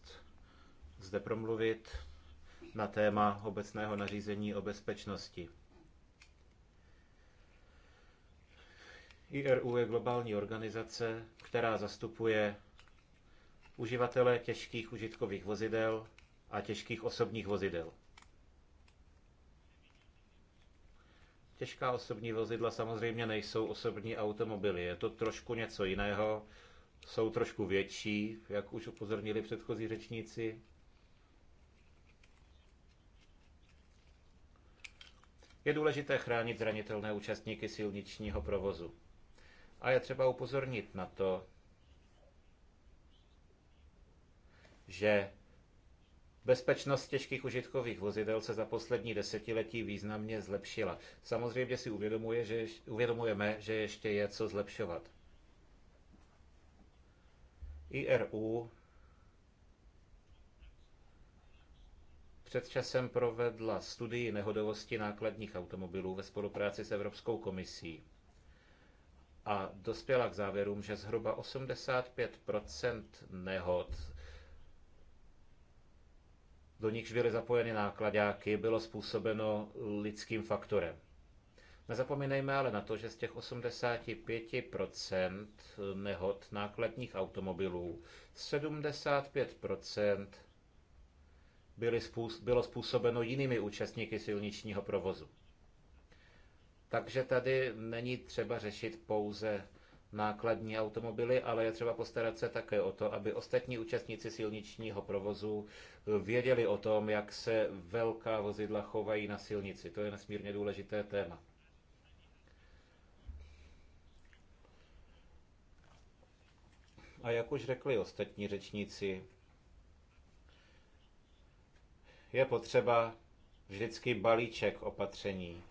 zde promluvit na téma obecného nařízení o bezpečnosti. IRU je globální organizace, která zastupuje uživatele těžkých užitkových vozidel a těžkých osobních vozidel. Těžká osobní vozidla samozřejmě nejsou osobní automobily. Je to trošku něco jiného. Jsou trošku větší, jak už upozornili předchozí řečníci. Je důležité chránit zranitelné účastníky silničního provozu. A je třeba upozornit na to, že Bezpečnost těžkých užitkových vozidel se za poslední desetiletí významně zlepšila. Samozřejmě si uvědomuje, že, uvědomujeme, že ještě je co zlepšovat. IRU před časem provedla studii nehodovosti nákladních automobilů ve spolupráci s Evropskou komisí a dospěla k závěrům, že zhruba 85 nehod do nichž byly zapojeny nákladáky, bylo způsobeno lidským faktorem. Nezapomínejme ale na to, že z těch 85% nehod nákladních automobilů 75% byly bylo způsobeno jinými účastníky silničního provozu. Takže tady není třeba řešit pouze nákladní automobily, ale je třeba postarat se také o to, aby ostatní účastníci silničního provozu věděli o tom, jak se velká vozidla chovají na silnici. To je nesmírně důležité téma. A jak už řekli ostatní řečníci, je potřeba vždycky balíček opatření.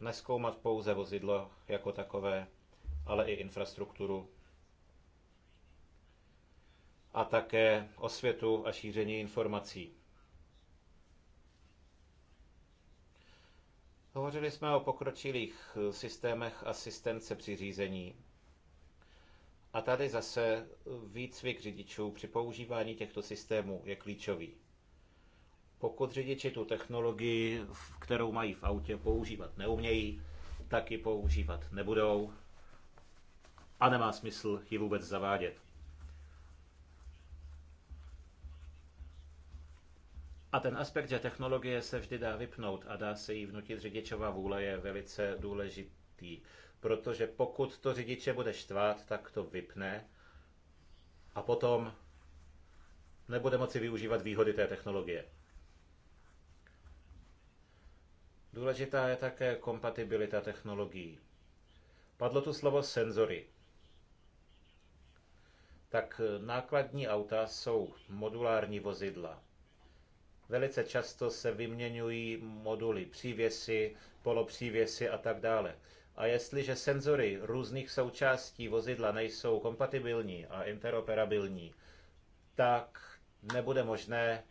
Neskoumat pouze vozidlo jako takové, ale i infrastrukturu a také osvětu a šíření informací. Hovořili jsme o pokročilých systémech asistence při řízení. A tady zase výcvik řidičů při používání těchto systémů je klíčový. Pokud řidiči tu technologii, kterou mají v autě, používat neumějí, tak ji používat nebudou a nemá smysl ji vůbec zavádět. A ten aspekt, že technologie se vždy dá vypnout a dá se jí vnutit řidičová vůle, je velice důležitý. Protože pokud to řidiče bude štvát, tak to vypne a potom nebude moci využívat výhody té technologie. Důležitá je také kompatibilita technologií. Padlo tu slovo senzory tak eh, nákladní auta jsou modulární vozidla. Velice často se vyměňují moduly, přívěsy, polopřívěsy a tak dále. A jestliže senzory různých součástí vozidla nejsou kompatibilní a interoperabilní, tak nebude možné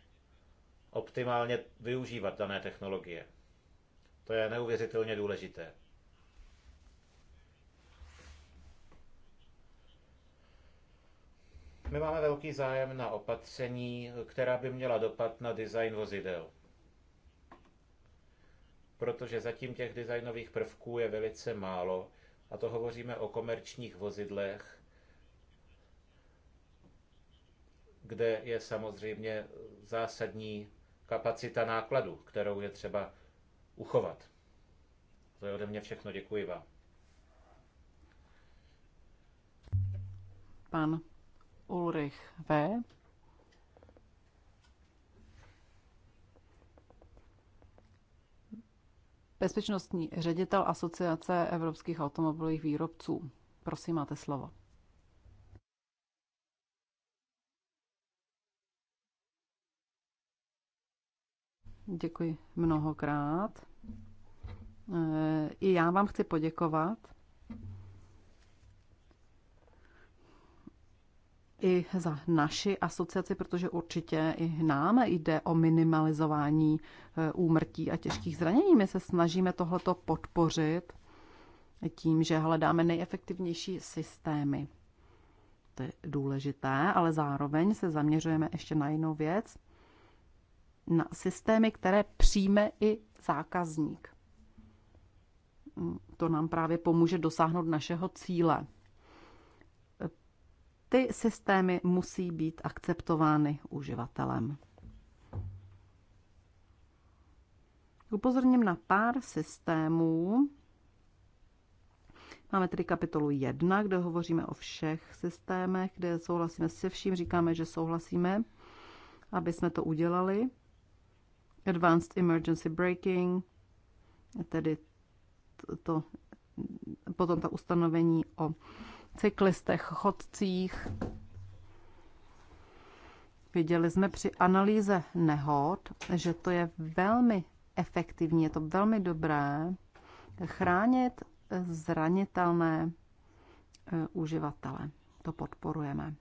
optimálně využívat dané technologie. To je neuvěřitelně důležité. My máme velký zájem na opatření, která by měla dopad na design vozidel. Protože zatím těch designových prvků je velice málo, a to hovoříme o komerčních vozidlech, kde je samozřejmě zásadní kapacita nákladu, kterou je třeba uchovat. To je ode mě všechno, děkuji vám. Pan Ulrich V. bezpečnostní ředitel Asociace evropských automobilových výrobců. Prosím, máte slovo. Děkuji mnohokrát. E, I já vám chci poděkovat i za naši asociaci, protože určitě i nám jde o minimalizování eh, úmrtí a těžkých zranění. My se snažíme tohleto podpořit tím, že hledáme nejefektivnější systémy. To je důležité, ale zároveň se zaměřujeme ještě na jinou věc, na systémy, které přijme i zákazník. Mm, to nám právě pomůže dosáhnout našeho cíle. Ty systémy musí být akceptovány uživatelem. Upozorním na pár systémů. Máme tedy kapitolu 1, kde hovoříme o všech systémech, kde souhlasíme se vším, říkáme, že souhlasíme, aby jsme to udělali. Advanced Emergency Braking, tedy to, potom ta ustanovení o cyklistech, chodcích. Viděli jsme při analýze nehod, že to je velmi efektivní, je to velmi dobré chránit zranitelné e, uživatele. To podporujeme.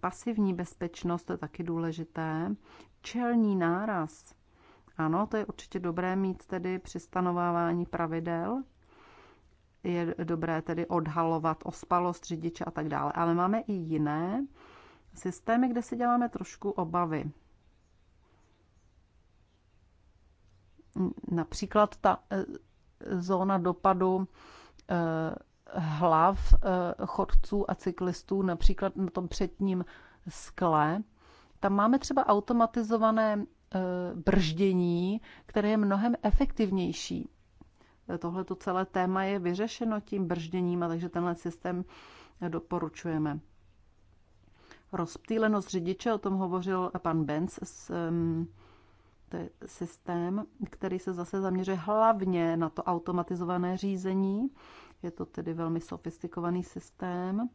Pasivní bezpečnost to je taky důležité. Čelní náraz. Ano, to je určitě dobré mít tedy při stanovávání pravidel, je dobré tedy odhalovat ospalost řidiče a tak dále. Ale máme i jiné systémy, kde si děláme trošku obavy. Například ta e, zóna dopadu e, hlav e, chodců a cyklistů, například na tom předním skle. Tam máme třeba automatizované brždění, které je mnohem efektivnější tohleto celé téma je vyřešeno tím bržděním, a takže tenhle systém doporučujeme. Rozptýlenost řidiče, o tom hovořil pan Benz, s, to je systém, který se zase zaměřuje hlavně na to automatizované řízení. Je to tedy velmi sofistikovaný systém.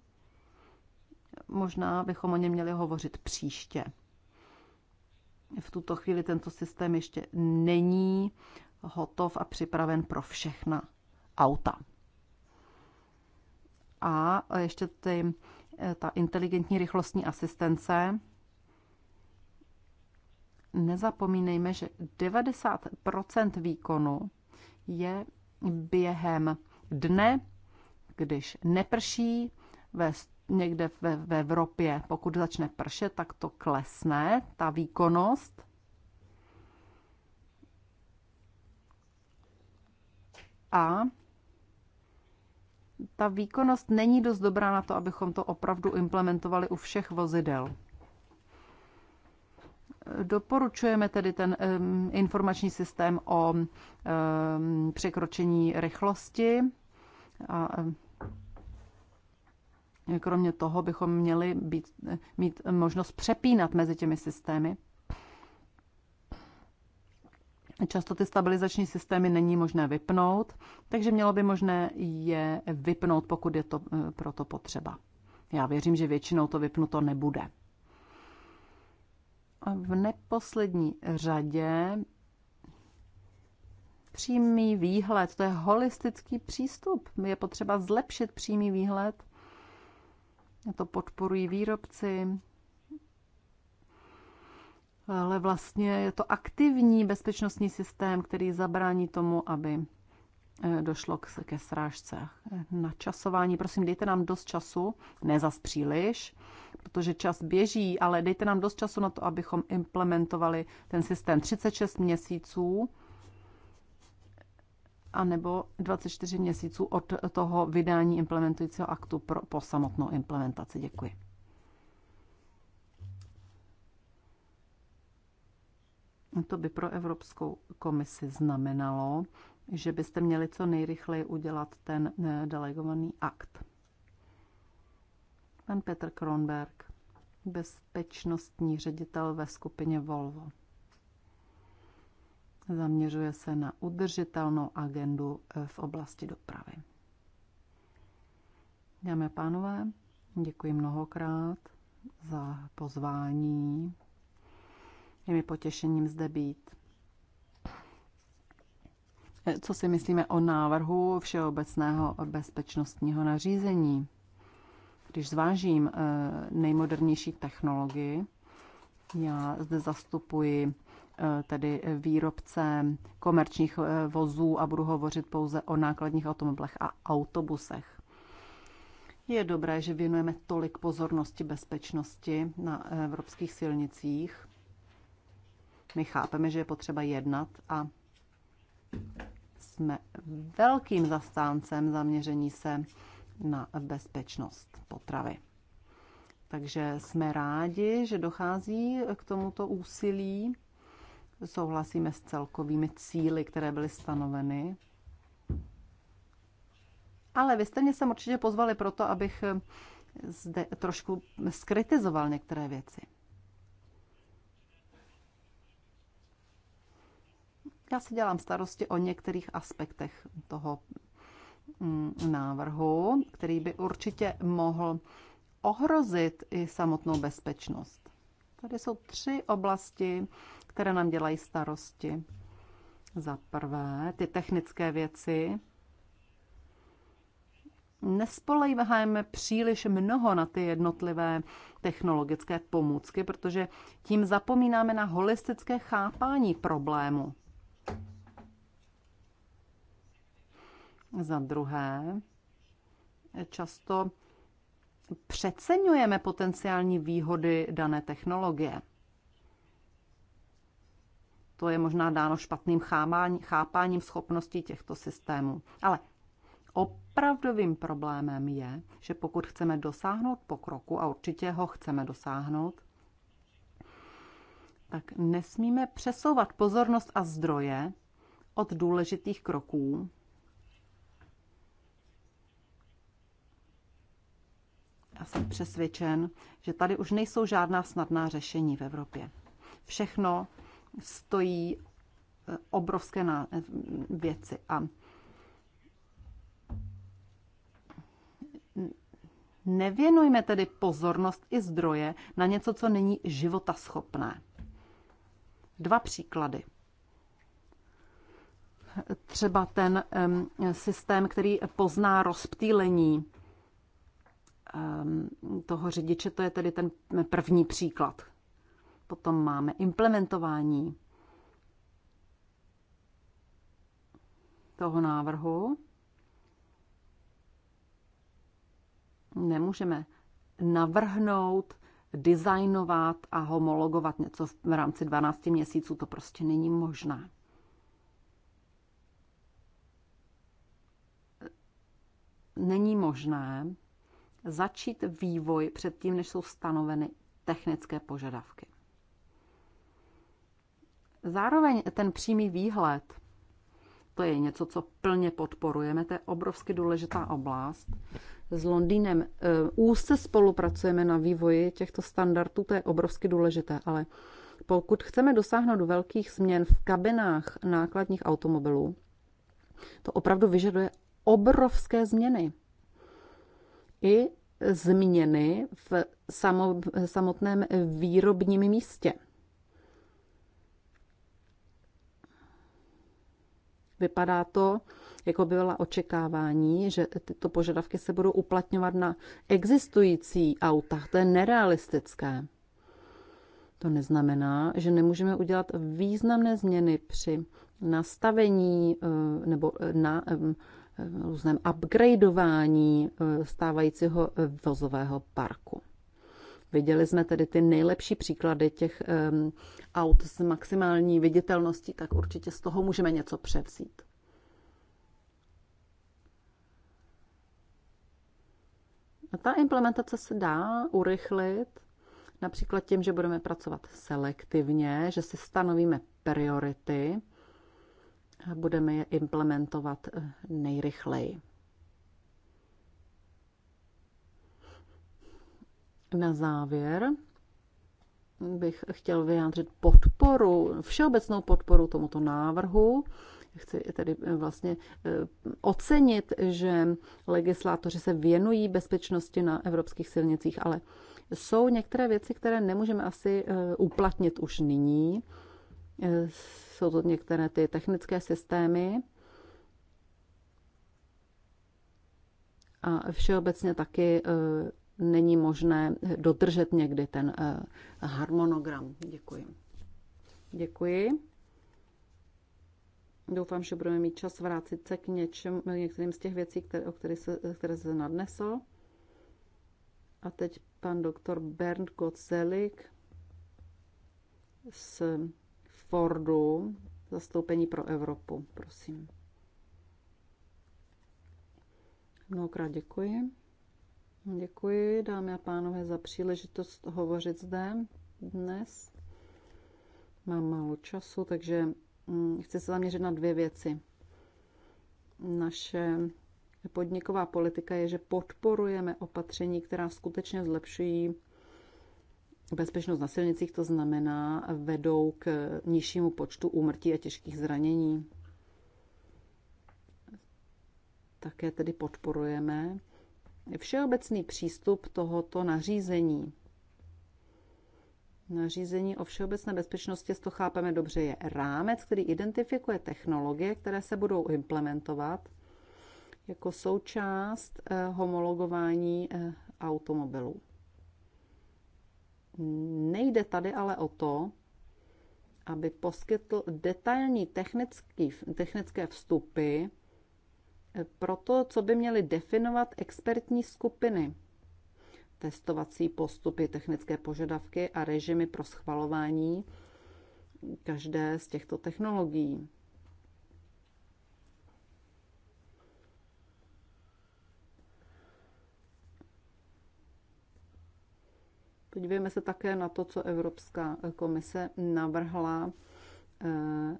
Možná bychom o něm měli hovořit příště. V tuto chvíli tento systém ještě není hotov a připraven pro všechna auta. A ještě ty, eh, ta inteligentní rychlostní asistence. Nezapomínejme, že 90 výkonu je během dne, když neprší, ve, někde ve, v Evropě, pokud začne pršet, tak to klesne, ta výkonnost. a ta výkonnost není dost dobrá na to, abychom to opravdu implementovali u všech vozidel. Doporučujeme tedy ten um, informační systém o um, překročení rychlosti. A, um, kromě toho bychom měli být, mít možnost přepínat mezi těmi systémy. Často ty stabilizační systémy není možné vypnout, takže mělo by možné je vypnout, pokud je to eh, proto potřeba. Já věřím, že většinou to vypnuto nebude. A v neposlední řadě přímý výhled, to je holistický přístup. Je potřeba zlepšit přímý výhled. To podporují výrobci, ale vlastně je to aktivní bezpečnostní systém, který zabrání tomu, aby eh, došlo k, ke srážce. Na časování, prosím, dejte nám dost času, ne zas příliš, protože čas běží, ale dejte nám dost času na to, abychom implementovali ten systém 36 měsíců a nebo 24 měsíců od toho vydání implementujícího aktu pro, po samotnou implementaci. Děkuji. To by pro Evropskou komisi znamenalo, že byste měli co nejrychleji udělat ten eh, delegovaný akt. Pan Petr Kronberg, bezpečnostní ředitel ve skupině Volvo. Zaměřuje se na udržitelnou agendu eh, v oblasti dopravy. Dámy a pánové, děkuji mnohokrát za pozvání je mi potěšením zde být. E, co si myslíme o návrhu Všeobecného bezpečnostního nařízení? Když zvážím e, nejmodernější technologii, já zde zastupuji e, tedy výrobce komerčních vozů a budu hovořit pouze o nákladních automobilech a autobusech. Je dobré, že věnujeme tolik pozornosti bezpečnosti na evropských silnicích. My chápeme, že je potřeba jednat a jsme velkým zastáncem zaměření se na bezpečnost potravy. Takže jsme rádi, že dochází k tomuto úsilí. Souhlasíme s celkovými cíly, které byly stanoveny. Ale vy jste mě sem určitě pozvali proto, abych zde trošku skritizoval některé věci. Já si dělám starosti o některých aspektech toho mm, návrhu, který by určitě mohl ohrozit i samotnou bezpečnost. Tady jsou tři oblasti, které nám dělají starosti. Za prvé, ty technické věci. Nespolejváme příliš mnoho na ty jednotlivé technologické pomůcky, protože tím zapomínáme na holistické chápání problému. Za druhé, často přeceňujeme potenciální výhody dané technologie. To je možná dáno špatným chápáním schopností těchto systémů. Ale opravdovým problémem je, že pokud chceme dosáhnout pokroku, a určitě ho chceme dosáhnout, tak nesmíme přesouvat pozornost a zdroje od důležitých kroků a jsem přesvědčen, že tady už nejsou žádná snadná řešení v Evropě. Všechno stojí e, obrovské e, věci a Nevěnujme tedy pozornost i zdroje na něco, co není života schopné. Dva příklady. Třeba ten systém, který pozná rozptýlení Ehm, toho řidiče, to je tedy ten první příklad. Potom máme implementování toho návrhu. Nemůžeme navrhnout, designovat a homologovat něco v rámci 12 měsíců, to prostě není možné. Není možné začít vývoj předtím, než jsou stanoveny technické požadavky. Zároveň ten přímý výhled, to je něco, co plně podporujeme, to je obrovsky důležitá oblast. S Londýnem eh, úzce spolupracujeme na vývoji těchto standardů, to je obrovsky důležité, ale pokud chceme dosáhnout velkých změn v kabinách nákladních automobilů, to opravdu vyžaduje obrovské změny i změny v samotném výrobním místě. Vypadá to, jako by byla očekávání, že tyto požadavky se budou uplatňovat na existující auta. To je nerealistické. To neznamená, že nemůžeme udělat významné změny při nastavení eh, nebo eh, na eh, Eh, různém upgradeování eh, stávajícího eh, vozového parku. Viděli jsme tedy ty nejlepší příklady těch um, aut s maximální viditelností, tak určitě z toho můžeme něco převzít. A ta implementace se dá urychlit například tím, že budeme pracovat selektivně, že si stanovíme priority a budeme je implementovat eh, nejrychleji. Na závěr bych chtěl vyjádřit podporu, všeobecnou podporu tomuto návrhu. Chci tedy eh, vlastně eh, ocenit, že legislátoři se věnují bezpečnosti na evropských silnicích, ale jsou některé věci, které nemůžeme asi uplatnit už nyní. Eh, jsou to některé ty technické systémy. A všeobecně taky eh, není možné dodržet někdy ten eh, harmonogram. Děkuji. Děkuji. Doufám, že budeme mít čas vrátit se k něčem, některým z těch věcí, které, o které se, které se nadnesl. A teď pan doktor Bernd Gotzelik z Fordu, zastoupení pro Evropu, prosím. Mnohokrát děkuji. Děkuji, dámy a pánové, za příležitost hovořit zde dnes. Mám málo času, takže mm, chci se zaměřit na dvě věci. Naše podniková politika je, že podporujeme opatření, která skutečně zlepšují bezpečnost na silnicích, to znamená, vedou k nižšímu počtu úmrtí a těžkých zranění. Také tedy podporujeme všeobecný přístup tohoto nařízení. Nařízení o všeobecné bezpečnosti, to chápeme dobře, je rámec, který identifikuje technologie, které se budou implementovat jako součást eh, homologování eh, automobilů. Nejde tady ale o to, aby poskytl detailní technický, technické vstupy pro to, co by měly definovat expertní skupiny. Testovací postupy, technické požadavky a režimy pro schvalování každé z těchto technologií. Podívejme se také na to, co Evropská eh, komise navrhla eh,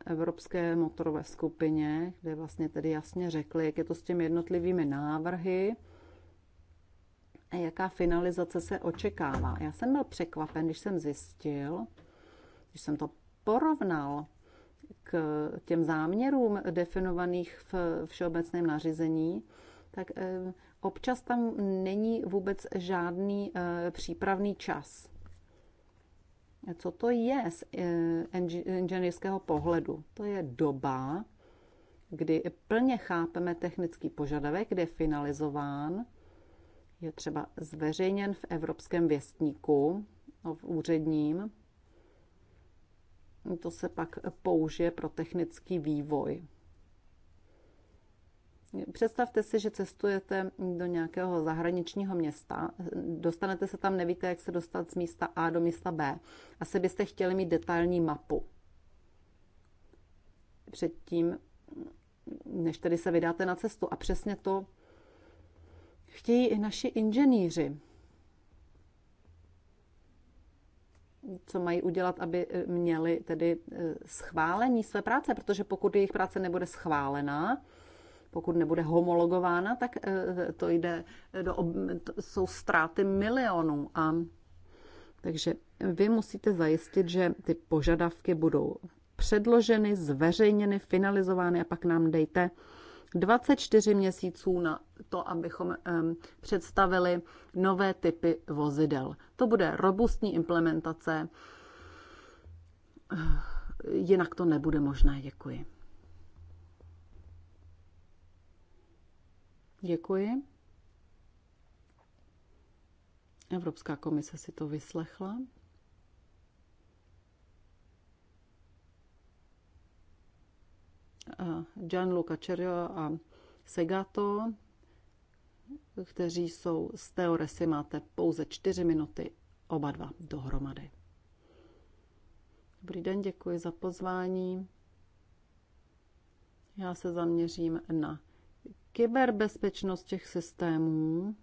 Evropské motorové skupině, kde vlastně tedy jasně řekli, jak je to s těmi jednotlivými návrhy a jaká finalizace se očekává. Já jsem byl překvapen, když jsem zjistil, když jsem to porovnal k těm záměrům definovaných v všeobecném nařízení, tak eh, občas tam není vůbec žádný eh, přípravný čas. Co to je z eh, inženýrského pohledu? To je doba, kdy plně chápeme technický požadavek, kdy je finalizován, je třeba zveřejněn v Evropském věstníku, no, v úředním. To se pak použije pro technický vývoj. Představte si, že cestujete do nějakého zahraničního města, dostanete se tam, nevíte, jak se dostat z místa A do místa B. Asi byste chtěli mít detailní mapu. Předtím, než tedy se vydáte na cestu. A přesně to chtějí i naši inženýři. co mají udělat, aby eh, měli tedy eh, schválení své práce, protože pokud jejich práce nebude schválená, pokud nebude homologována, tak eh, to jde do, to jsou ztráty milionů. A takže vy musíte zajistit, že ty požadavky budou předloženy, zveřejněny, finalizovány a pak nám dejte 24 měsíců na to, abychom um, představili nové typy vozidel. To bude robustní implementace, eh, jinak to nebude možné. Děkuji. Děkuji. Evropská komise si to vyslechla. Gianluca Cerio a Segato, kteří jsou z Teoresy, máte pouze čtyři minuty oba dva dohromady. Dobrý den, děkuji za pozvání. Já se zaměřím na kyberbezpečnost těch systémů,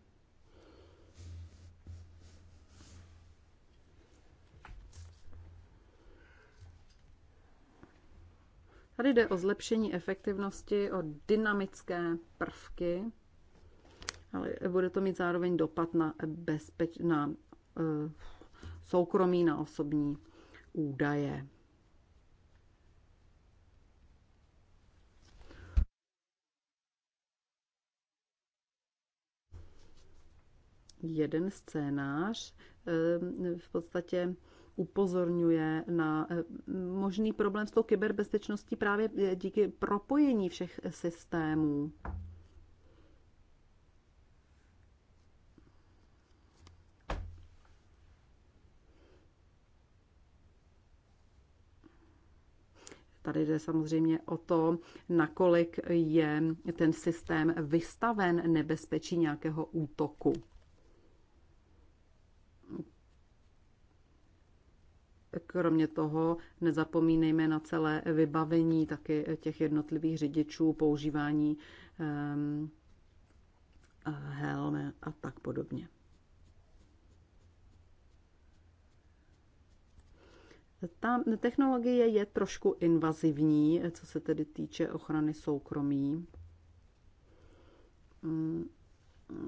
Tady jde o zlepšení efektivnosti, o dynamické prvky, ale bude to mít zároveň dopad na, bezpeč, na eh, soukromí, na osobní údaje. jeden scénář eh, v podstatě upozorňuje na eh, možný problém s tou kyberbezpečností právě eh, díky propojení všech systémů. Tady jde samozřejmě o to, nakolik je ten systém vystaven nebezpečí nějakého útoku. Kromě toho nezapomínejme na celé vybavení taky těch jednotlivých řidičů, používání um, helm a tak podobně. Ta technologie je trošku invazivní, co se tedy týče ochrany soukromí. Mm,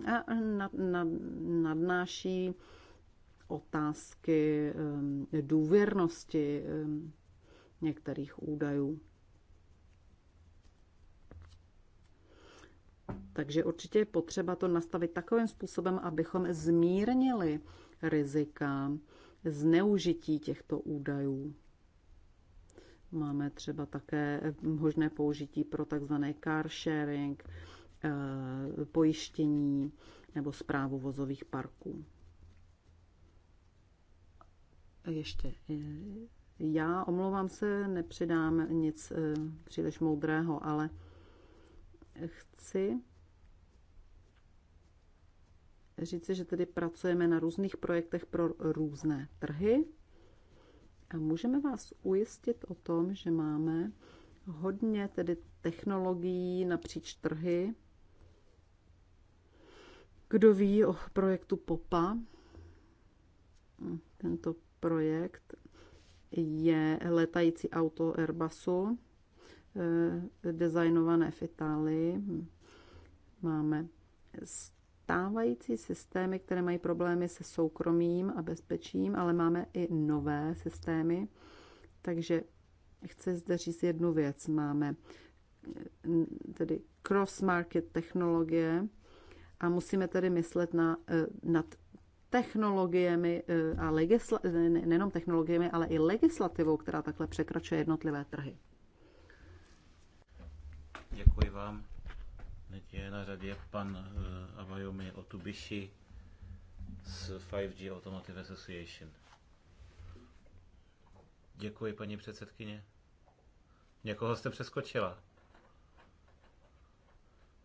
a nadnáší otázky důvěrnosti některých údajů. Takže určitě je potřeba to nastavit takovým způsobem, abychom zmírnili rizika zneužití těchto údajů. Máme třeba také možné použití pro takzvané car sharing, eh, pojištění nebo zprávu vozových parků. Ještě eh, já, omlouvám se, nepřidám nic eh, příliš moudrého, ale chci říci, že tedy pracujeme na různých projektech pro různé trhy a můžeme vás ujistit o tom, že máme hodně tedy technologií napříč trhy. Kdo ví o projektu POPA? Tento projekt je letající auto Airbusu, eh, designované v Itálii. Máme stávající systémy, které mají problémy se soukromím a bezpečím, ale máme i nové systémy. Takže chci zde říct jednu věc. Máme eh, tedy cross-market technologie a musíme tedy myslet na, eh, nad technologiemi eh, a legisla- nejenom technologiemi, ale i legislativou, která takhle překračuje jednotlivé trhy. Děkuji vám. Teď je na řadě pan eh, Abayomi Otubishi z 5G Automotive Association. Děkuji, paní předsedkyně. Někoho jste přeskočila?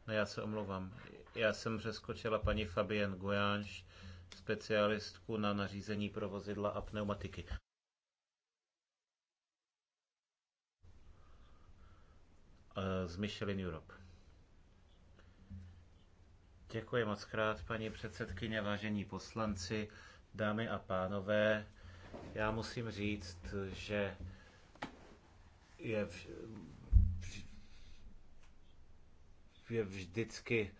No já se omlouvám. Já jsem přeskočila paní Fabien Gojáš specialistku na nařízení pro vozidla a pneumatiky. Eh, z Michelin Europe. Děkuji moc krát, paní předsedkyně, vážení poslanci, dámy a pánové. Já musím říct, že je, vž- je vždycky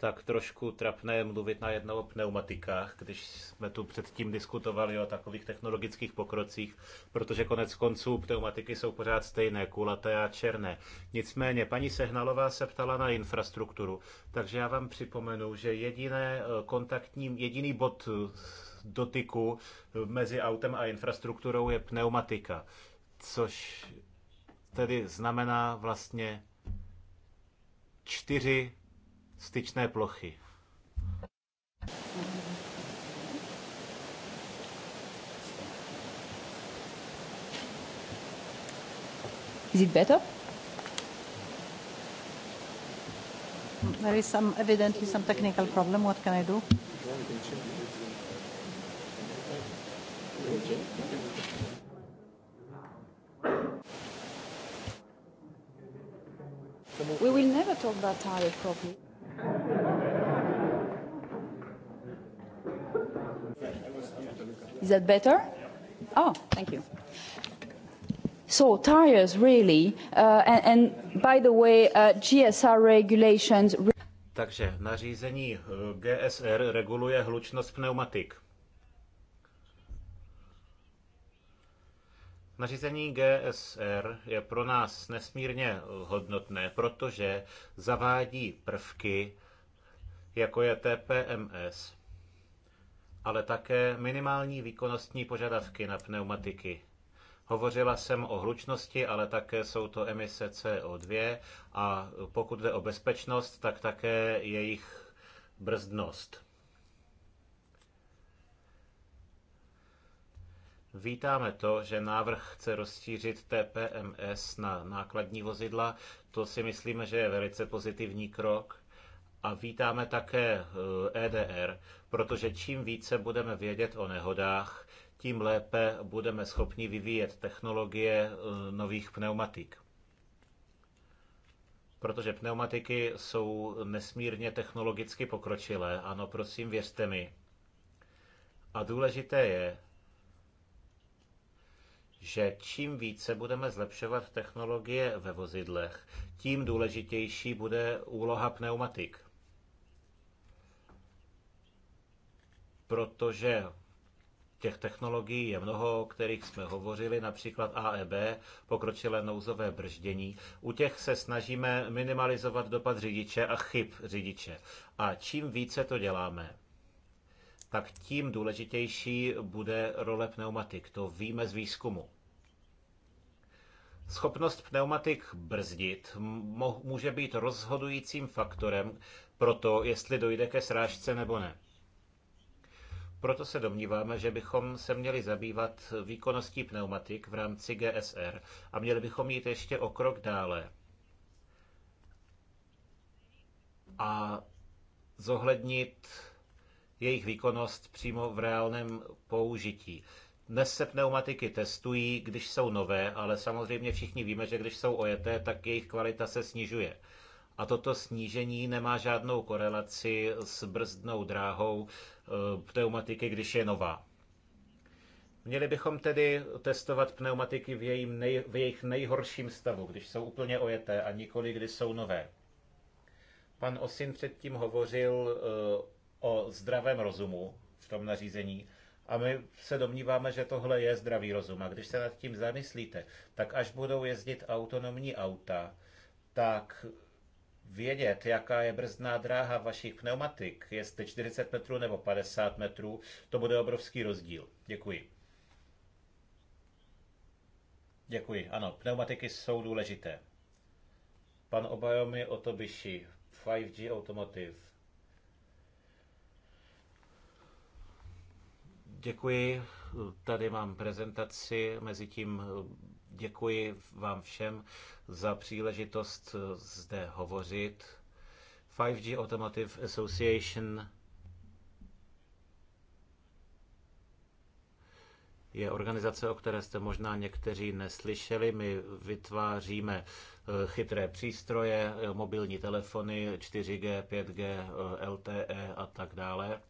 tak trošku trapné mluvit jedno o pneumatikách, když jsme tu předtím diskutovali o takových technologických pokrocích, protože konec konců pneumatiky jsou pořád stejné, kulaté a černé. Nicméně paní Sehnalová se ptala na infrastrukturu, takže já vám připomenu, že jediné eh, kontaktní, jediný bod eh, dotyku eh, mezi autem a infrastrukturou je pneumatika, což tedy znamená vlastně čtyři styčné plochy. Is it better? There is some evidently some technical problem. What can I do? We will never talk about tariff properly. that better? Oh, thank you. So tires really, uh, and, and by the way, uh, GSR regulations. Re- Takže nařízení uh, GSR reguluje hlučnost pneumatik. Nařízení GSR je pro nás nesmírně hodnotné, protože zavádí prvky, jako je TPMS, ale také minimální výkonnostní požadavky na pneumatiky. Hovořila jsem o hlučnosti, ale také jsou to emise CO2 a pokud jde o bezpečnost, tak také jejich brzdnost. Vítáme to, že návrh chce rozšířit TPMS na nákladní vozidla. To si myslíme, že je velice pozitivní krok a vítáme také EDR, eh, e protože čím více budeme vědět o nehodách, tím lépe budeme schopni vyvíjet technologie eh, nových pneumatik. Protože pneumatiky jsou nesmírně technologicky pokročilé, ano, prosím, věřte mi. A důležité je, že čím více budeme zlepšovat technologie ve vozidlech, tím důležitější bude úloha pneumatik. protože těch technologií je mnoho, o kterých jsme hovořili, například AEB, pokročilé nouzové brždění. U těch se snažíme minimalizovat dopad řidiče a chyb řidiče. A čím více to děláme, tak tím důležitější bude role pneumatik. To víme z výzkumu. Schopnost pneumatik brzdit může být rozhodujícím faktorem pro to, jestli dojde ke srážce nebo ne. Proto se domníváme, že bychom se měli zabývat výkonností pneumatik v rámci GSR a měli bychom jít ještě o krok dále. A zohlednit jejich výkonnost přímo v reálném použití. Dnes se pneumatiky testují, když jsou nové, ale samozřejmě všichni víme, že když jsou ojeté, tak jejich kvalita se snižuje. A toto snížení nemá žádnou korelaci s brzdnou dráhou eh, pneumatiky, když je nová. Měli bychom tedy testovat pneumatiky v, jejím nej, v jejich nejhorším stavu, když jsou úplně ojeté a nikoli, když jsou nové. Pan Osin předtím hovořil eh, o zdravém rozumu v tom nařízení a my se domníváme, že tohle je zdravý rozum. A když se nad tím zamyslíte, tak až budou jezdit autonomní auta, tak vědět, jaká je brzdná dráha vašich pneumatik, jestli 40 metrů nebo 50 metrů, to bude obrovský rozdíl. Děkuji. Děkuji. Ano, pneumatiky jsou důležité. Pan Obajomi Otobishi, 5G Automotive. Děkuji. Tady mám prezentaci, mezi tím děkuji vám všem za příležitost zde hovořit. 5G Automotive Association je organizace, o které jste možná někteří neslyšeli. My vytváříme eh, chytré přístroje, eh, mobilní telefony, 4G, 5G, LTE a tak dále.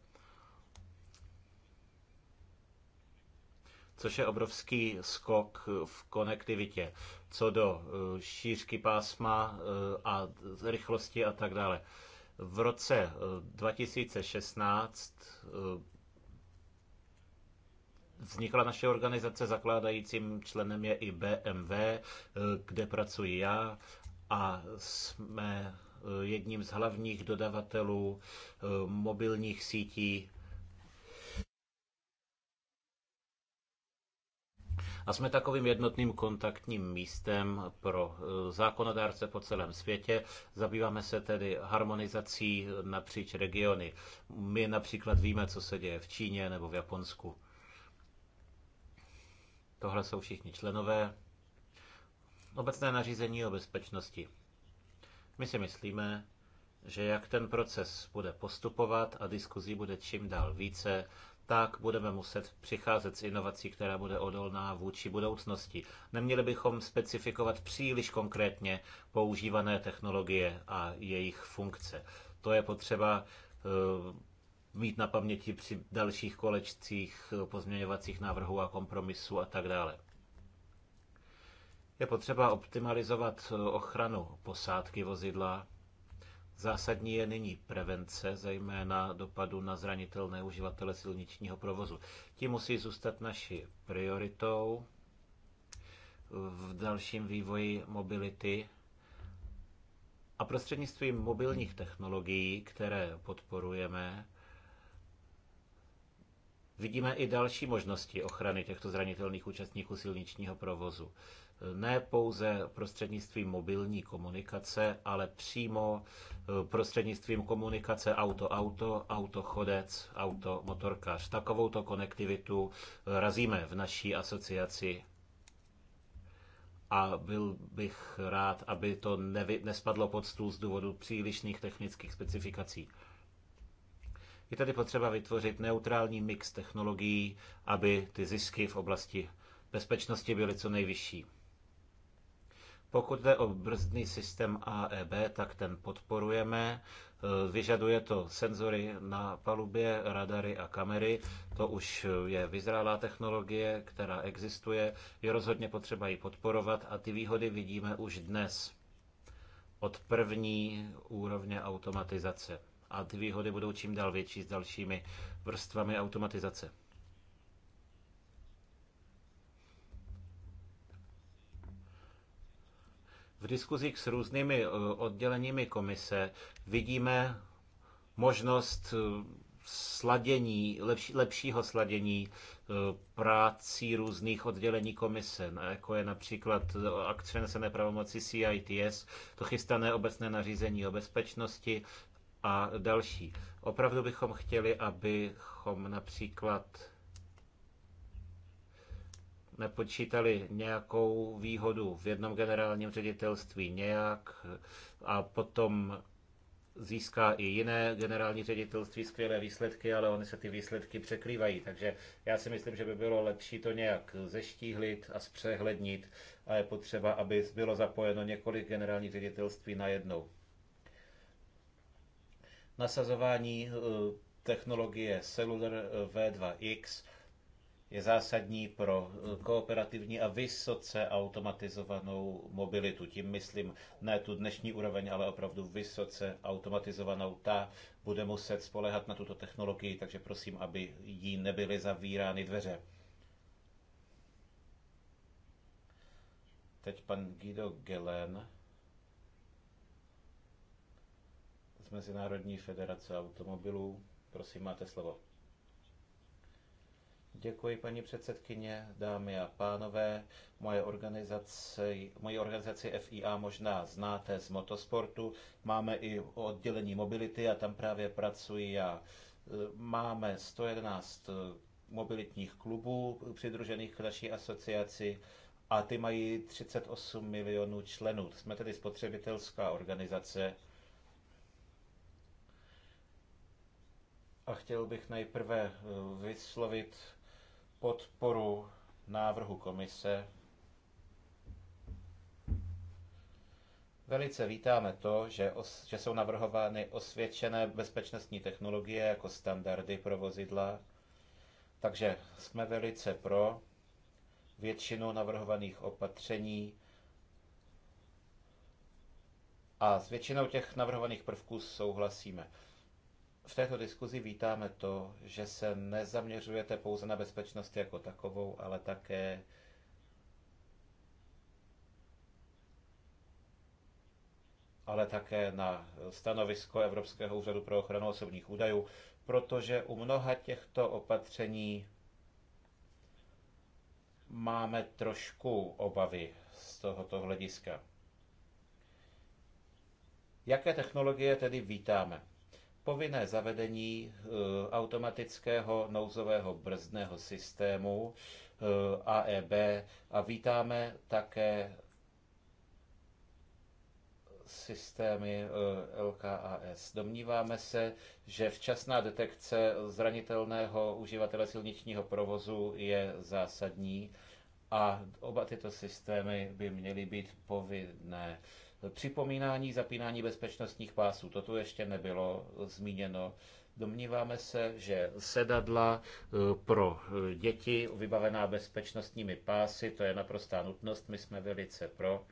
Což je obrovský skok v konektivitě co do eh, šířky pásma eh, a rychlosti a tak dále. V roce 2016 eh, vznikla naše organizace, zakládajícím členem je i BMW, kde pracuji já a jsme jedním z hlavních dodavatelů mobilních sítí A jsme takovým jednotným kontaktním místem pro eh, zákonodárce po celém světě. Zabýváme se tedy harmonizací napříč regiony. My například víme, co se děje v Číně nebo v Japonsku. Tohle jsou všichni členové. Obecné nařízení o bezpečnosti. My si myslíme, že jak ten proces bude postupovat a diskuzí bude čím dál více, tak budeme muset přicházet s inovací, která bude odolná vůči budoucnosti. Neměli bychom specifikovat příliš konkrétně používané technologie a jejich funkce. To je potřeba eh, mít na paměti při dalších kolečcích eh, pozměňovacích návrhů a kompromisů a tak dále. Je potřeba optimalizovat eh, ochranu posádky vozidla Zásadní je nyní prevence, zejména dopadu na zranitelné uživatele silničního provozu. Ti musí zůstat naší prioritou v dalším vývoji mobility a prostřednictvím mobilních technologií, které podporujeme, vidíme i další možnosti ochrany těchto zranitelných účastníků silničního provozu ne pouze prostřednictvím mobilní komunikace, ale přímo eh, prostřednictvím komunikace auto-auto, auto-chodec, auto-motorkář. Takovouto konektivitu eh, razíme v naší asociaci a byl bych rád, aby to nevy, nespadlo pod stůl z důvodu přílišných technických specifikací. Je tady potřeba vytvořit neutrální mix technologií, aby ty zisky v oblasti bezpečnosti byly co nejvyšší. Pokud jde o brzdný systém AEB, tak ten podporujeme. E, vyžaduje to senzory na palubě, radary a kamery. To už je vyzrálá technologie, která existuje. Je rozhodně potřeba ji podporovat a ty výhody vidíme už dnes od první úrovně automatizace. A ty výhody budou čím dál větší s dalšími vrstvami automatizace. V diskuzích s různými eh, odděleními komise vidíme možnost eh, sladění, lepší, lepšího sladění eh, prácí různých oddělení komise, jako je například akce přenesené pravomoci CITS, to chystané obecné nařízení o bezpečnosti a další. Opravdu bychom chtěli, abychom například nepočítali nějakou výhodu v jednom generálním ředitelství nějak a potom získá i jiné generální ředitelství skvělé výsledky, ale oni se ty výsledky překrývají. Takže já si myslím, že by bylo lepší to nějak zeštíhlit a zpřehlednit a je potřeba, aby bylo zapojeno několik generálních ředitelství najednou. Nasazování eh, technologie Cellular eh, V2X je zásadní pro eh, kooperativní a vysoce automatizovanou mobilitu. Tím myslím ne tu dnešní úroveň, ale opravdu vysoce automatizovanou. Ta bude muset spolehat na tuto technologii, takže prosím, aby jí nebyly zavírány dveře. Teď pan Guido Gelen z Mezinárodní federace automobilů. Prosím, máte slovo. Děkuji, paní předsedkyně, dámy a pánové. Moje organizace, moji organizaci FIA možná znáte z motosportu. Máme i oddělení mobility a tam právě pracuji a Máme 111 eh, mobilitních klubů přidružených k naší asociaci a ty mají 38 milionů členů. Jsme tedy spotřebitelská organizace. A chtěl bych nejprve eh, vyslovit podporu návrhu komise. Velice vítáme to, že, os, že jsou navrhovány osvědčené bezpečnostní technologie jako standardy pro vozidla, takže jsme velice pro většinu navrhovaných opatření a s většinou těch navrhovaných prvků souhlasíme. V této diskuzi vítáme to, že se nezaměřujete pouze na bezpečnost jako takovou, ale také ale také na stanovisko Evropského úřadu pro ochranu osobních údajů, protože u mnoha těchto opatření máme trošku obavy z tohoto hlediska. Jaké technologie tedy vítáme? povinné zavedení eh, automatického nouzového brzdného systému eh, AEB a vítáme také systémy eh, LKAS. Domníváme se, že včasná detekce zranitelného uživatele silničního provozu je zásadní a oba tyto systémy by měly být povinné. Připomínání zapínání bezpečnostních pásů, to tu ještě nebylo eh, zmíněno. Domníváme se, že sedadla eh, pro eh, děti vybavená bezpečnostními pásy, to je naprostá nutnost, my jsme velice pro.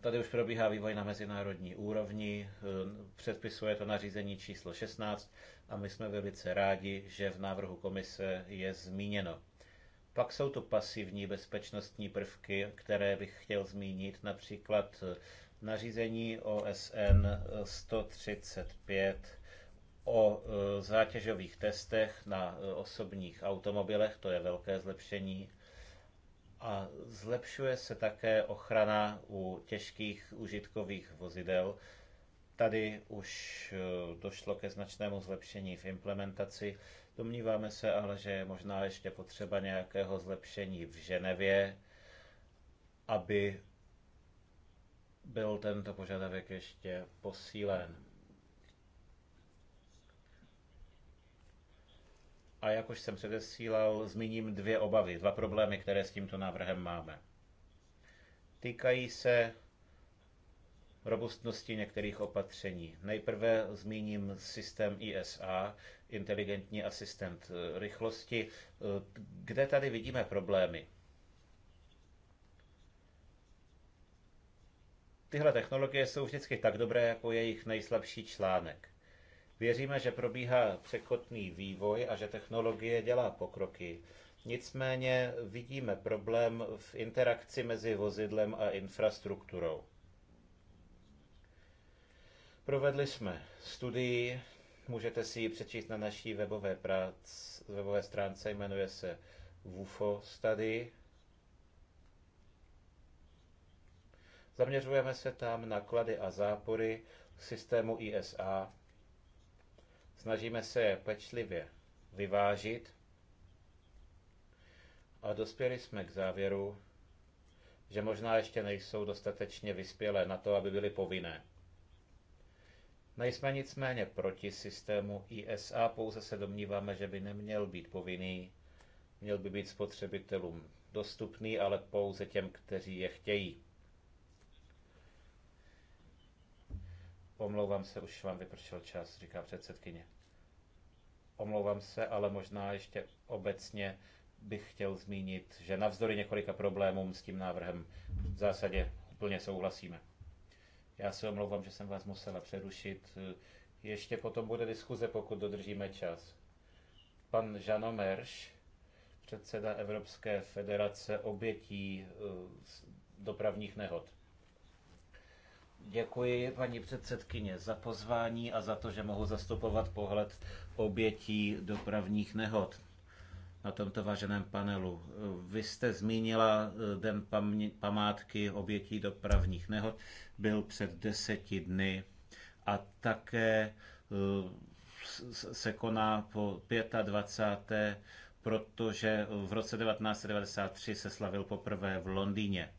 Tady už probíhá vývoj na mezinárodní úrovni, předpisuje to nařízení číslo 16 a my jsme velice rádi, že v návrhu komise je zmíněno. Pak jsou tu pasivní bezpečnostní prvky, které bych chtěl zmínit, například eh, nařízení OSN 135 o eh, eh, zátěžových testech na osobních automobilech, to je velké zlepšení. A zlepšuje se také ochrana u těžkých užitkových vozidel. Tady už došlo ke značnému zlepšení v implementaci. Domníváme se ale, že je možná ještě potřeba nějakého zlepšení v Ženevě, aby byl tento požadavek ještě posílen. A jak už jsem předesílal, zmíním dvě obavy, dva problémy, které s tímto návrhem máme. Týkají se robustnosti některých opatření. Nejprve zmíním systém ISA, inteligentní asistent eh, rychlosti, eh, kde tady vidíme problémy. Tyhle technologie jsou vždycky tak dobré jako jejich nejslabší článek. Věříme, že probíhá překotný vývoj a že technologie dělá pokroky. Nicméně vidíme problém v interakci mezi vozidlem a infrastrukturou. Provedli jsme studii, můžete si ji přečíst na naší webové, prác, webové stránce, jmenuje se WUFO Study. Zaměřujeme se tam na klady a zápory systému ISA. Snažíme se je pečlivě vyvážit a dospěli jsme k závěru, že možná ještě nejsou dostatečně vyspělé na to, aby byly povinné. Nejsme nicméně proti systému ISA, pouze se domníváme, že by neměl být povinný, měl by být spotřebitelům dostupný, ale pouze těm, kteří je chtějí. Omlouvám se, už vám vypršel čas, říká předsedkyně. Omlouvám se, ale možná ještě obecně bych chtěl zmínit, že navzdory několika problémům s tím návrhem v zásadě plně souhlasíme. Já se omlouvám, že jsem vás musela přerušit. Ještě potom bude diskuze, pokud dodržíme čas. Pan Žano Merš, předseda Evropské federace obětí eh, dopravních nehod. Děkuji, paní předsedkyně, za pozvání a za to, že mohu zastupovat pohled obětí dopravních nehod na tomto váženém panelu. Vy jste zmínila eh, Den památky obětí dopravních nehod, byl před deseti dny a také eh, se koná po 25. protože v roce 1993 se slavil poprvé v Londýně.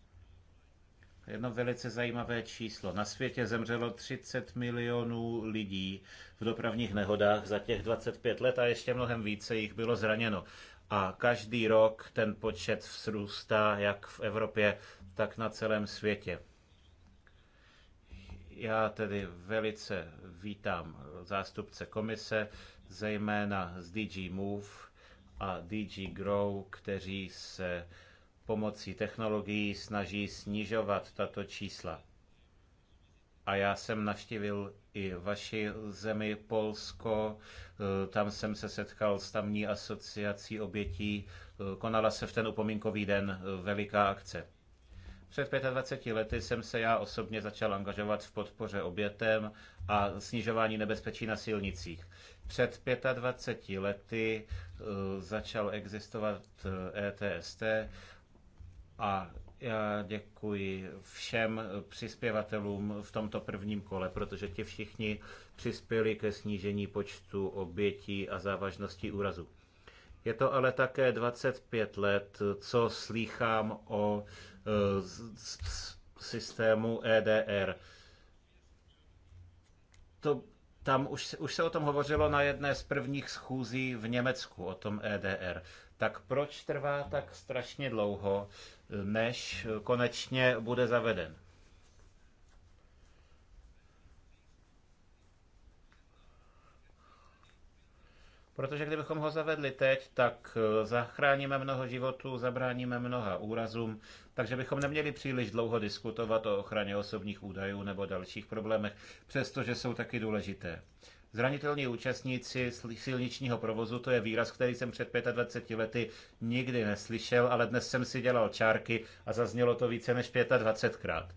Jedno velice zajímavé číslo. Na světě zemřelo 30 milionů lidí v dopravních nehodách za těch 25 let a ještě mnohem více jich bylo zraněno a každý rok ten počet vzrůstá jak v Evropě, tak na celém světě. Já tedy velice vítám zástupce komise, zejména z DG Move a DG Grow, kteří se pomocí technologií snaží snižovat tato čísla a já jsem navštívil i vaši zemi Polsko. Eh, tam jsem se setkal s tamní asociací obětí. Eh, konala se v ten upomínkový den eh, veliká akce. Před 25 lety jsem se já osobně začal angažovat v podpoře obětem a snižování nebezpečí na silnicích. Před 25 lety začal existovat ETST e a já děkuji všem přispěvatelům v tomto prvním kole, protože ti všichni přispěli ke snížení počtu obětí a závažnosti úrazu. Je to ale také 25 let, co slýchám o eh, systému EDR. To, tam už, už se o tom hovořilo na jedné z prvních schůzí v Německu, o tom EDR tak proč trvá tak strašně dlouho, než konečně bude zaveden? Protože kdybychom ho zavedli teď, tak eh, zachráníme mnoho životů, zabráníme mnoha úrazům, takže bychom neměli příliš dlouho diskutovat o ochraně osobních údajů nebo dalších problémech, přestože jsou taky důležité. Zranitelní účastníci silničního provozu, to je výraz, který jsem před 25 lety nikdy neslyšel, ale dnes jsem si dělal čárky a zaznělo to více než 25krát.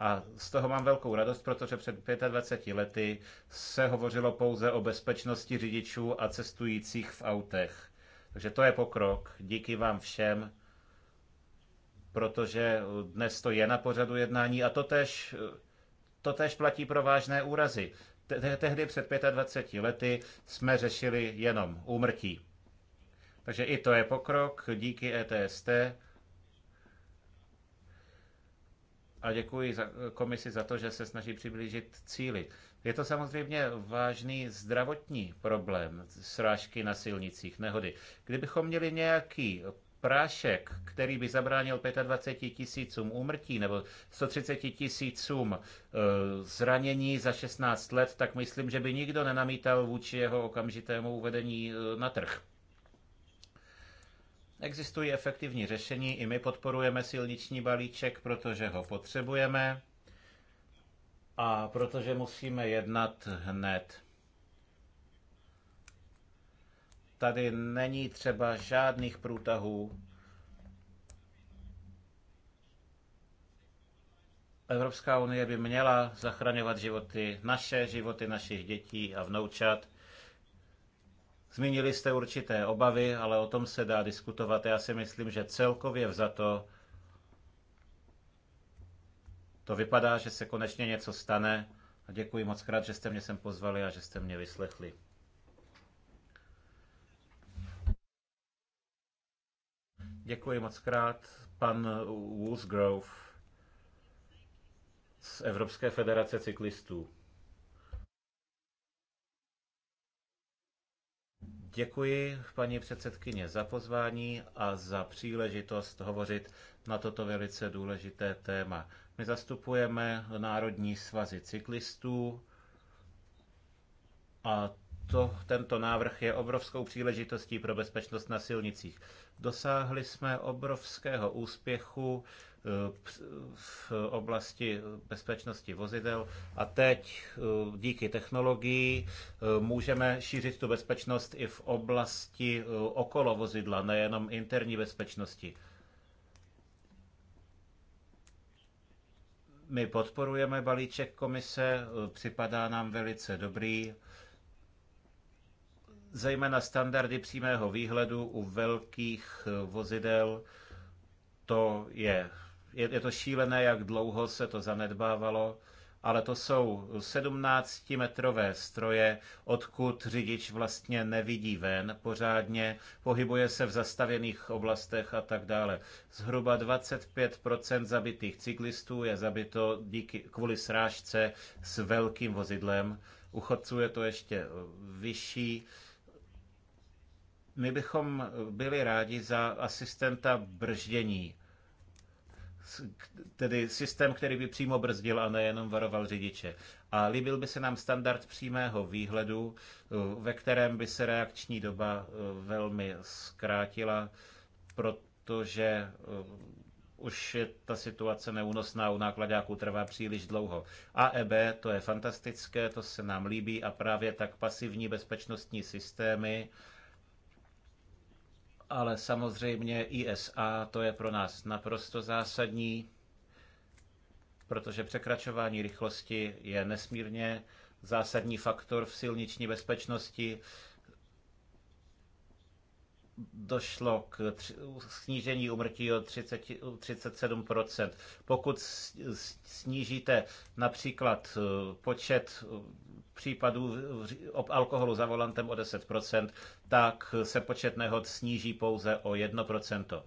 A z toho mám velkou radost, protože před 25 lety se hovořilo pouze o bezpečnosti řidičů a cestujících v autech. Takže to je pokrok. Díky vám všem, protože dnes to je na pořadu jednání a to tež to tež platí pro vážné úrazy. tehdy před 25 lety jsme řešili jenom úmrtí. Takže i to je pokrok díky ETST. A děkuji za komisi za to, že se snaží přiblížit cíli. Je to samozřejmě vážný zdravotní problém srážky na silnicích, nehody. Kdybychom měli nějaký prášek, který by zabránil 25 tisícům úmrtí nebo 130 tisícům eh, zranění za 16 let, tak myslím, že by nikdo nenamítal vůči jeho okamžitému uvedení eh, na trh. Existují efektivní řešení, i my podporujeme silniční balíček, protože ho potřebujeme a protože musíme jednat hned. Tady není třeba žádných průtahů. Evropská unie by měla zachraňovat životy, naše životy našich dětí a vnoučat. Zmínili jste určité obavy, ale o tom se dá diskutovat. Já si myslím, že celkově vzato to vypadá, že se konečně něco stane. A děkuji moc krát, že jste mě sem pozvali a že jste mě vyslechli. Děkuji moc krát. Pan Woolsgrove z Evropské federace cyklistů. Děkuji paní předsedkyně za pozvání a za příležitost hovořit na toto velice důležité téma. My zastupujeme Národní svazy cyklistů a to, tento návrh je obrovskou příležitostí pro bezpečnost na silnicích. Dosáhli jsme obrovského úspěchu eh, v oblasti bezpečnosti vozidel a teď eh, díky technologii eh, můžeme šířit tu bezpečnost i v oblasti okolo vozidla, nejenom interní bezpečnosti. My podporujeme balíček komise, připadá nám velice dobrý zejména standardy přímého výhledu u velkých eh, vozidel, to je, je, je to šílené, jak dlouho se to zanedbávalo, ale to jsou 17-metrové stroje, odkud řidič vlastně nevidí ven pořádně, pohybuje se v zastavěných oblastech a tak dále. Zhruba 25% zabitých cyklistů je zabito díky, kvůli srážce s velkým vozidlem, u chodců je to ještě eh, vyšší my bychom byli rádi za asistenta brždění, tedy systém, který by přímo brzdil a nejenom varoval řidiče. A líbil by se nám standard přímého výhledu, eh, ve kterém by se reakční doba eh, velmi zkrátila, protože eh, už je ta situace neúnosná, u nákladáků trvá příliš dlouho. AEB, to je fantastické, to se nám líbí a právě tak pasivní bezpečnostní systémy, ale samozřejmě ISA to je pro nás naprosto zásadní, protože překračování rychlosti je nesmírně zásadní faktor v silniční bezpečnosti došlo k snížení umrtí o 30, 37%. Pokud snížíte například eh, počet eh, případů alkoholu za volantem o 10%, tak se počet nehod sníží pouze o 1%.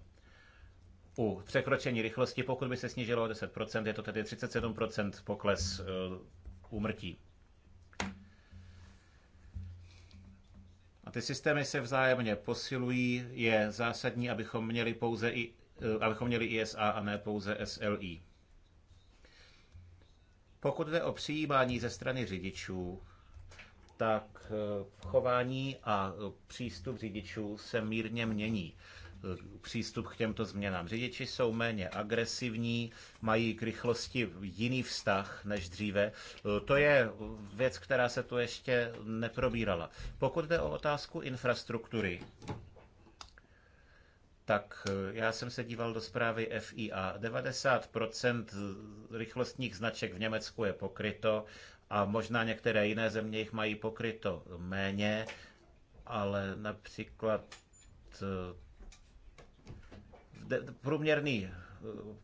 U překročení rychlosti, pokud by se snížilo o 10%, je to tedy 37% pokles eh, úmrtí. A ty systémy se vzájemně posilují, je zásadní, abychom měli pouze i, eh, abychom měli ISA a ne pouze SLI. Pokud jde o přijímání ze strany řidičů, tak eh, chování a eh, přístup řidičů se mírně mění přístup k těmto změnám. Řidiči jsou méně agresivní, mají k rychlosti jiný vztah než dříve. To je věc, která se tu ještě neprobírala. Pokud jde o otázku infrastruktury, tak já jsem se díval do zprávy FIA. 90% rychlostních značek v Německu je pokryto a možná některé jiné země jich mají pokryto méně, ale například eh, průměrný eh,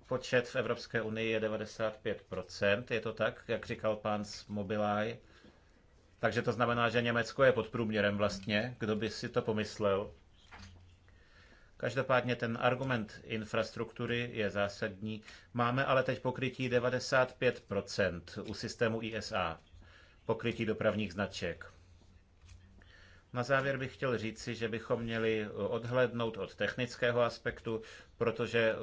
počet v Evropské unii je 95%, je to tak, jak říkal pán Mobilaj. Takže to znamená, že Německo je pod průměrem vlastně, kdo by si to pomyslel. Každopádně ten argument infrastruktury je zásadní. Máme ale teď pokrytí 95% u systému ISA, pokrytí dopravních značek. Na závěr bych chtěl říci, že bychom měli eh, odhlednout od technického aspektu, protože eh,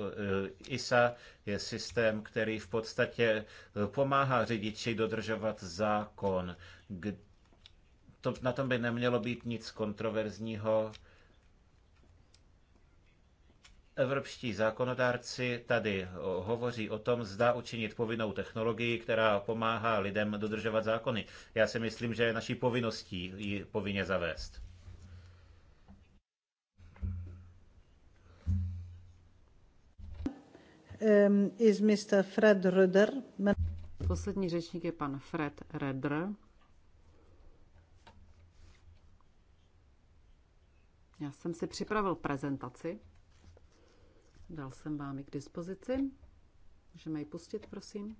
eh, ISA je systém, který v podstatě pomáhá řidiči dodržovat zákon. na tom by nemělo být nic kontroverzního Evropští zákonodárci tady hovoří o tom, zda učinit povinnou technologii, která pomáhá lidem dodržovat zákony. Já si myslím, že je naší povinností ji povinně zavést. Um, is Mr. Fred Röder. Poslední řečník je pan Fred Redr. Já jsem si připravil prezentaci. Dal jsem vám ji k dispozici. Můžeme ji pustit, prosím.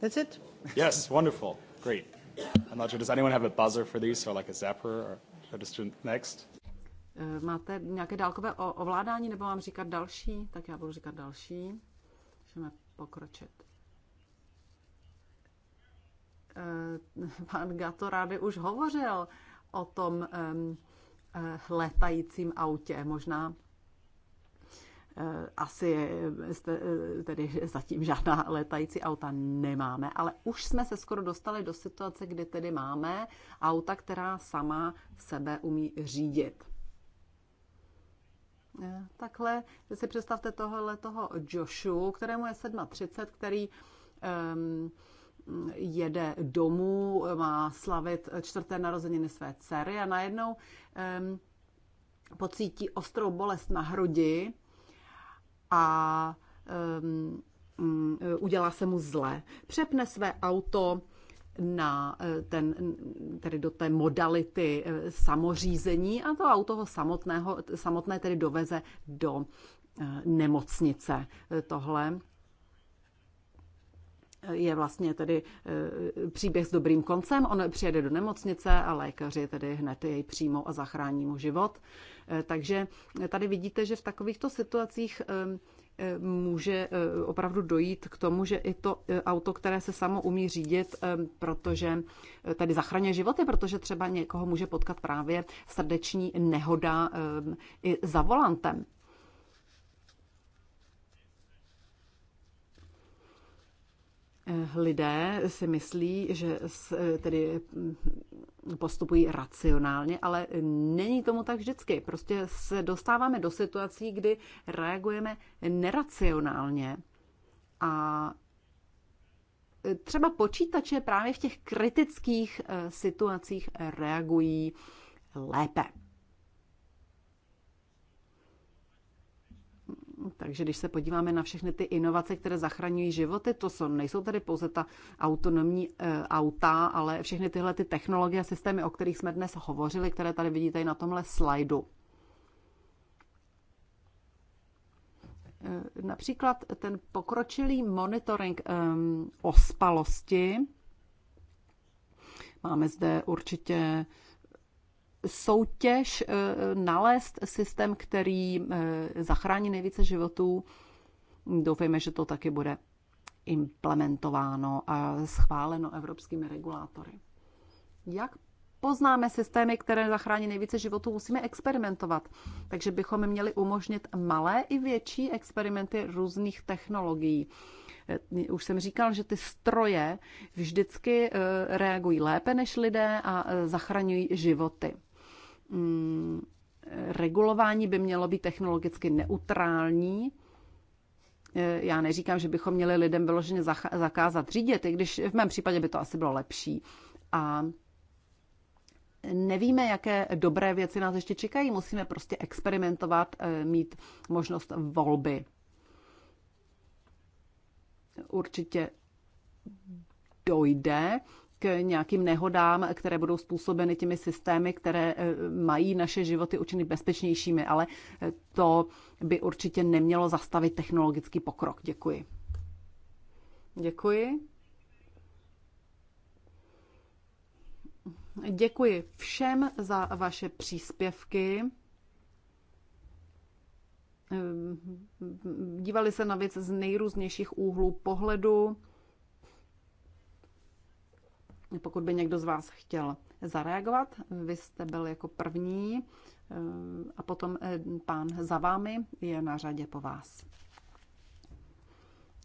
That's it? Yes, wonderful. Great. I'm not sure, does anyone have a buzzer for these or like a zapper or should I just do next? Eh, máte nějaké dálkové ovládání nebo mám říkat další? Tak já budu říkat další. Můžeme pokročit. Eh, pan Gato rády už hovořil o tom eh, letajícím autě. Možná eh, asi tedy zatím žádná letající auta nemáme, ale už jsme se skoro dostali do situace, kdy tedy máme auta, která sama sebe umí řídit. Takhle si představte tohle toho Joshu, kterému je 37, který um, jede domů, má slavit čtvrté narozeniny své dcery a najednou um, pocítí ostrou bolest na hrudi a um, um, udělá se mu zle. Přepne své auto na eh, ten, tedy do té modality eh, samořízení a to auto ho samotného, samotné tedy doveze do eh, nemocnice. Tohle je vlastně tedy eh, příběh s dobrým koncem. On přijede do nemocnice a lékaři tedy hned jej přijmou a zachrání mu život. Eh, takže tady vidíte, že v takovýchto situacích eh, může opravdu dojít k tomu, že i to auto, které se samo umí řídit, protože tady zachraňuje životy, protože třeba někoho může potkat právě srdeční nehoda i za volantem. Eh, lidé si myslí, že eh, tedy mm, postupují racionálně, ale není tomu tak vždycky. Prostě se dostáváme do situací, kdy reagujeme neracionálně a eh, třeba počítače právě v těch kritických situacích reagují lépe. Takže když se podíváme na všechny ty inovace, které zachraňují životy, to jsou, nejsou tady pouze ta autonomní e, auta, ale všechny tyhle ty technologie a systémy, o kterých jsme dnes hovořili, které tady vidíte i na tomhle slajdu. E, například ten pokročilý monitoring e, ospalosti. Máme zde určitě soutěž eh, nalézt systém, který eh, zachrání nejvíce životů. Doufejme, že to taky bude implementováno a schváleno evropskými regulátory. Jak poznáme systémy, které zachrání nejvíce životů, musíme experimentovat. Takže bychom měli umožnit malé i větší experimenty různých technologií. Eh, už jsem říkal, že ty stroje vždycky reagují lépe než lidé a zachraňují životy. Mm, regulování by mělo být technologicky neutrální. E, já neříkám, že bychom měli lidem vyloženě zakázat řídit, i když v mém případě by to asi bylo lepší. A nevíme, jaké dobré věci nás ještě čekají. Musíme prostě experimentovat, e, mít možnost volby. Určitě dojde k nějakým nehodám, které budou způsobeny těmi systémy, které eh, mají naše životy učinit bezpečnějšími, ale eh, to by určitě nemělo zastavit technologický pokrok. Děkuji. Děkuji. Děkuji všem za vaše příspěvky. Ehm, dívali se na věc z nejrůznějších úhlů pohledu. Pokud by někdo z vás chtěl zareagovat, vy jste byl jako první eh, a potom eh, pán za vámi je na řadě po vás.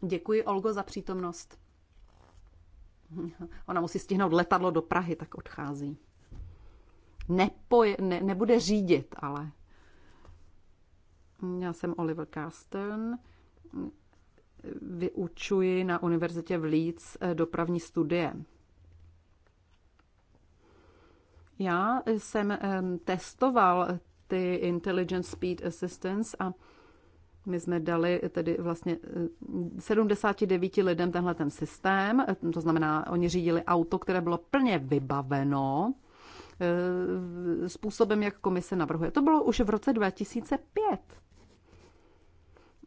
Děkuji, Olgo, za přítomnost. Ona musí stihnout letadlo do Prahy, tak odchází. Nepoj, ne, nebude řídit, ale. Já jsem Oliver Kasten. vyučuji na univerzitě v Leeds eh, dopravní studie. Já jsem testoval ty Intelligent Speed Assistance a my jsme dali tedy vlastně 79 lidem tenhle ten systém, to znamená, oni řídili auto, které bylo plně vybaveno eh, způsobem, jak komise navrhuje. To bylo už v roce 2005.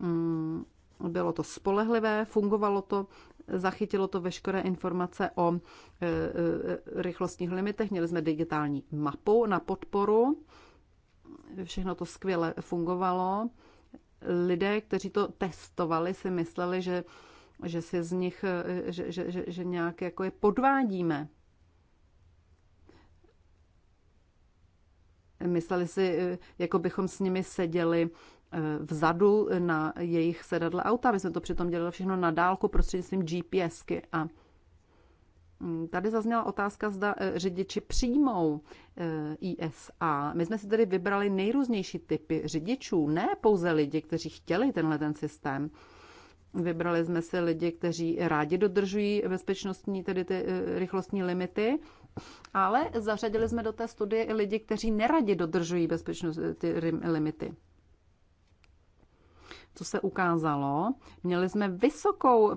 Mm, bylo to spolehlivé, fungovalo to zachytilo to veškeré informace o e, e, rychlostních limitech. Měli jsme digitální mapu na podporu. Všechno to skvěle fungovalo. Lidé, kteří to testovali, si mysleli, že, že si z nich, e, že, že, že, že nějak jako je podvádíme. Mysleli si, jako bychom s nimi seděli Eh, vzadu na jejich sedadle auta. My jsme to přitom dělali všechno na dálku prostřednictvím GPSky a mm, Tady zazněla otázka, zda eh, řidiči přijmou eh, ISA. My jsme si tedy vybrali nejrůznější typy řidičů, ne pouze lidi, kteří chtěli tenhle ten systém. Vybrali jsme si lidi, kteří rádi dodržují bezpečnostní, tedy ty rychlostní limity, ale zařadili jsme do té studie i lidi, kteří neradi dodržují bezpečnostní limity co se ukázalo, měli jsme vysokou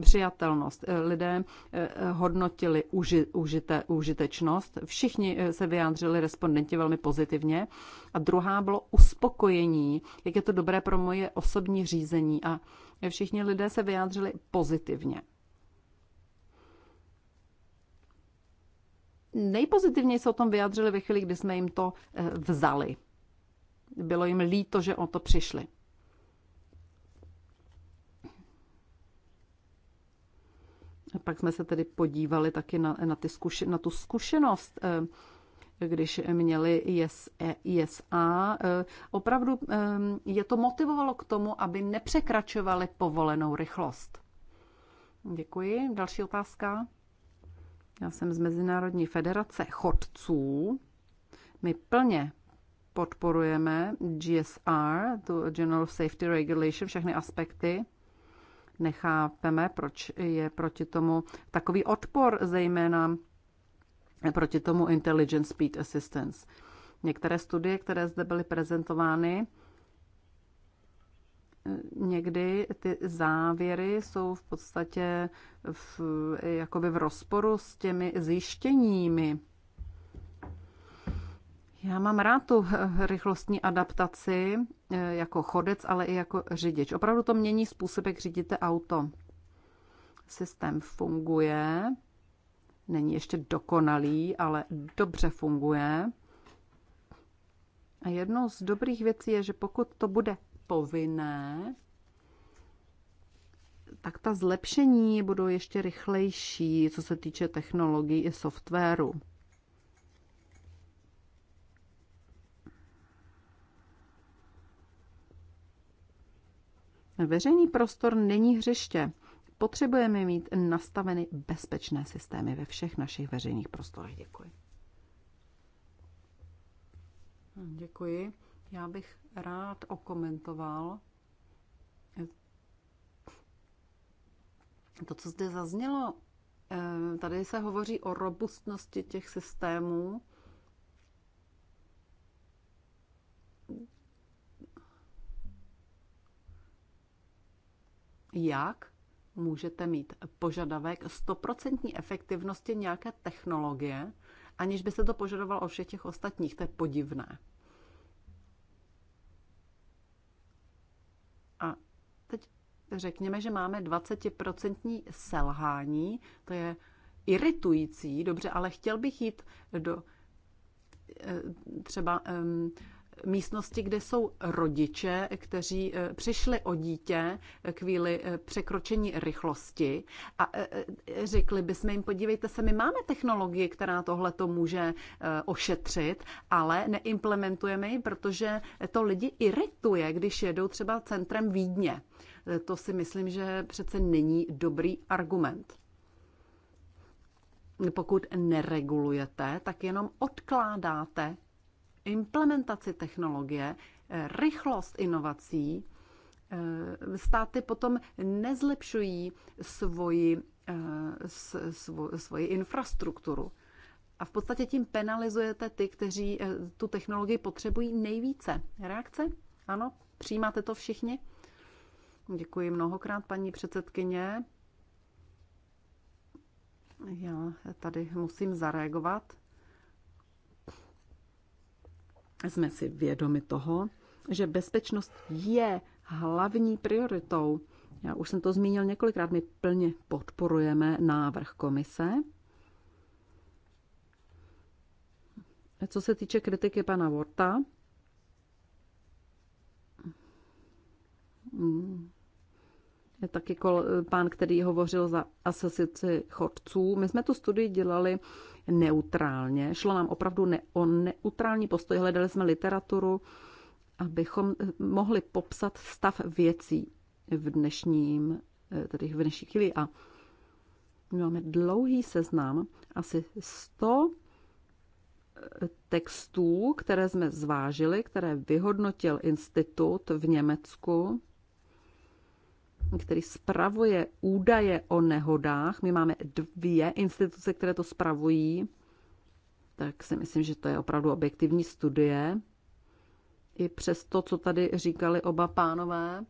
přijatelnost. Eh, lidé eh, hodnotili uži, užite, užitečnost, všichni eh, se vyjádřili respondenti velmi pozitivně a druhá bylo uspokojení, jak je to dobré pro moje osobní řízení a všichni lidé se vyjádřili pozitivně. Nejpozitivněji se o tom vyjádřili ve chvíli, kdy jsme jim to vzali. Bylo jim líto, že o to přišli. Pak jsme se tedy podívali taky na, na, ty zkuši, na tu zkušenost, eh, když měli IS, e, ISA. Eh, opravdu eh, je to motivovalo k tomu, aby nepřekračovali povolenou rychlost. Děkuji. Další otázka. Já jsem z Mezinárodní federace chodců. My plně podporujeme GSR, tu General Safety Regulation, všechny aspekty nechápeme, proč je proti tomu takový odpor, zejména proti tomu Intelligent Speed Assistance. Některé studie, které zde byly prezentovány, někdy ty závěry jsou v podstatě v, jakoby v rozporu s těmi zjištěními já mám rád tu eh, rychlostní adaptaci eh, jako chodec, ale i jako řidič. Opravdu to mění způsob, jak řídíte auto. Systém funguje, není ještě dokonalý, ale dobře funguje. A jednou z dobrých věcí je, že pokud to bude povinné, tak ta zlepšení budou ještě rychlejší, co se týče technologií i softwaru. Veřejný prostor není hřiště. Potřebujeme mít nastaveny bezpečné systémy ve všech našich veřejných prostorech. Děkuji. Děkuji. Já bych rád okomentoval to, co zde zaznělo. Eh, tady se hovoří o robustnosti těch systémů jak můžete mít požadavek 100% efektivnosti nějaké technologie, aniž by se to požadovalo o všech těch ostatních. To je podivné. A teď řekněme, že máme 20% selhání, to je iritující, dobře, ale chtěl bych jít do eh, třeba ehm, místnosti, kde jsou rodiče, kteří eh, přišli o dítě kvíli eh, překročení rychlosti a eh, řekli bychom jim, podívejte se, my máme technologii, která tohle to může ošetřit, ale neimplementujeme ji, protože to lidi irituje, když jedou třeba centrem Vídně. To si myslím, že přece není dobrý argument pokud neregulujete, tak jenom odkládáte implementaci technologie, eh, rychlost inovací, eh, státy potom nezlepšují svoji, eh, svoji infrastrukturu. A v podstatě tím penalizujete ty, kteří tu technologii potřebují nejvíce. Reakce? Ano, přijímáte to všichni? Děkuji mnohokrát, paní předsedkyně. Já tady musím zareagovat jsme si vědomi toho, že bezpečnost je hlavní prioritou. Já už jsem to zmínil několikrát, my plně podporujeme návrh komise. Co se týče kritiky pana Worta, je taky kol, pán, který hovořil za asociaci chodců. My jsme tu studii dělali neutrálně. Šlo nám opravdu ne, o neutrální postoj. Hledali jsme literaturu, abychom eh, mohli popsat stav věcí v dnešním, eh, tedy v dnešní chvíli. A my máme dlouhý seznam, asi 100 eh, textů, které jsme zvážili, které vyhodnotil institut v Německu, který spravuje údaje o nehodách. My máme dvě instituce, které to spravují, tak si myslím, že to je opravdu objektivní studie. I přes to, co tady říkali oba pánové,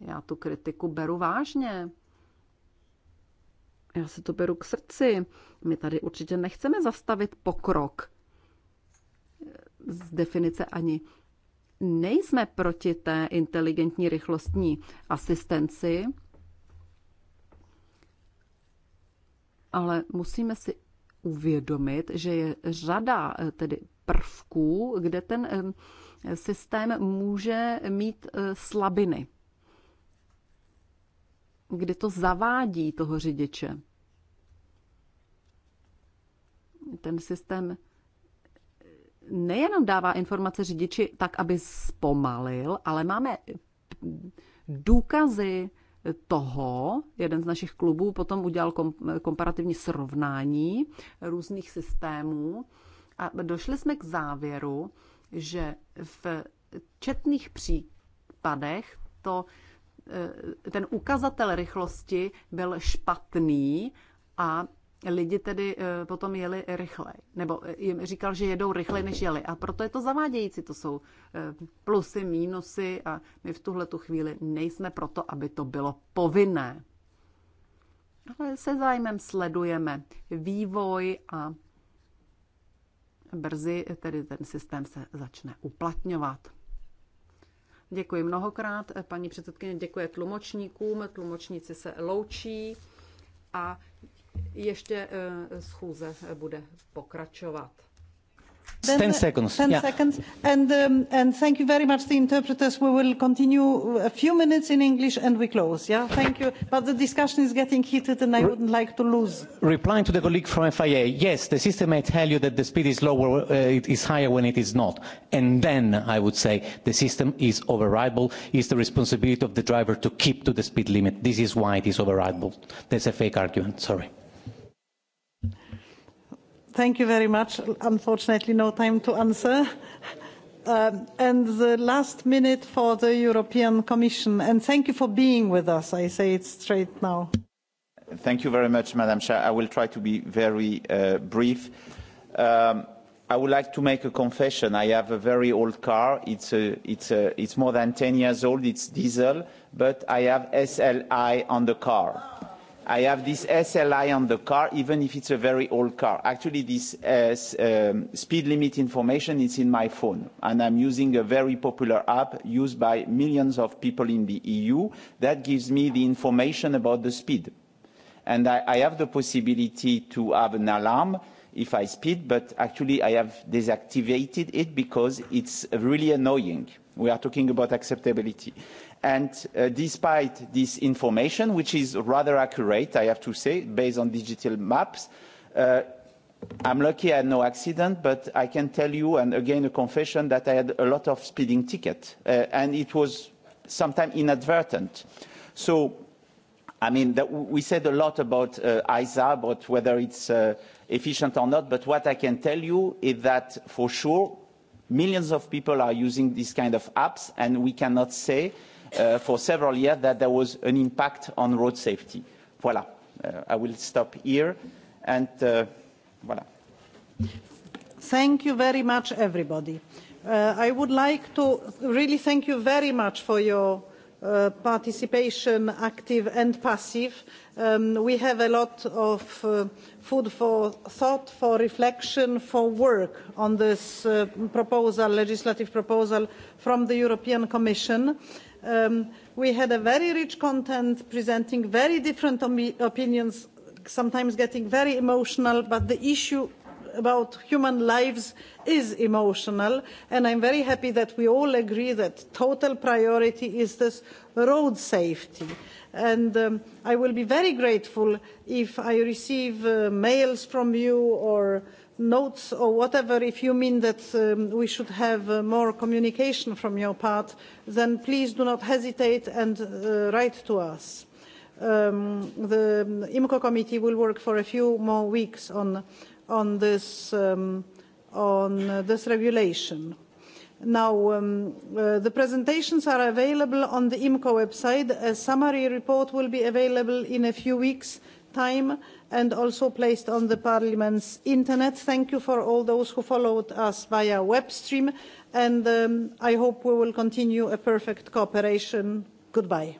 já tu kritiku beru vážně. Já si to beru k srdci. My tady určitě nechceme zastavit pokrok z definice ani nejsme proti té inteligentní rychlostní asistenci, ale musíme si uvědomit, že je řada eh, tedy prvků, kde ten eh, systém může mít eh, slabiny, kdy to zavádí toho řidiče. Ten systém nejenom dává informace řidiči tak, aby zpomalil, ale máme důkazy toho, jeden z našich klubů potom udělal komparativní srovnání různých systémů a došli jsme k závěru, že v četných případech to, e, ten ukazatel rychlosti byl špatný a lidi tedy eh, potom jeli rychleji, nebo eh, jim říkal, že jedou rychleji, než jeli. A proto je to zavádějící, to jsou eh, plusy, mínusy a my v tuhle tu chvíli nejsme proto, aby to bylo povinné. Ale se zájmem sledujeme vývoj a brzy tedy ten systém se začne uplatňovat. Děkuji mnohokrát, paní předsedkyně, děkuji tlumočníkům, tlumočníci se loučí a ještě uh, schůze eh, bude pokračovat. 10 seconds. 10 yeah. seconds. And, um, and thank you very much, the interpreters. We will continue a few minutes in English and we close. Yeah, thank you. But the discussion is getting heated and I Re- wouldn't like to lose. Replying to the colleague from FIA, yes, the system may tell you that the speed is lower, uh, it is higher when it is not. And then I would say the system is overridable. It's the responsibility of the driver to keep to the speed limit. This is why it is overridable. That's a fake argument. Sorry. Thank you very much. Unfortunately, no time to answer. Um, and the last minute for the European Commission. And thank you for being with us. I say it straight now. Thank you very much, Madam Chair. I will try to be very uh, brief. Um, I would like to make a confession. I have a very old car. It's, a, it's, a, it's more than 10 years old. It's diesel, but I have SLI on the car. I have this SLI on the car, even if it's a very old car. Actually, this uh, um, speed limit information is in my phone, and I'm using a very popular app used by millions of people in the EU that gives me the information about the speed. And I, I have the possibility to have an alarm if I speed, but actually I have deactivated it because it's really annoying. We are talking about acceptability. And uh, despite this information, which is rather accurate, I have to say, based on digital maps, uh, I'm lucky I had no accident, but I can tell you, and again a confession, that I had a lot of speeding ticket uh, and it was sometimes inadvertent. So, I mean, that we said a lot about uh, ISA, about whether it's uh, efficient or not, but what I can tell you is that for sure, millions of people are using these kind of apps, and we cannot say Uh, for several years that there was an impact on road safety. Voilà. Uh, I will stop here. And uh, voilà. Thank you very much, everybody. Uh, I would like to really thank you very much for your Uh, participation, active and passive. Um, we have a lot of uh, food for thought, for reflection, for work on this uh, proposal, legislative proposal from the European Commission Um, we had a very rich content presenting very different opinions, sometimes getting very emotional, but the issue about human lives is emotional and I'm very happy that we all agree that total priority is this road safety and um, I will be very grateful if I receive uh, mails from you or notes or whatever, if you mean that um, we should have uh, more communication from your part, then please do not hesitate and uh, write to us. Um, the IMCO committee will work for a few more weeks on, on, this, um, on uh, this regulation. Now, um, uh, the presentations are available on the IMCO website. A summary report will be available in a few weeks' time and also placed on the Parliament's internet. Thank you for all those who followed us via web stream, and um, I hope we will continue a perfect cooperation. Goodbye.